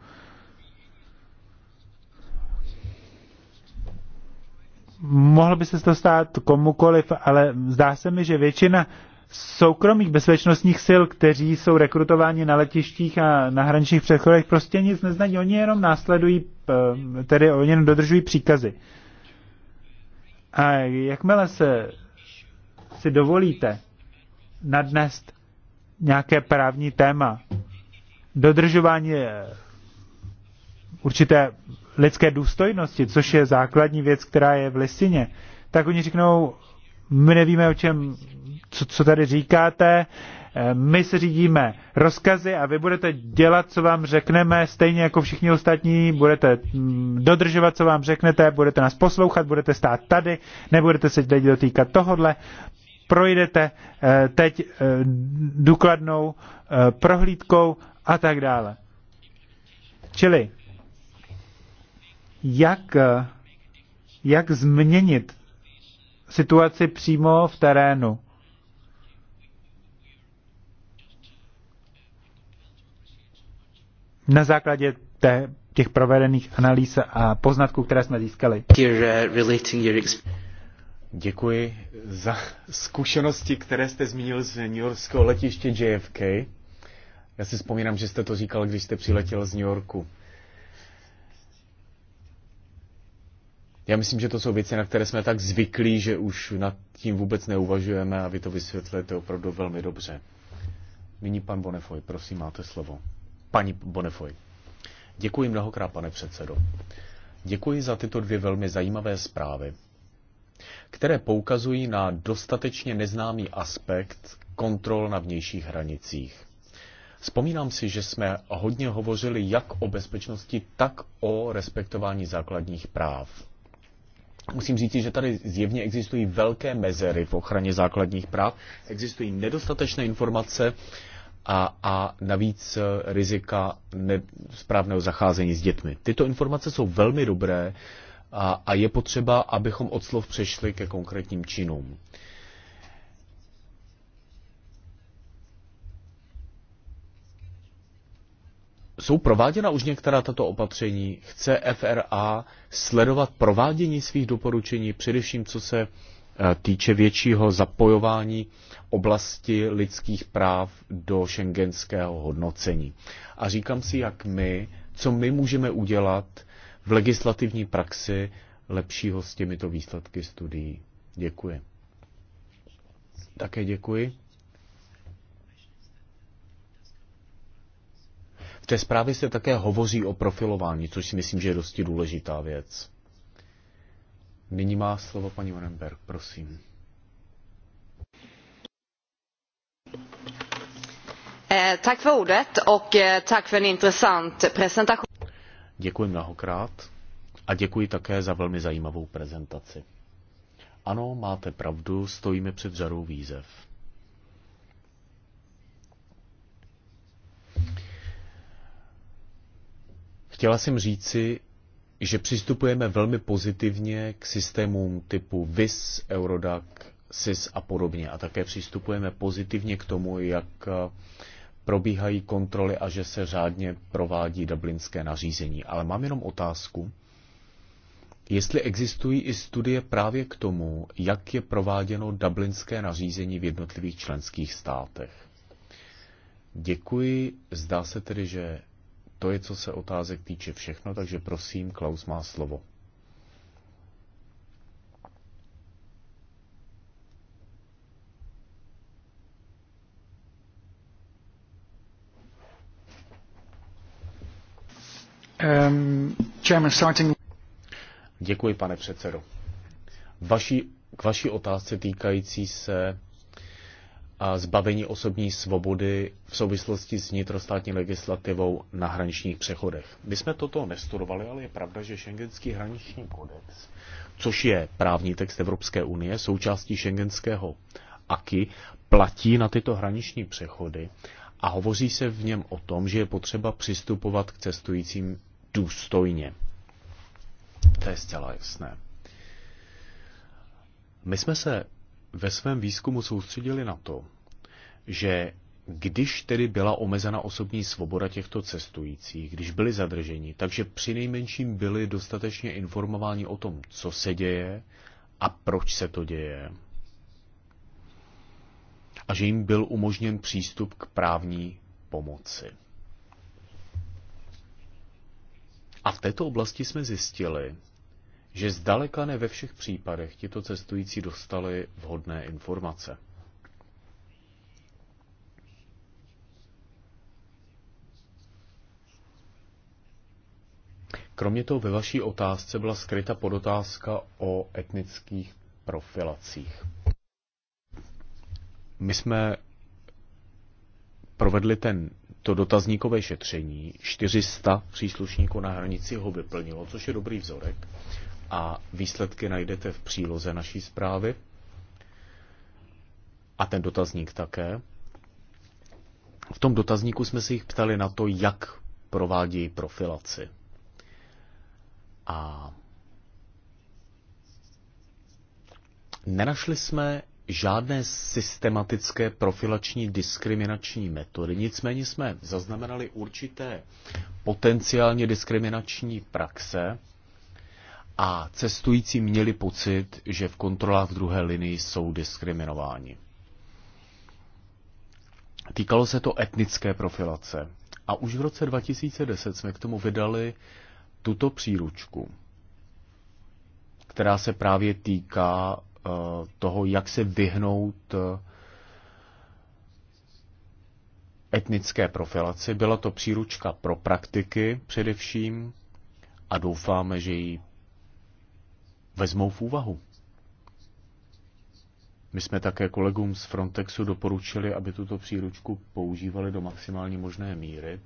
Mohlo by se to stát komukoliv, ale zdá se mi, že většina soukromých bezpečnostních sil, kteří jsou rekrutováni na letištích a na hraničních přechodech, prostě nic neznají. Oni jenom následují, eh, tedy oni jenom dodržují příkazy. A jakmile se si dovolíte nadnést nějaké právní téma, dodržování eh, určité lidské důstojnosti, což je základní věc, která je v listině, tak oni řeknou, my nevíme, o čem, co, co tady říkáte, eh, my se řídíme rozkazy a vy budete dělat, co vám řekneme, stejně jako všichni ostatní, budete mm, dodržovat, co vám řeknete, budete nás poslouchat, budete stát tady, nebudete se teď dotýkat tohodle, projdete eh, teď eh, důkladnou prohlídkou a tak dále. Čili jak, jak změnit situaci přímo v terénu. Na základě té, těch provedených analýz a poznatků, které jsme získali. Děkuji za zkušenosti, které jste zmínil z New Yorkského letiště JFK. Já si vzpomínám, že jste to říkal, když jste přiletěl z New Yorku. Já myslím, že to jsou věci, na které jsme tak zvyklí, že už nad tím vůbec neuvažujeme a vy to vysvětlujete opravdu velmi dobře. Nyní pan Bonefoy, prosím, máte slovo. Paní Bonefoy. Děkuji mnohokrát, pane předsedo. Děkuji za tyto dvě velmi zajímavé zprávy, které poukazují na dostatečně neznámý aspekt kontrol na vnějších hranicích. Vzpomínám si, že jsme hodně hovořili jak o bezpečnosti, tak o respektování základních práv. Musím říct, že tady zjevně existují velké mezery v ochraně základních práv, existují nedostatečné informace a, a navíc eh, rizika správného zacházení s dětmi. Tyto informace jsou velmi dobré a, a je potřeba, abychom od slov přešli ke konkrétním činům. Jsou prováděna už některá tato opatření? Chce FRA sledovat provádění svých doporučení, především co se eh, týče většího zapojování oblasti lidských práv do šengenského hodnocení. A říkám si, jak my, co my můžeme udělat v legislativní praxi lepšího s těmito výsledky studií. Děkuji. Také děkuji. V té zprávě se také hovoří o profilování, což si myslím, že je dosti důležitá věc. Nyní má slovo paní Orenberg, prosím. Eh, tak för ordet och eh, tack för en intressant presentation. Děkuji mnohokrát a děkuji také za velmi zajímavou prezentaci. Ano, máte pravdu, stojíme před řadou výzev. Chtěla jsem říci, že přistupujeme velmi pozitivně k systémům typu VIS, Eurodac, SIS a podobně. A také přistupujeme pozitivně k tomu, jak eh, probíhají kontroly a že se řádně provádí dublinské nařízení. Ale mám jenom otázku, jestli existují i studie právě k tomu, jak je prováděno dublinské nařízení v jednotlivých členských státech. Děkuji, zdá se tedy, že to je, co se otázek týče všechno, takže prosím, Klaus má slovo. Um, starting... Děkuji, pane předsedo. Vaši, k vaší otázce týkající se zbavení osobní svobody v souvislosti s vnitrostátní legislativou na hraničních přechodech. My jsme toto nestudovali, ale je pravda, že Schengenský hraniční kodex, což je právní text Evropské unie, součástí Schengenského AKI, platí na tyto hraniční přechody a hovoří se v něm o tom, že je potřeba přistupovat k cestujícím důstojně. To je zcela jasné. My jsme se ve svém výzkumu soustředili na to, že když tedy byla omezena osobní svoboda těchto cestujících, když byli zadrženi, takže při nejmenším byli dostatečně informováni o tom, co se děje a proč se to děje. A že jim byl umožněn přístup k právní pomoci. A v této oblasti jsme zjistili, že zdaleka ne ve všech případech tito cestující dostali vhodné informace. Kromě toho ve vaší otázce byla skryta podotázka o etnických profilacích. My jsme provedli ten, to dotazníkové šetření. 400 příslušníků na hranici ho vyplnilo, což je dobrý vzorek a výsledky najdete v příloze naší zprávy a ten dotazník také. V tom dotazníku jsme se jich ptali na to, jak provádějí profilaci. A nenašli jsme žádné systematické profilační diskriminační metody, nicméně jsme zaznamenali určité potenciálně diskriminační praxe, a cestující měli pocit, že v kontrolách v druhé linii jsou diskriminováni. Týkalo se to etnické profilace. A už v roce 2010 jsme k tomu vydali tuto příručku, která se právě týká eh, toho, jak se vyhnout eh, etnické profilaci. Byla to příručka pro praktiky především a doufáme, že ji vezmou v úvahu. My jsme také kolegům z Frontexu doporučili, aby tuto příručku používali do maximální možné míry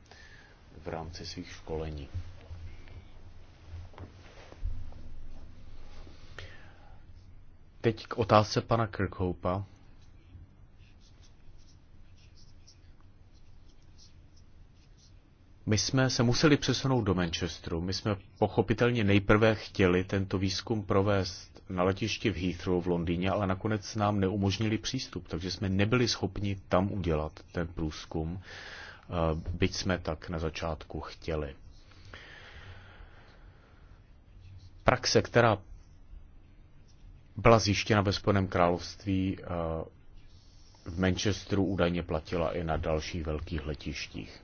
v rámci svých školení. Teď k otázce pana Kirkhopa My jsme se museli přesunout do Manchesteru. My jsme pochopitelně nejprve chtěli tento výzkum provést na letišti v Heathrow v Londýně, ale nakonec nám neumožnili přístup, takže jsme nebyli schopni tam udělat ten průzkum, eh, byť jsme tak na začátku chtěli. Praxe, která byla zjištěna ve Spojeném království, eh, v Manchesteru údajně platila i na dalších velkých letištích.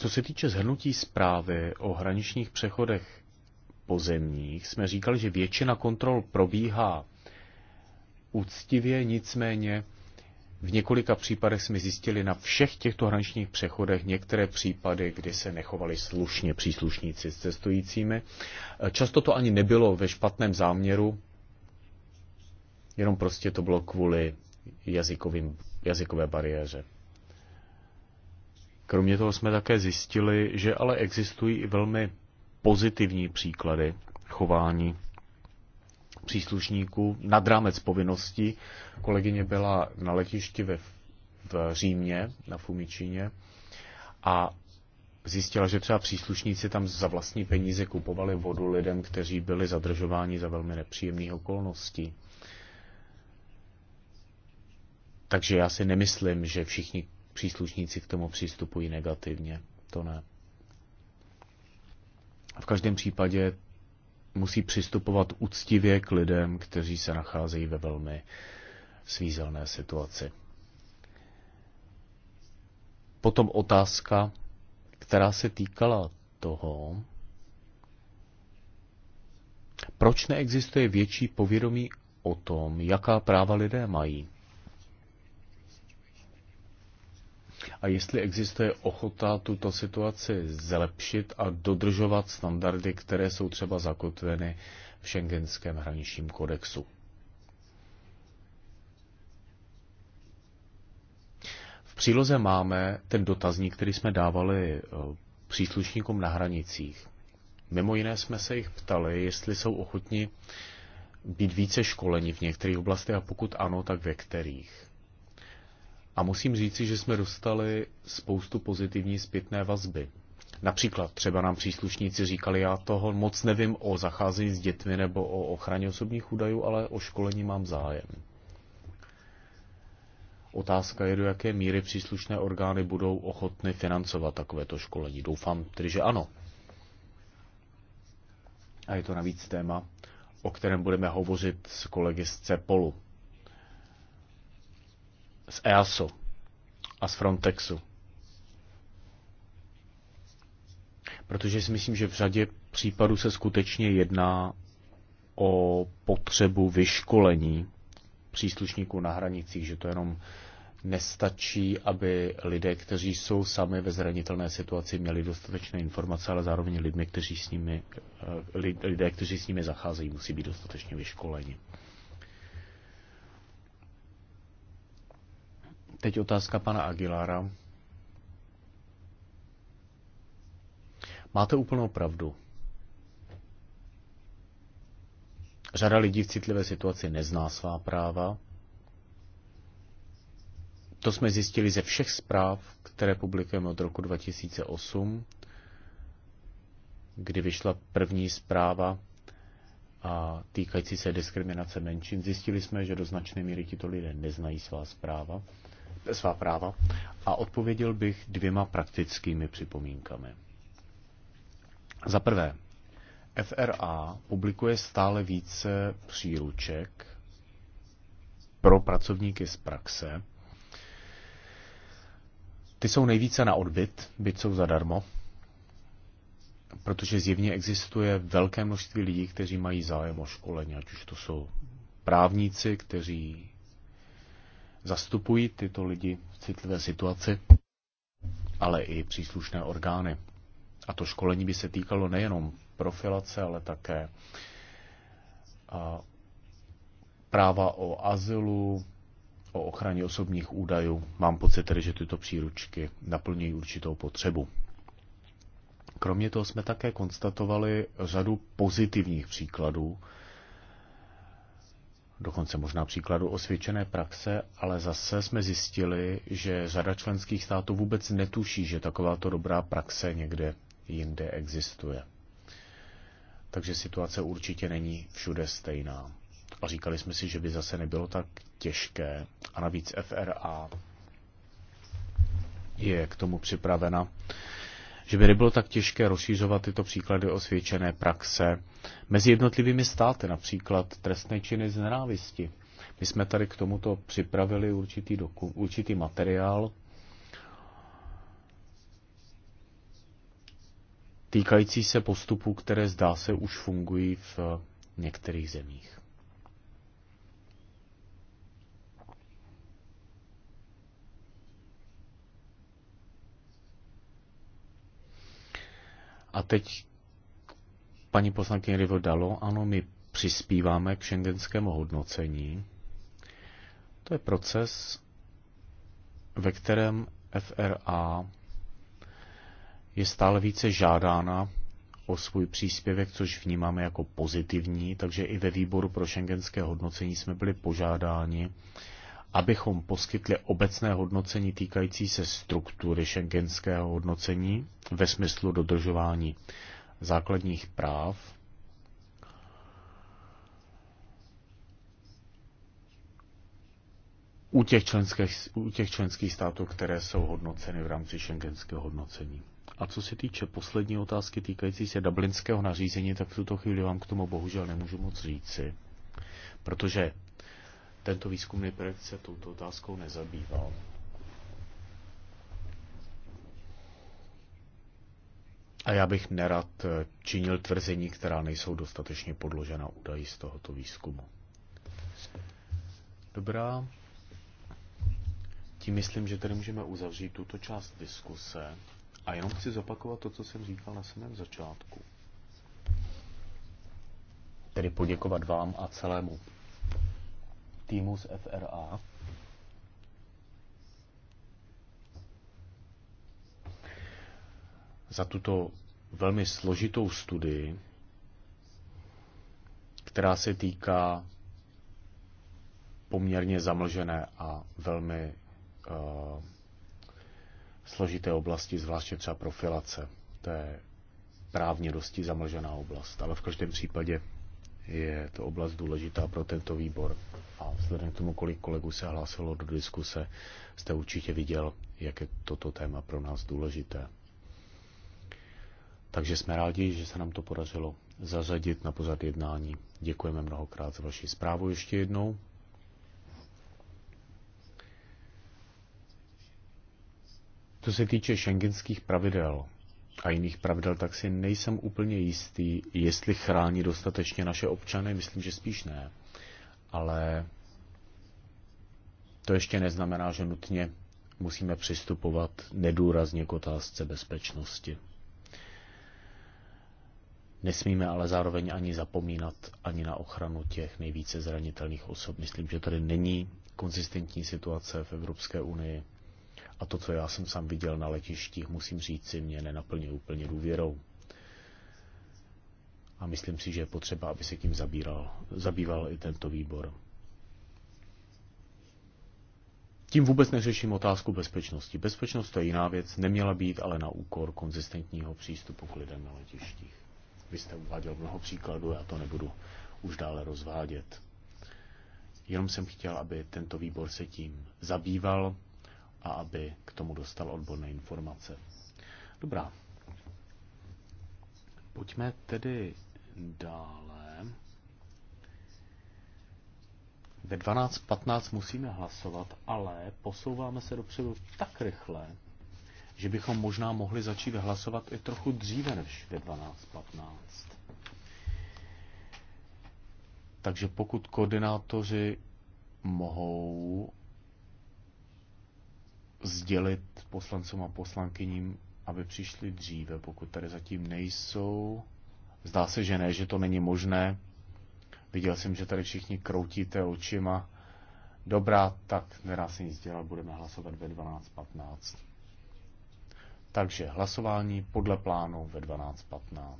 Co se týče zhrnutí zprávy o hraničních přechodech pozemních, jsme říkali, že většina kontrol probíhá úctivě, nicméně v několika případech jsme zjistili na všech těchto hraničních přechodech některé případy, kdy se nechovali slušně příslušníci s cestujícími. Často to ani nebylo ve špatném záměru, jenom prostě to bylo kvůli jazykovým, jazykové bariéře. Kromě toho jsme také zjistili, že ale existují i velmi pozitivní příklady chování příslušníků nad rámec povinností. Kolegyně byla na letišti ve, v Římě, na Fumičíně, a zjistila, že třeba příslušníci tam za vlastní peníze kupovali vodu lidem, kteří byli zadržováni za velmi nepříjemných okolností. Takže já si nemyslím, že všichni příslušníci k tomu přistupují negativně. To ne. V každém případě musí přistupovat úctivě k lidem, kteří se nacházejí ve velmi svízelné situaci. Potom otázka, která se týkala toho, proč neexistuje větší povědomí o tom, jaká práva lidé mají. a jestli existuje ochota tuto situaci zlepšit a dodržovat standardy, které jsou třeba zakotveny v šengenském hraničním kodexu. V příloze máme ten dotazník, který jsme dávali eh, příslušníkům na hranicích. Mimo jiné jsme se jich ptali, jestli jsou ochotni být více školeni v některých oblastech a pokud ano, tak ve kterých. A musím říci, že jsme dostali spoustu pozitivní zpětné vazby. Například třeba nám příslušníci říkali, já toho moc nevím o zacházení s dětmi nebo o ochraně osobních údajů, ale o školení mám zájem. Otázka je, do jaké míry příslušné orgány budou ochotny financovat takovéto školení. Doufám tedy, že ano. A je to navíc téma, o kterém budeme hovořit s kolegy z CEPOLu z EASu a z Frontexu. Protože si myslím, že v řadě případů se skutečně jedná o potřebu vyškolení příslušníků na hranicích, že to jenom nestačí, aby lidé, kteří jsou sami ve zranitelné situaci, měli dostatečné informace, ale zároveň lidmi, kteří s nimi, eh, lidé, kteří s nimi zacházejí, musí být dostatečně vyškoleni. Teď otázka pana Aguilara. Máte úplnou pravdu. Řada lidí v citlivé situaci nezná svá práva. To jsme zjistili ze všech zpráv, které publikujeme od roku 2008, kdy vyšla první zpráva a týkající se diskriminace menšin. Zjistili jsme, že do značné míry tito lidé neznají svá zpráva svá práva a odpověděl bych dvěma praktickými připomínkami. Za prvé, FRA publikuje stále více příruček pro pracovníky z praxe. Ty jsou nejvíce na odbyt, byť jsou zadarmo, protože zjevně existuje velké množství lidí, kteří mají zájem o školení, ať už to jsou právníci, kteří zastupují tyto lidi v citlivé situaci, ale i příslušné orgány. A to školení by se týkalo nejenom profilace, ale také práva o azylu, o ochraně osobních údajů. Mám pocit tedy, že tyto příručky naplňují určitou potřebu. Kromě toho jsme také konstatovali řadu pozitivních příkladů dokonce možná příkladu osvědčené praxe, ale zase jsme zjistili, že řada členských států vůbec netuší, že takováto dobrá praxe někde jinde existuje. Takže situace určitě není všude stejná. A říkali jsme si, že by zase nebylo tak těžké. A navíc FRA je k tomu připravena že by nebylo tak těžké rozšířovat tyto příklady osvědčené praxe mezi jednotlivými státy, například trestné činy z nenávisti. My jsme tady k tomuto připravili určitý, doku, určitý materiál týkající se postupů, které zdá se už fungují v některých zemích. A teď paní poslankyně Rivo dalo, ano, my přispíváme k šengenskému hodnocení. To je proces, ve kterém FRA je stále více žádána o svůj příspěvek, což vnímáme jako pozitivní, takže i ve výboru pro šengenské hodnocení jsme byli požádáni, abychom poskytli obecné hodnocení týkající se struktury šengenského hodnocení ve smyslu dodržování základních práv, u těch, členských, u těch členských států, které jsou hodnoceny v rámci šengenského hodnocení. A co se týče poslední otázky týkající se dublinského nařízení, tak v tuto chvíli vám k tomu bohužel nemůžu moc říci, protože tento výzkumný projekt se touto otázkou nezabýval. A já bych nerad eh, činil tvrzení, která nejsou dostatečně podložena údaji z tohoto výzkumu. Dobrá. Tím myslím, že tady můžeme uzavřít tuto část diskuse. A jenom chci zopakovat to, co jsem říkal na samém začátku. Tedy poděkovat vám a celému týmu z FRA. Za tuto velmi složitou studii, která se týká poměrně zamlžené a velmi uh, složité oblasti, zvláště třeba profilace. To je právně dosti zamlžená oblast, ale v každém případě je to oblast důležitá pro tento výbor. A vzhledem k tomu, kolik kolegů se hlásilo do diskuse, jste určitě viděl, jak je toto téma pro nás důležité. Takže jsme rádi, že se nám to podařilo zařadit na pořad jednání. Děkujeme mnohokrát za vaši zprávu ještě jednou. Co se týče šengenských pravidel, a jiných pravidel, tak si nejsem úplně jistý, jestli chrání dostatečně naše občany. Myslím, že spíš ne. Ale to ještě neznamená, že nutně musíme přistupovat nedůrazně k otázce bezpečnosti. Nesmíme ale zároveň ani zapomínat ani na ochranu těch nejvíce zranitelných osob. Myslím, že tady není konzistentní situace v Evropské unii a to, co já jsem sám viděl na letištích, musím říct si, mě nenaplně úplně důvěrou. A myslím si, že je potřeba, aby se tím zabíral, zabýval i tento výbor. Tím vůbec neřeším otázku bezpečnosti. Bezpečnost to je jiná věc, neměla být ale na úkor konzistentního přístupu k lidem na letištích. Vy jste uváděl mnoho příkladů, já to nebudu už dále rozvádět. Jenom jsem chtěl, aby tento výbor se tím zabýval, a aby k tomu dostal odborné informace. Dobrá. Pojďme tedy dále. Ve 12.15 musíme hlasovat, ale posouváme se dopředu tak rychle, že bychom možná mohli začít hlasovat i trochu dříve než ve 12.15. Takže pokud koordinátoři mohou sdělit poslancům a poslankyním, aby přišli dříve, pokud tady zatím nejsou. Zdá se, že ne, že to není možné. Viděl jsem, že tady všichni kroutíte očima. Dobrá, tak nedá se nic dělat, budeme hlasovat ve 12.15. Takže hlasování podle plánu ve 12.15.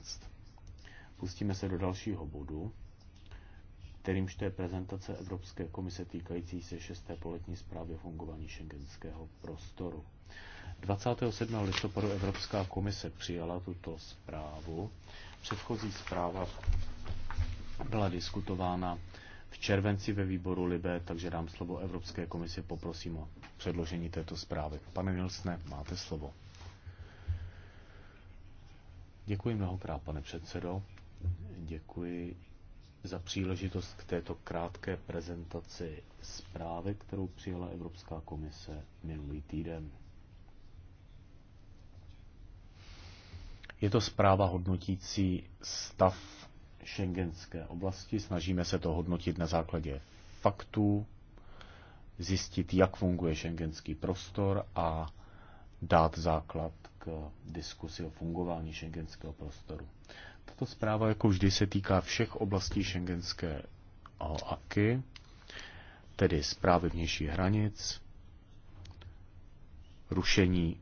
Pustíme se do dalšího bodu kterýmž to je prezentace Evropské komise týkající se šesté poletní zprávy o fungování šengenského prostoru. 27. listopadu Evropská komise přijala tuto zprávu. Předchozí zpráva byla diskutována v červenci ve výboru Libe, takže dám slovo Evropské komisi, poprosím o předložení této zprávy. Pane Nilsne, máte slovo. Děkuji mnohokrát, pane předsedo. Děkuji za příležitost k této krátké prezentaci zprávy, kterou přijala Evropská komise minulý týden. Je to zpráva hodnotící stav šengenské oblasti. Snažíme se to hodnotit na základě faktů, zjistit, jak funguje šengenský prostor a dát základ k diskusi o fungování šengenského prostoru. Tato zpráva, jako vždy, se týká všech oblastí šengenské AKY, tedy zprávy vnější hranic, rušení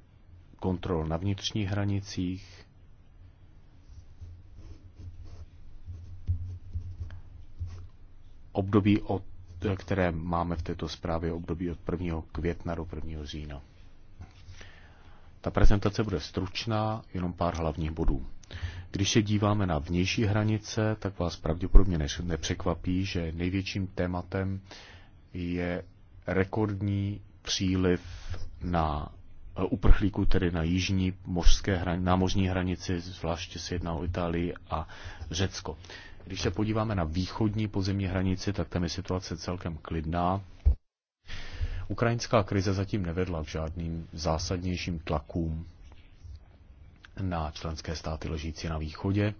kontrol na vnitřních hranicích, období, od, které máme v této zprávě, období od 1. května do 1. října. Ta prezentace bude stručná, jenom pár hlavních bodů. Když se díváme na vnější hranice, tak vás pravděpodobně nepřekvapí, že největším tématem je rekordní příliv na e, uprchlíků, tedy na jižní mořské hran, námořní hranici, zvláště se jedná o Itálii a Řecko. Když se podíváme na východní pozemní hranici, tak tam je situace celkem klidná. Ukrajinská krize zatím nevedla k žádným zásadnějším tlakům na členské státy ležící na východě,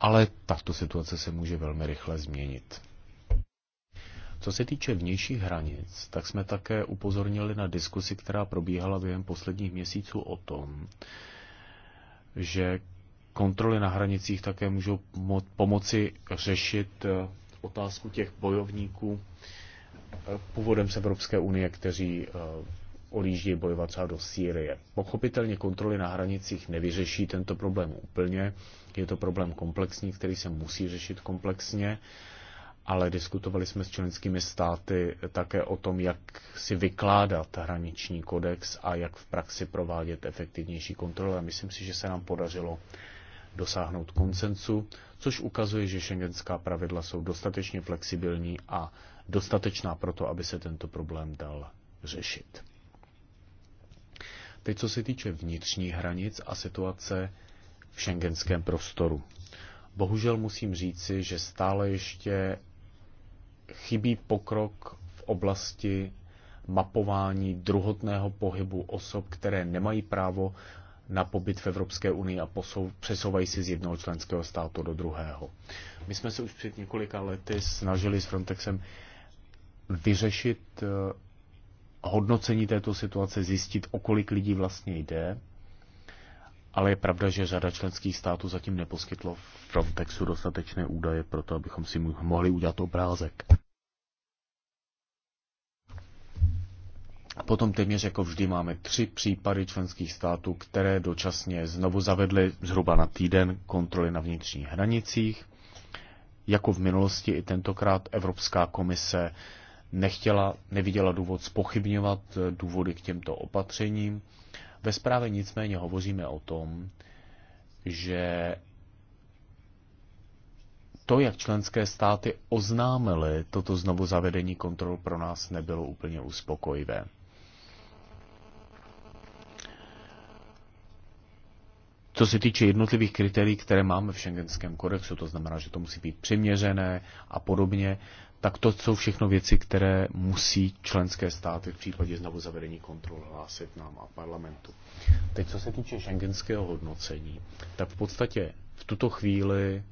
ale tato situace se může velmi rychle změnit. Co se týče vnějších hranic, tak jsme také upozornili na diskusi, která probíhala během posledních měsíců o tom, že kontroly na hranicích také můžou pomoci řešit eh, otázku těch bojovníků eh, původem z Evropské unie, kteří eh, odjíždějí bojovat třeba do Sýrie. Pochopitelně kontroly na hranicích nevyřeší tento problém úplně. Je to problém komplexní, který se musí řešit komplexně, ale diskutovali jsme s členskými státy také o tom, jak si vykládat hraniční kodex a jak v praxi provádět efektivnější kontroly. A myslím si, že se nám podařilo dosáhnout koncensu, což ukazuje, že šengenská pravidla jsou dostatečně flexibilní a dostatečná pro to, aby se tento problém dal řešit. Teď, co se týče vnitřních hranic a situace v šengenském prostoru. Bohužel musím říci, že stále ještě chybí pokrok v oblasti mapování druhotného pohybu osob, které nemají právo na pobyt v Evropské unii a přesouvají si z jednoho členského státu do druhého. My jsme se už před několika lety snažili s Frontexem vyřešit eh, hodnocení této situace zjistit, o kolik lidí vlastně jde, ale je pravda, že řada členských států zatím neposkytlo Frontexu dostatečné údaje pro to, abychom si mohli udělat obrázek. Potom téměř jako vždy máme tři případy členských států, které dočasně znovu zavedly zhruba na týden kontroly na vnitřních hranicích. Jako v minulosti i tentokrát Evropská komise nechtěla, neviděla důvod spochybňovat eh, důvody k těmto opatřením. Ve zprávě nicméně hovoříme o tom, že to, jak členské státy oznámily toto znovu zavedení kontrol, pro nás nebylo úplně uspokojivé. Co se týče jednotlivých kritérií, které máme v šengenském kodexu, to znamená, že to musí být přiměřené a podobně, tak to jsou všechno věci, které musí členské státy v případě znovu zavedení kontrol hlásit nám a parlamentu. Teď, co se týče šengenského hodnocení, tak v podstatě v tuto chvíli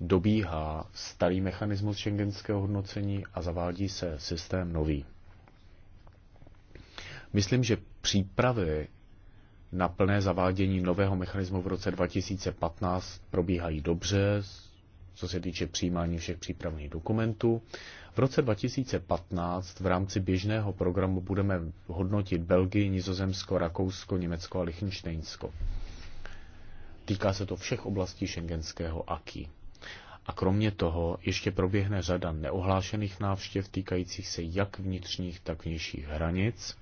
dobíhá starý mechanismus šengenského hodnocení a zavádí se systém nový. Myslím, že přípravy na plné zavádění nového mechanismu v roce 2015 probíhají dobře, co se týče přijímání všech přípravných dokumentů. V roce 2015 v rámci běžného programu budeme hodnotit Belgii, Nizozemsko, Rakousko, Německo a Lichtensteinsko. Týká se to všech oblastí šengenského AKI. A kromě toho ještě proběhne řada neohlášených návštěv týkajících se jak vnitřních, tak vnějších hranic.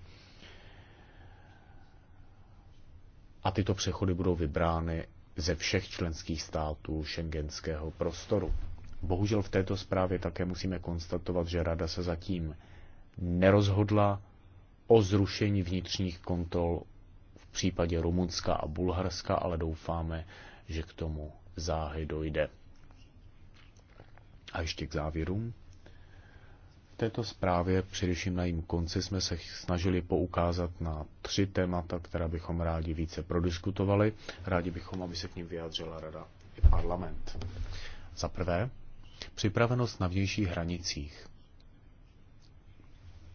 A tyto přechody budou vybrány ze všech členských států šengenského prostoru. Bohužel v této zprávě také musíme konstatovat, že Rada se zatím nerozhodla o zrušení vnitřních kontrol v případě Rumunska a Bulharska, ale doufáme, že k tomu záhy dojde. A ještě k závěrům této zprávě, především na jím konci, jsme se snažili poukázat na tři témata, která bychom rádi více prodiskutovali. Rádi bychom, aby se k ním vyjádřila Rada i parlament. Za prvé, připravenost na vnějších hranicích.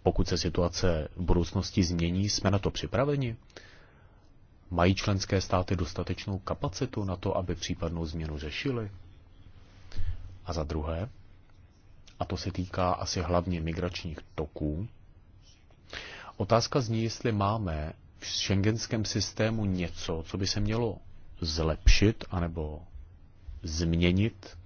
Pokud se situace v budoucnosti změní, jsme na to připraveni? Mají členské státy dostatečnou kapacitu na to, aby případnou změnu řešili? A za druhé, a to se týká asi hlavně migračních toků. Otázka zní, jestli máme v šengenském systému něco, co by se mělo zlepšit anebo změnit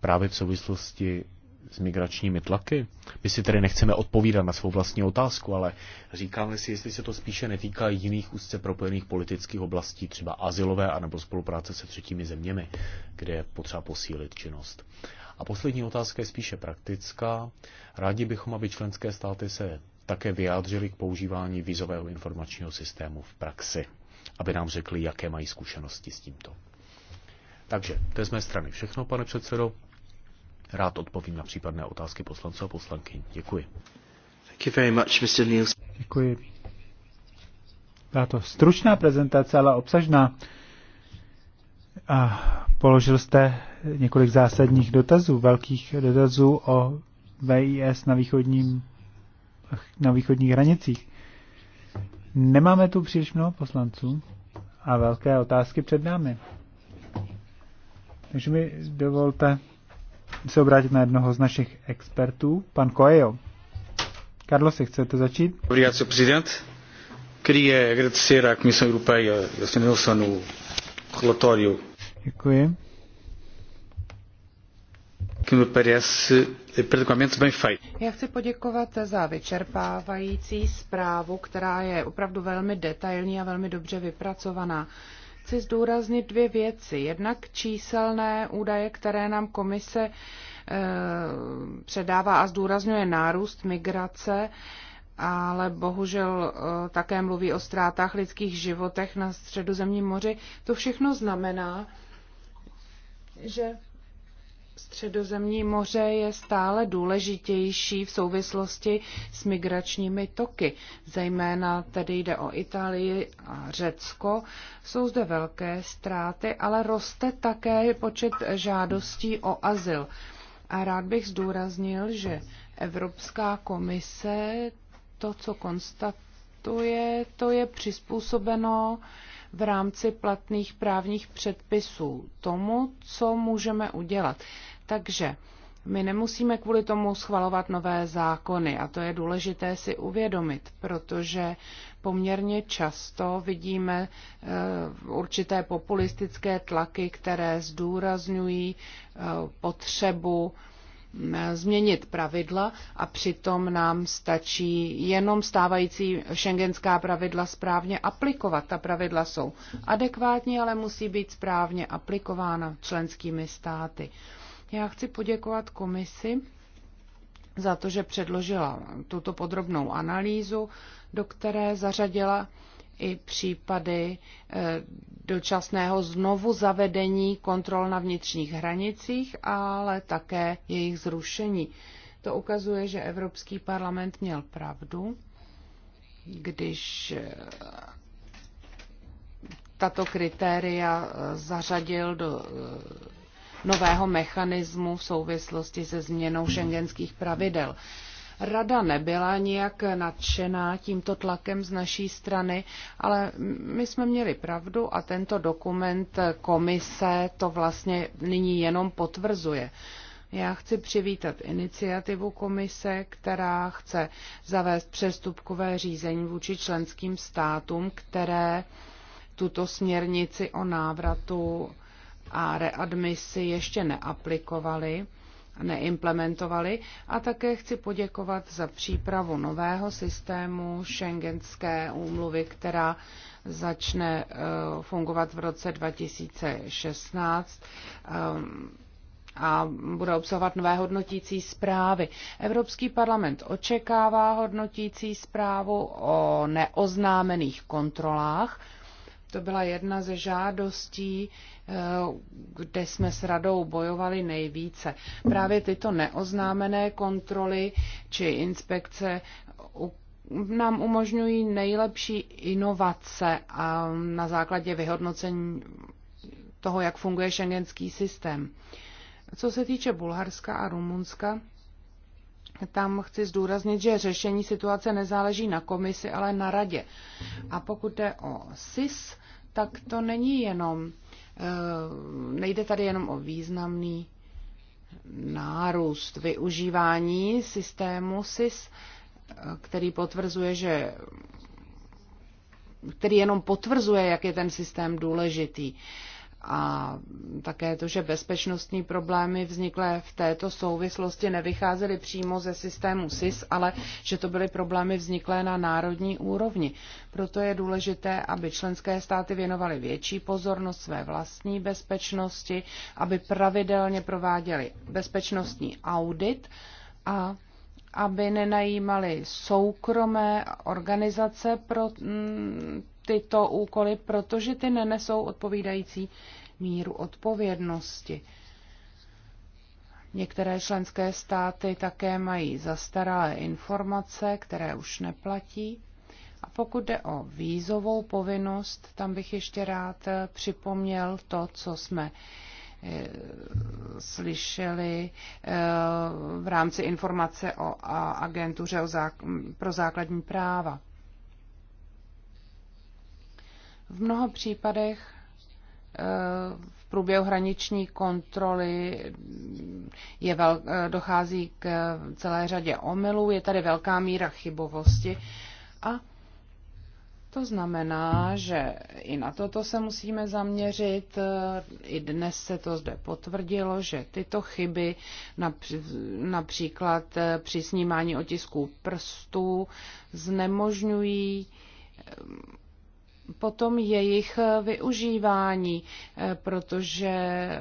právě v souvislosti s migračními tlaky? My si tedy nechceme odpovídat na svou vlastní otázku, ale říkáme si, jestli se to spíše netýká jiných úzce propojených politických oblastí, třeba asilové anebo spolupráce se třetími zeměmi, kde je potřeba posílit činnost. A poslední otázka je spíše praktická. Rádi bychom, aby členské státy se také vyjádřili k používání vizového informačního systému v praxi, aby nám řekli, jaké mají zkušenosti s tímto. Takže to je z mé strany všechno, pane předsedo. Rád odpovím na případné otázky poslanců a poslankyň. Děkuji. Thank you very much, Mr. Neils. Děkuji. Byla to stručná prezentace, ale obsažná. A položil jste několik zásadních dotazů, velkých dotazů o VIS na, východním, na východních hranicích. Nemáme tu příliš mnoho poslanců a velké otázky před námi. Takže mi dovolte se obrátit na jednoho z našich expertů, pan Karlo, Carlos, chcete začít? Obrigado, Sr. Presidente. Queria agradecer à Comissão Europeia e ao Sr. Nelson o relatório Děkuji. Eh, Já chci poděkovat za vyčerpávající zprávu, která je opravdu velmi detailní a velmi dobře vypracovaná. Chci zdůraznit dvě věci. Jednak číselné údaje, které nám komise e, předává a zdůrazňuje nárůst migrace, ale bohužel e, také mluví o ztrátách lidských životech na středozemním moři. To všechno znamená, že Středozemní moře je stále důležitější v souvislosti s migračními toky. Zejména tedy jde o Itálii a Řecko. Jsou zde velké ztráty, ale roste také počet žádostí o azyl. A rád bych zdůraznil, že Evropská komise to, co konstatuje, to je přizpůsobeno uh, v rámci platných právních předpisů tomu, co můžeme udělat. Takže my nemusíme kvůli tomu schvalovat nové zákony a to je důležité si uvědomit, protože poměrně často vidíme eh, určité populistické tlaky, které zdůrazňují eh, potřebu Eh, změnit pravidla a přitom nám stačí jenom stávající šengenská pravidla správně aplikovat. Ta pravidla jsou adekvátní, ale musí být správně aplikována členskými státy. Já chci poděkovat komisi za to, že předložila tuto podrobnou analýzu, do které zařadila i případy eh, dočasného znovu zavedení kontrol na vnitřních hranicích, ale také jejich zrušení. To ukazuje, že Evropský parlament měl pravdu, když eh, tato kritéria eh, zařadil do nového mechanismu v souvislosti se změnou šengenských pravidel. Rada nebyla nijak nadšená tímto tlakem z naší strany, ale my jsme měli pravdu a tento dokument komise to vlastně nyní jenom potvrzuje. Já chci přivítat iniciativu komise, která chce zavést přestupkové řízení vůči členským státům, které tuto směrnici o návratu a readmisi ještě neaplikovali neimplementovali. A také chci poděkovat za přípravu nového systému šengenské úmluvy, která začne eh, fungovat v roce 2016 eh, a bude obsahovat nové hodnotící zprávy. Evropský parlament očekává hodnotící zprávu o neoznámených kontrolách to byla jedna ze žádostí, eh, kde jsme s radou bojovali nejvíce. Právě tyto neoznámené kontroly či inspekce nám umožňují nejlepší inovace a na základě vyhodnocení toho, jak funguje šengenský systém. Co se týče Bulharska a Rumunska, tam chci zdůraznit, že řešení situace nezáleží na komisi, ale na radě. A pokud je o SIS, tak to není jenom, eh, nejde tady jenom o významný nárůst využívání systému SIS, eh, který potvrzuje, že který jenom potvrzuje, jak je ten systém důležitý a také to, že bezpečnostní problémy vzniklé v této souvislosti nevycházely přímo ze systému SIS, ale že to byly problémy vzniklé na národní úrovni. Proto je důležité, aby členské státy věnovaly větší pozornost své vlastní bezpečnosti, aby pravidelně prováděly bezpečnostní audit a aby nenajímali soukromé organizace pro mm, tyto úkoly, protože ty nenesou odpovídající míru odpovědnosti. Některé členské státy také mají zastaralé informace, které už neplatí. A pokud jde o vízovou povinnost, tam bych ještě rád připomněl to, co jsme eh, slyšeli eh, v rámci informace o agentuře pro základní práva. V mnoha případech eh, v průběhu hraniční kontroly je vel, eh, dochází k eh, celé řadě omylů, je tady velká míra chybovosti a to znamená, že i na toto se musíme zaměřit. I dnes se to zde potvrdilo, že tyto chyby, například při snímání otisků prstů, znemožňují potom jejich eh, využívání, eh, protože eh,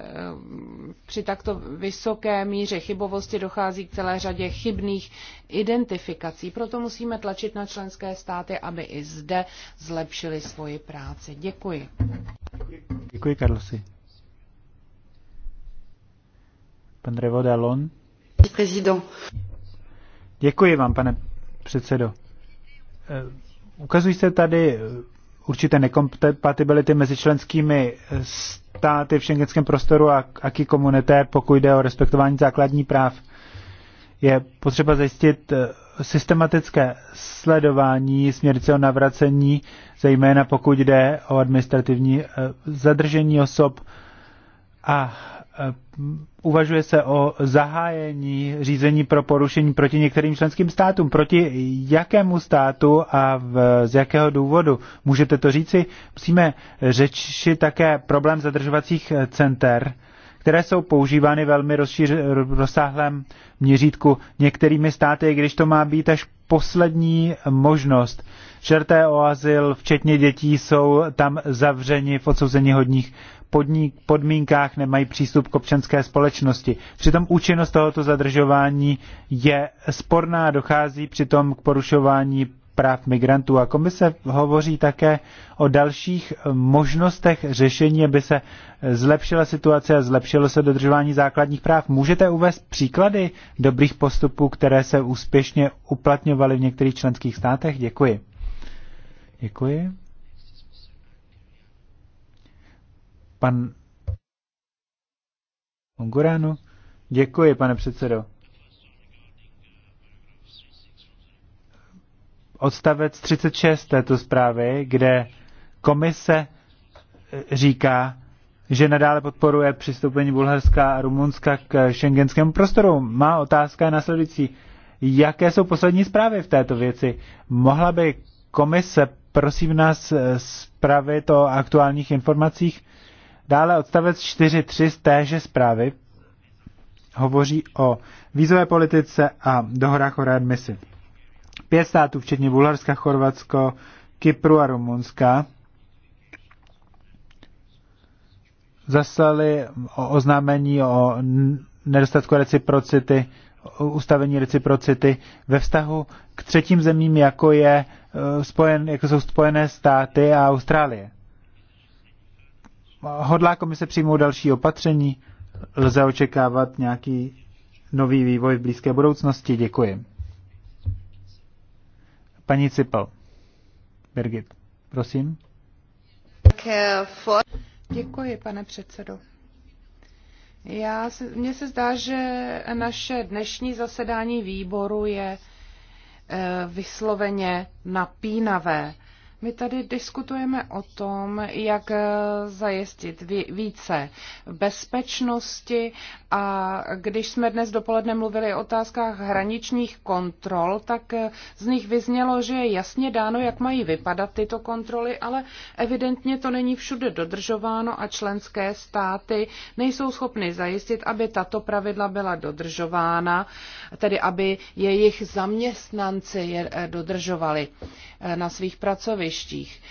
při takto vysoké míře chybovosti dochází k celé řadě chybných identifikací. Proto musíme tlačit na členské státy, aby i zde zlepšili svoji práci. Děkuji. Děkuji, Karlosi. Pan Revo Dallon. Děkuji vám, pane předsedo. Ukazují se tady určité nekompatibility mezi členskými státy v šengenském prostoru a aký komunité, pokud jde o respektování základní práv. Je potřeba zajistit eh, systematické sledování směrce o navracení, zejména pokud jde o administrativní eh, zadržení osob a uvažuje se o zahájení řízení pro porušení proti některým členským státům. Proti jakému státu a v, z jakého důvodu? Můžete to říci? Musíme řešit také problém zadržovacích center, které jsou používány velmi rozšíř, rozsáhlém měřítku některými státy, když to má být až poslední možnost žerté o azyl, včetně dětí, jsou tam zavřeni v odsouzení hodních podmínkách, nemají přístup k občanské společnosti. Přitom účinnost tohoto zadržování je sporná, dochází přitom k porušování práv migrantů. A komise hovoří také o dalších možnostech řešení, aby se zlepšila situace a zlepšilo se dodržování základních práv. Můžete uvést příklady dobrých postupů, které se úspěšně uplatňovaly v některých členských státech? Děkuji. Děkuji. Pan Unguránu. Děkuji, pane předsedo. Odstavec 36 této zprávy, kde komise eh, říká, že nadále podporuje přistoupení Bulharska a Rumunska k šengenskému prostoru. Má otázka je následující. Jaké jsou poslední zprávy v této věci? Mohla by komise prosím nás eh, zpravit o aktuálních informacích. Dále odstavec 4.3 z téže zprávy hovoří o vízové politice a dohodách o readmisi. Pět států, včetně Bulharska, Chorvatsko, Kypru a Rumunska, zaslali o oznámení o nedostatku reciprocity, ustavení reciprocity ve vztahu k třetím zemím, jako je Eh, spojen, jako jsou Spojené státy a Austrálie. Hodlá komise přijmout další opatření? Lze očekávat nějaký nový vývoj v blízké budoucnosti? Děkuji. Paní Cipel. Birgit, prosím. Děkuji, pane předsedo. Já, mně se zdá, že naše dnešní zasedání výboru je uh, Eh, vysloveně napínavé. My tady diskutujeme o tom, jak eh, zajistit více bezpečnosti a když jsme dnes dopoledne mluvili o otázkách hraničních kontrol, tak eh, z nich vyznělo, že je jasně dáno, jak mají vypadat tyto kontroly, ale evidentně to není všude dodržováno a členské státy nejsou schopny zajistit, aby tato pravidla byla dodržována, tedy aby jejich zaměstnanci je eh, dodržovali na svých pracovištích pracovištích.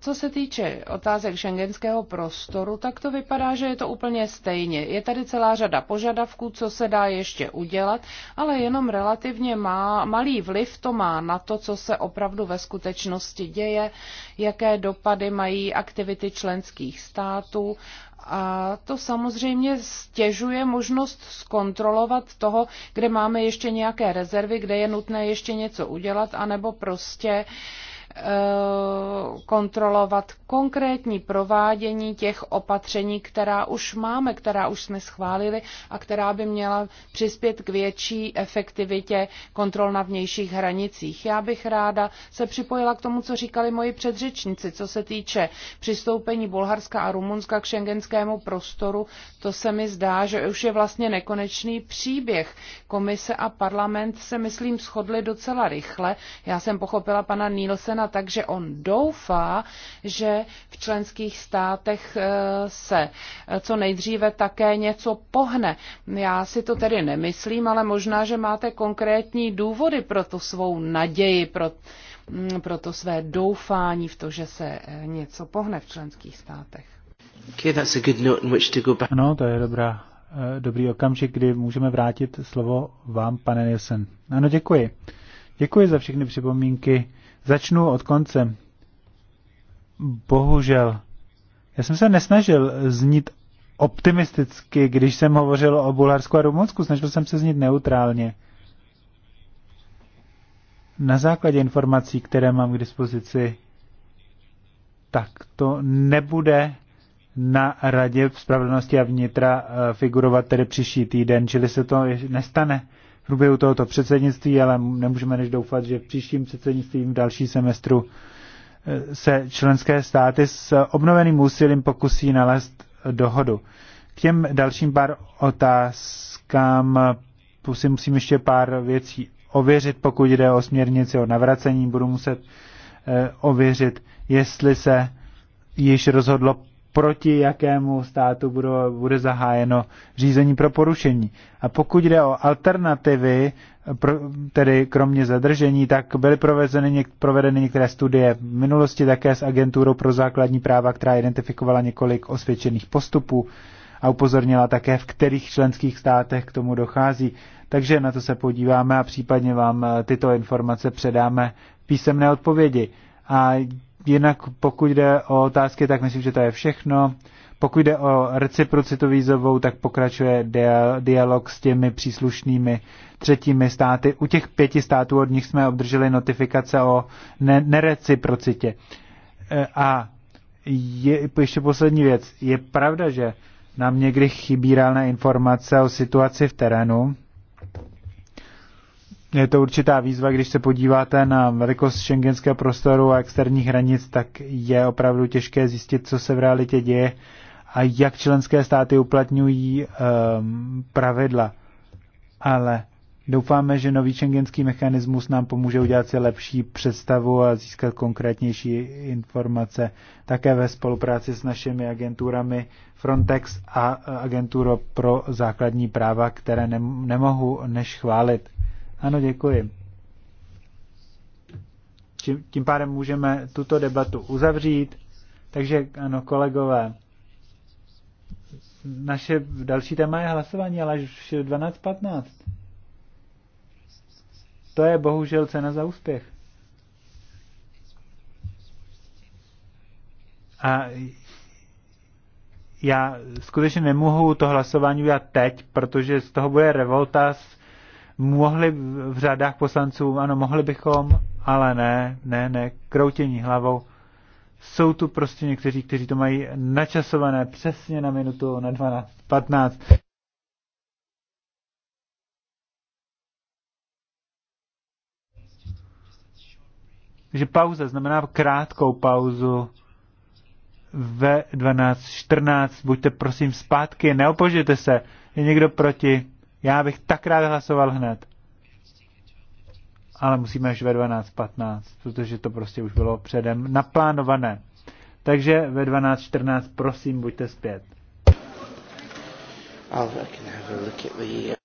Co se týče otázek šengenského prostoru, tak to vypadá, že je to úplně stejně. Je tady celá řada požadavků, co se dá ještě udělat, ale jenom relativně má, malý vliv to má na to, co se opravdu ve skutečnosti děje, jaké dopady mají aktivity členských států a to samozřejmě stěžuje možnost zkontrolovat toho, kde máme ještě nějaké rezervy, kde je nutné ještě něco udělat, anebo prostě uh, Eh, kontrolovat konkrétní provádění těch opatření, která už máme, která už jsme schválili a která by měla přispět k větší efektivitě kontrol na vnějších hranicích. Já bych ráda se připojila k tomu, co říkali moji předřečníci, co se týče přistoupení Bulharska a Rumunska k šengenskému prostoru. To se mi zdá, že už je vlastně nekonečný příběh. Komise a parlament se, myslím, shodli docela rychle. Já jsem pochopila pana Nílsena tak, takže on doufá, že v členských státech eh, se eh, co nejdříve také něco pohne. Já si to tedy nemyslím, ale možná, že máte konkrétní důvody pro tu svou naději, pro, mm, pro to své doufání v to, že se eh, něco pohne v členských státech. No, to je dobrá, dobrý okamžik, kdy můžeme vrátit slovo vám, pane Nielsen. Ano, děkuji. Děkuji za všechny připomínky Začnu od konce. Bohužel, já jsem se nesnažil znít optimisticky, když jsem hovořil o Bulharsku a Rumunsku, snažil jsem se znít neutrálně. Na základě informací, které mám k dispozici, tak to nebude na Radě v spravedlnosti a vnitra eh, figurovat tedy příští týden, čili se to nestane průběhu tohoto předsednictví, ale nemůžeme než doufat, že v příštím předsednictví v další semestru eh, se členské státy s obnoveným úsilím pokusí nalézt dohodu. K těm dalším pár otázkám eh, si musím ještě pár věcí ověřit, pokud jde o směrnici o navracení, budu muset eh, ověřit, jestli se již rozhodlo proti jakému státu bude, bude zahájeno řízení pro porušení. A pokud jde o alternativy, pro, tedy kromě zadržení, tak byly provedeny, něk, provedeny některé studie v minulosti také s agenturou pro základní práva, která identifikovala několik osvědčených postupů a upozornila také, v kterých členských státech k tomu dochází. Takže na to se podíváme a případně vám eh, tyto informace předáme v písemné odpovědi. A Jinak pokud jde o otázky, tak myslím, že to je všechno. Pokud jde o reciprocitu vízovou, tak pokračuje dialog s těmi příslušnými třetími státy. U těch pěti států od nich jsme obdrželi notifikace o nereciprocitě. E, a je, ještě poslední věc. Je pravda, že nám někdy chybí reálné informace o situaci v terénu, je to určitá výzva, když se podíváte na velikost šengenského prostoru a externích hranic, tak je opravdu těžké zjistit, co se v realitě děje a jak členské státy uplatňují um, pravidla. Ale doufáme, že nový šengenský mechanismus nám pomůže udělat si lepší představu a získat konkrétnější informace také ve spolupráci s našimi agenturami Frontex a e, agenturo pro základní práva, které nemohu než chválit. Ano, děkuji. Tím pádem můžeme tuto debatu uzavřít. Takže ano, kolegové, naše další téma je hlasování, ale až 12.15. To je bohužel cena za úspěch. A já skutečně nemohu to hlasování udělat teď, protože z toho bude revolta s mohli v řadách poslanců, ano, mohli bychom, ale ne, ne, ne, kroutění hlavou. Jsou tu prostě někteří, kteří to mají načasované přesně na minutu, na 12, 15. Takže pauza znamená krátkou pauzu ve 12.14. Buďte prosím zpátky, neopožděte se. Je někdo proti? Já bych tak rád hlasoval hned. Ale musíme až ve 12.15, protože to prostě už bylo předem naplánované. Takže ve 12.14 prosím, buďte zpět. I'll, a look at the, uh,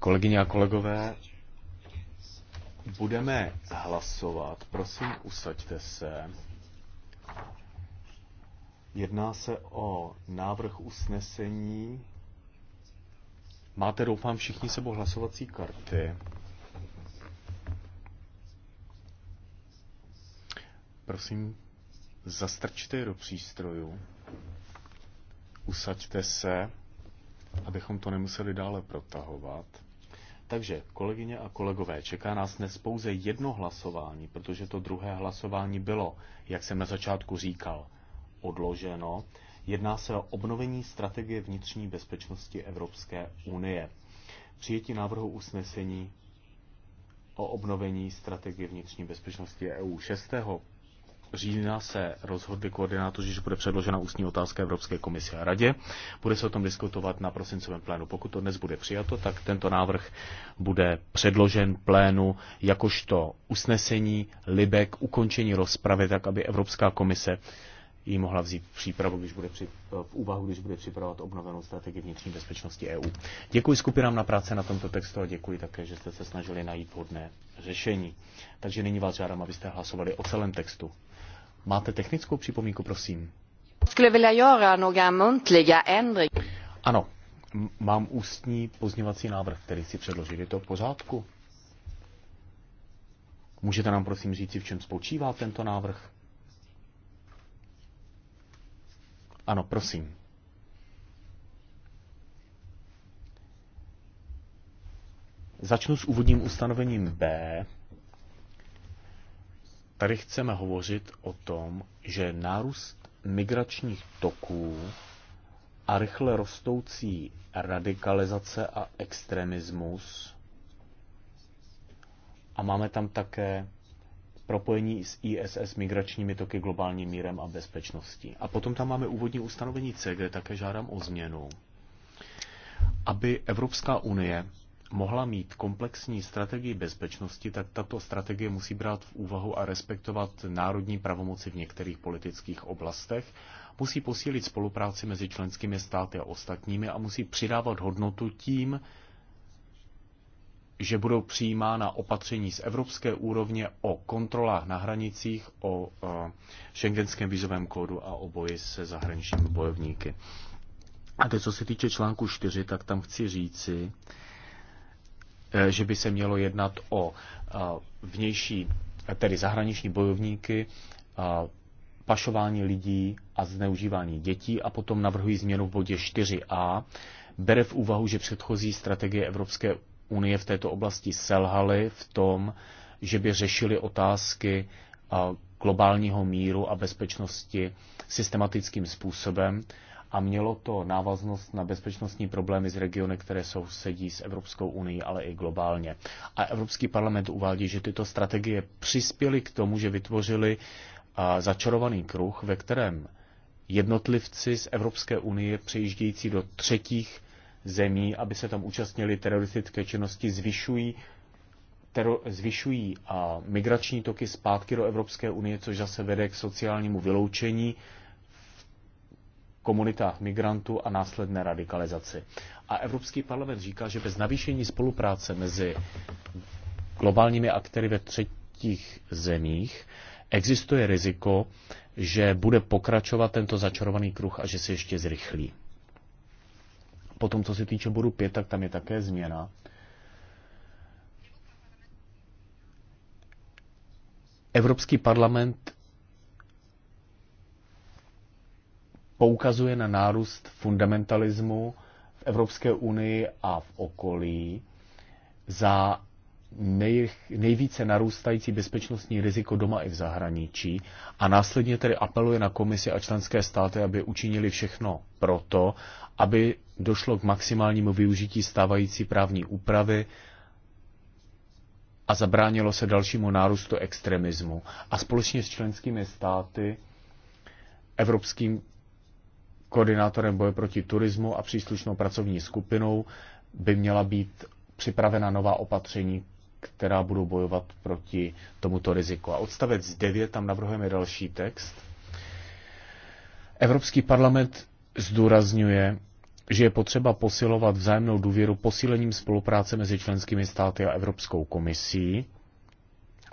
Kolegyně a kolegové, budeme hlasovat. Prosím, usaďte se. Jedná se o návrh usnesení. Máte, doufám, všichni sebou hlasovací karty. Prosím, zastrčte je do přístrojů usaďte se, abychom to nemuseli dále protahovat. Takže, kolegyně a kolegové, čeká nás dnes pouze jedno hlasování, protože to druhé hlasování bylo, jak jsem na začátku říkal, odloženo. Jedná se o obnovení strategie vnitřní bezpečnosti Evropské unie. Přijetí návrhu usnesení o obnovení strategie vnitřní bezpečnosti EU 6 října se rozhodli koordinátoři, že bude předložena ústní otázka Evropské komisi a radě. Bude se o tom diskutovat na prosincovém plénu. Pokud to dnes bude přijato, tak tento návrh bude předložen plénu jakožto usnesení Libek ukončení rozpravy, tak aby Evropská komise ji mohla vzít v, přípravu, když bude při, v úvahu, když bude připravovat obnovenou strategii vnitřní bezpečnosti EU. Děkuji skupinám na práce na tomto textu a děkuji také, že jste se snažili najít vhodné řešení. Takže nyní vás žádám, abyste hlasovali o celém textu. Máte technickou připomínku, prosím? Ano, mám ústní pozněvací návrh, který si předložil. Je to v pořádku? Můžete nám prosím říci, v čem spočívá tento návrh? Ano, prosím. Začnu s úvodním ustanovením B, Tady chceme hovořit o tom, že nárůst migračních toků a rychle rostoucí radikalizace a extremismus a máme tam také propojení s ISS migračními toky globálním mírem a bezpečností. A potom tam máme úvodní ustanovení C, kde také žádám o změnu, aby Evropská unie mohla mít komplexní strategii bezpečnosti, tak tato strategie musí brát v úvahu a respektovat národní pravomoci v některých politických oblastech, musí posílit spolupráci mezi členskými státy a ostatními a musí přidávat hodnotu tím, že budou přijímána opatření z evropské úrovně o kontrolách na hranicích, o, o e, šengenském vízovém kódu a o boji se zahraničními bojovníky. A teď, co se týče článku 4, tak tam chci říci, Eh, že by se mělo jednat o eh, vnější, tedy zahraniční bojovníky, eh, pašování lidí a zneužívání dětí a potom navrhují změnu v bodě 4a. Bere v úvahu, že předchozí strategie Evropské unie v této oblasti selhaly v tom, že by řešili otázky globálního míru a bezpečnosti systematickým způsobem, a mělo to návaznost na bezpečnostní problémy z regiony, které sousedí s Evropskou unii, ale i globálně. A Evropský parlament uvádí, že tyto strategie přispěly k tomu, že vytvořili začarovaný kruh, ve kterém jednotlivci z Evropské unie přejíždějící do třetích zemí, aby se tam účastnili teroristické činnosti, zvyšují zvyšují a migrační toky zpátky do Evropské unie, což zase vede k sociálnímu vyloučení komunitách migrantů a následné radikalizaci. A Evropský parlament říká, že bez navýšení spolupráce mezi globálními aktéry ve třetích zemích existuje riziko, že bude pokračovat tento začarovaný kruh a že se ještě zrychlí. Potom, co se týče bodu 5, tak tam je také změna. Evropský parlament poukazuje na nárůst fundamentalismu v Evropské unii a v okolí za nej, nejvíce narůstající bezpečnostní riziko doma i v zahraničí a následně tedy apeluje na komisi a členské státy, aby učinili všechno proto, aby došlo k maximálnímu využití stávající právní úpravy a zabránilo se dalšímu nárůstu extremismu. A společně s členskými státy Evropským koordinátorem boje proti turismu a příslušnou pracovní skupinou by měla být připravena nová opatření, která budou bojovat proti tomuto riziku. A odstavec 9, tam navrhujeme další text. Evropský parlament zdůrazňuje, že je potřeba posilovat vzájemnou důvěru posílením spolupráce mezi členskými státy a Evropskou komisí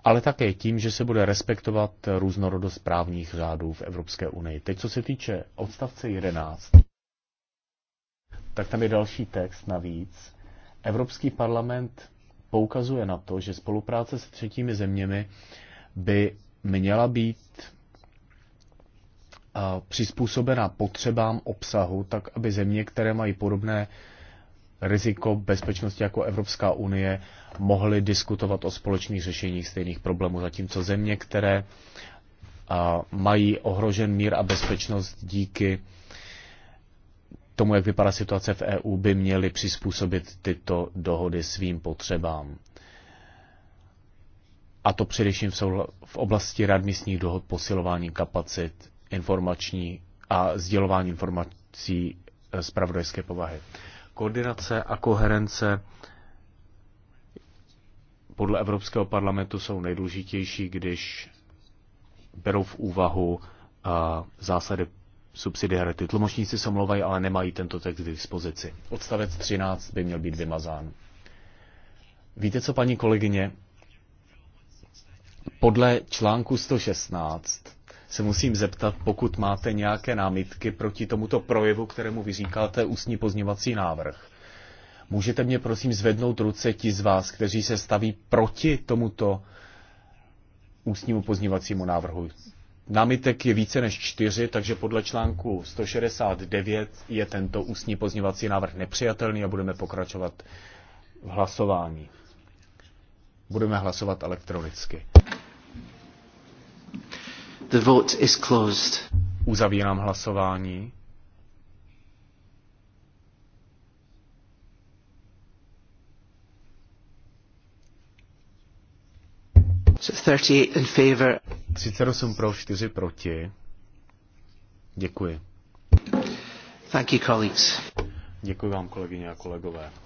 ale také tím, že se bude respektovat různorodost právních řádů v Evropské unii. Teď, co se týče odstavce 11, tak tam je další text navíc. Evropský parlament poukazuje na to, že spolupráce se třetími zeměmi by měla být přizpůsobena potřebám obsahu, tak aby země, které mají podobné riziko bezpečnosti jako Evropská unie mohli diskutovat o společných řešeních stejných problémů, zatímco země, které mají ohrožen mír a bezpečnost díky tomu, jak vypadá situace v EU, by měly přizpůsobit tyto dohody svým potřebám. A to především v oblasti radmístních dohod posilování kapacit informační a sdělování informací eh, zpravodajské povahy. Koordinace a koherence podle Evropského parlamentu jsou nejdůležitější, když berou v úvahu zásady subsidiarity. Tlumočníci se omlouvají, ale nemají tento text k dispozici. Odstavec 13 by měl být vymazán. Víte co, paní kolegyně? Podle článku 116 se musím zeptat, pokud máte nějaké námitky proti tomuto projevu, kterému vy říkáte ústní pozněvací návrh. Můžete mě prosím zvednout ruce ti z vás, kteří se staví proti tomuto ústnímu pozněvacímu návrhu. Námitek je více než čtyři, takže podle článku 169 je tento ústní pozněvací návrh nepřijatelný a budeme pokračovat v hlasování. Budeme hlasovat elektronicky. The vote is closed. Uzavírám hlasování. So 38 in favor. 38 pro, 4 proti. Děkuji. Thank you, colleagues. Děkuji vám, kolegyně a kolegové.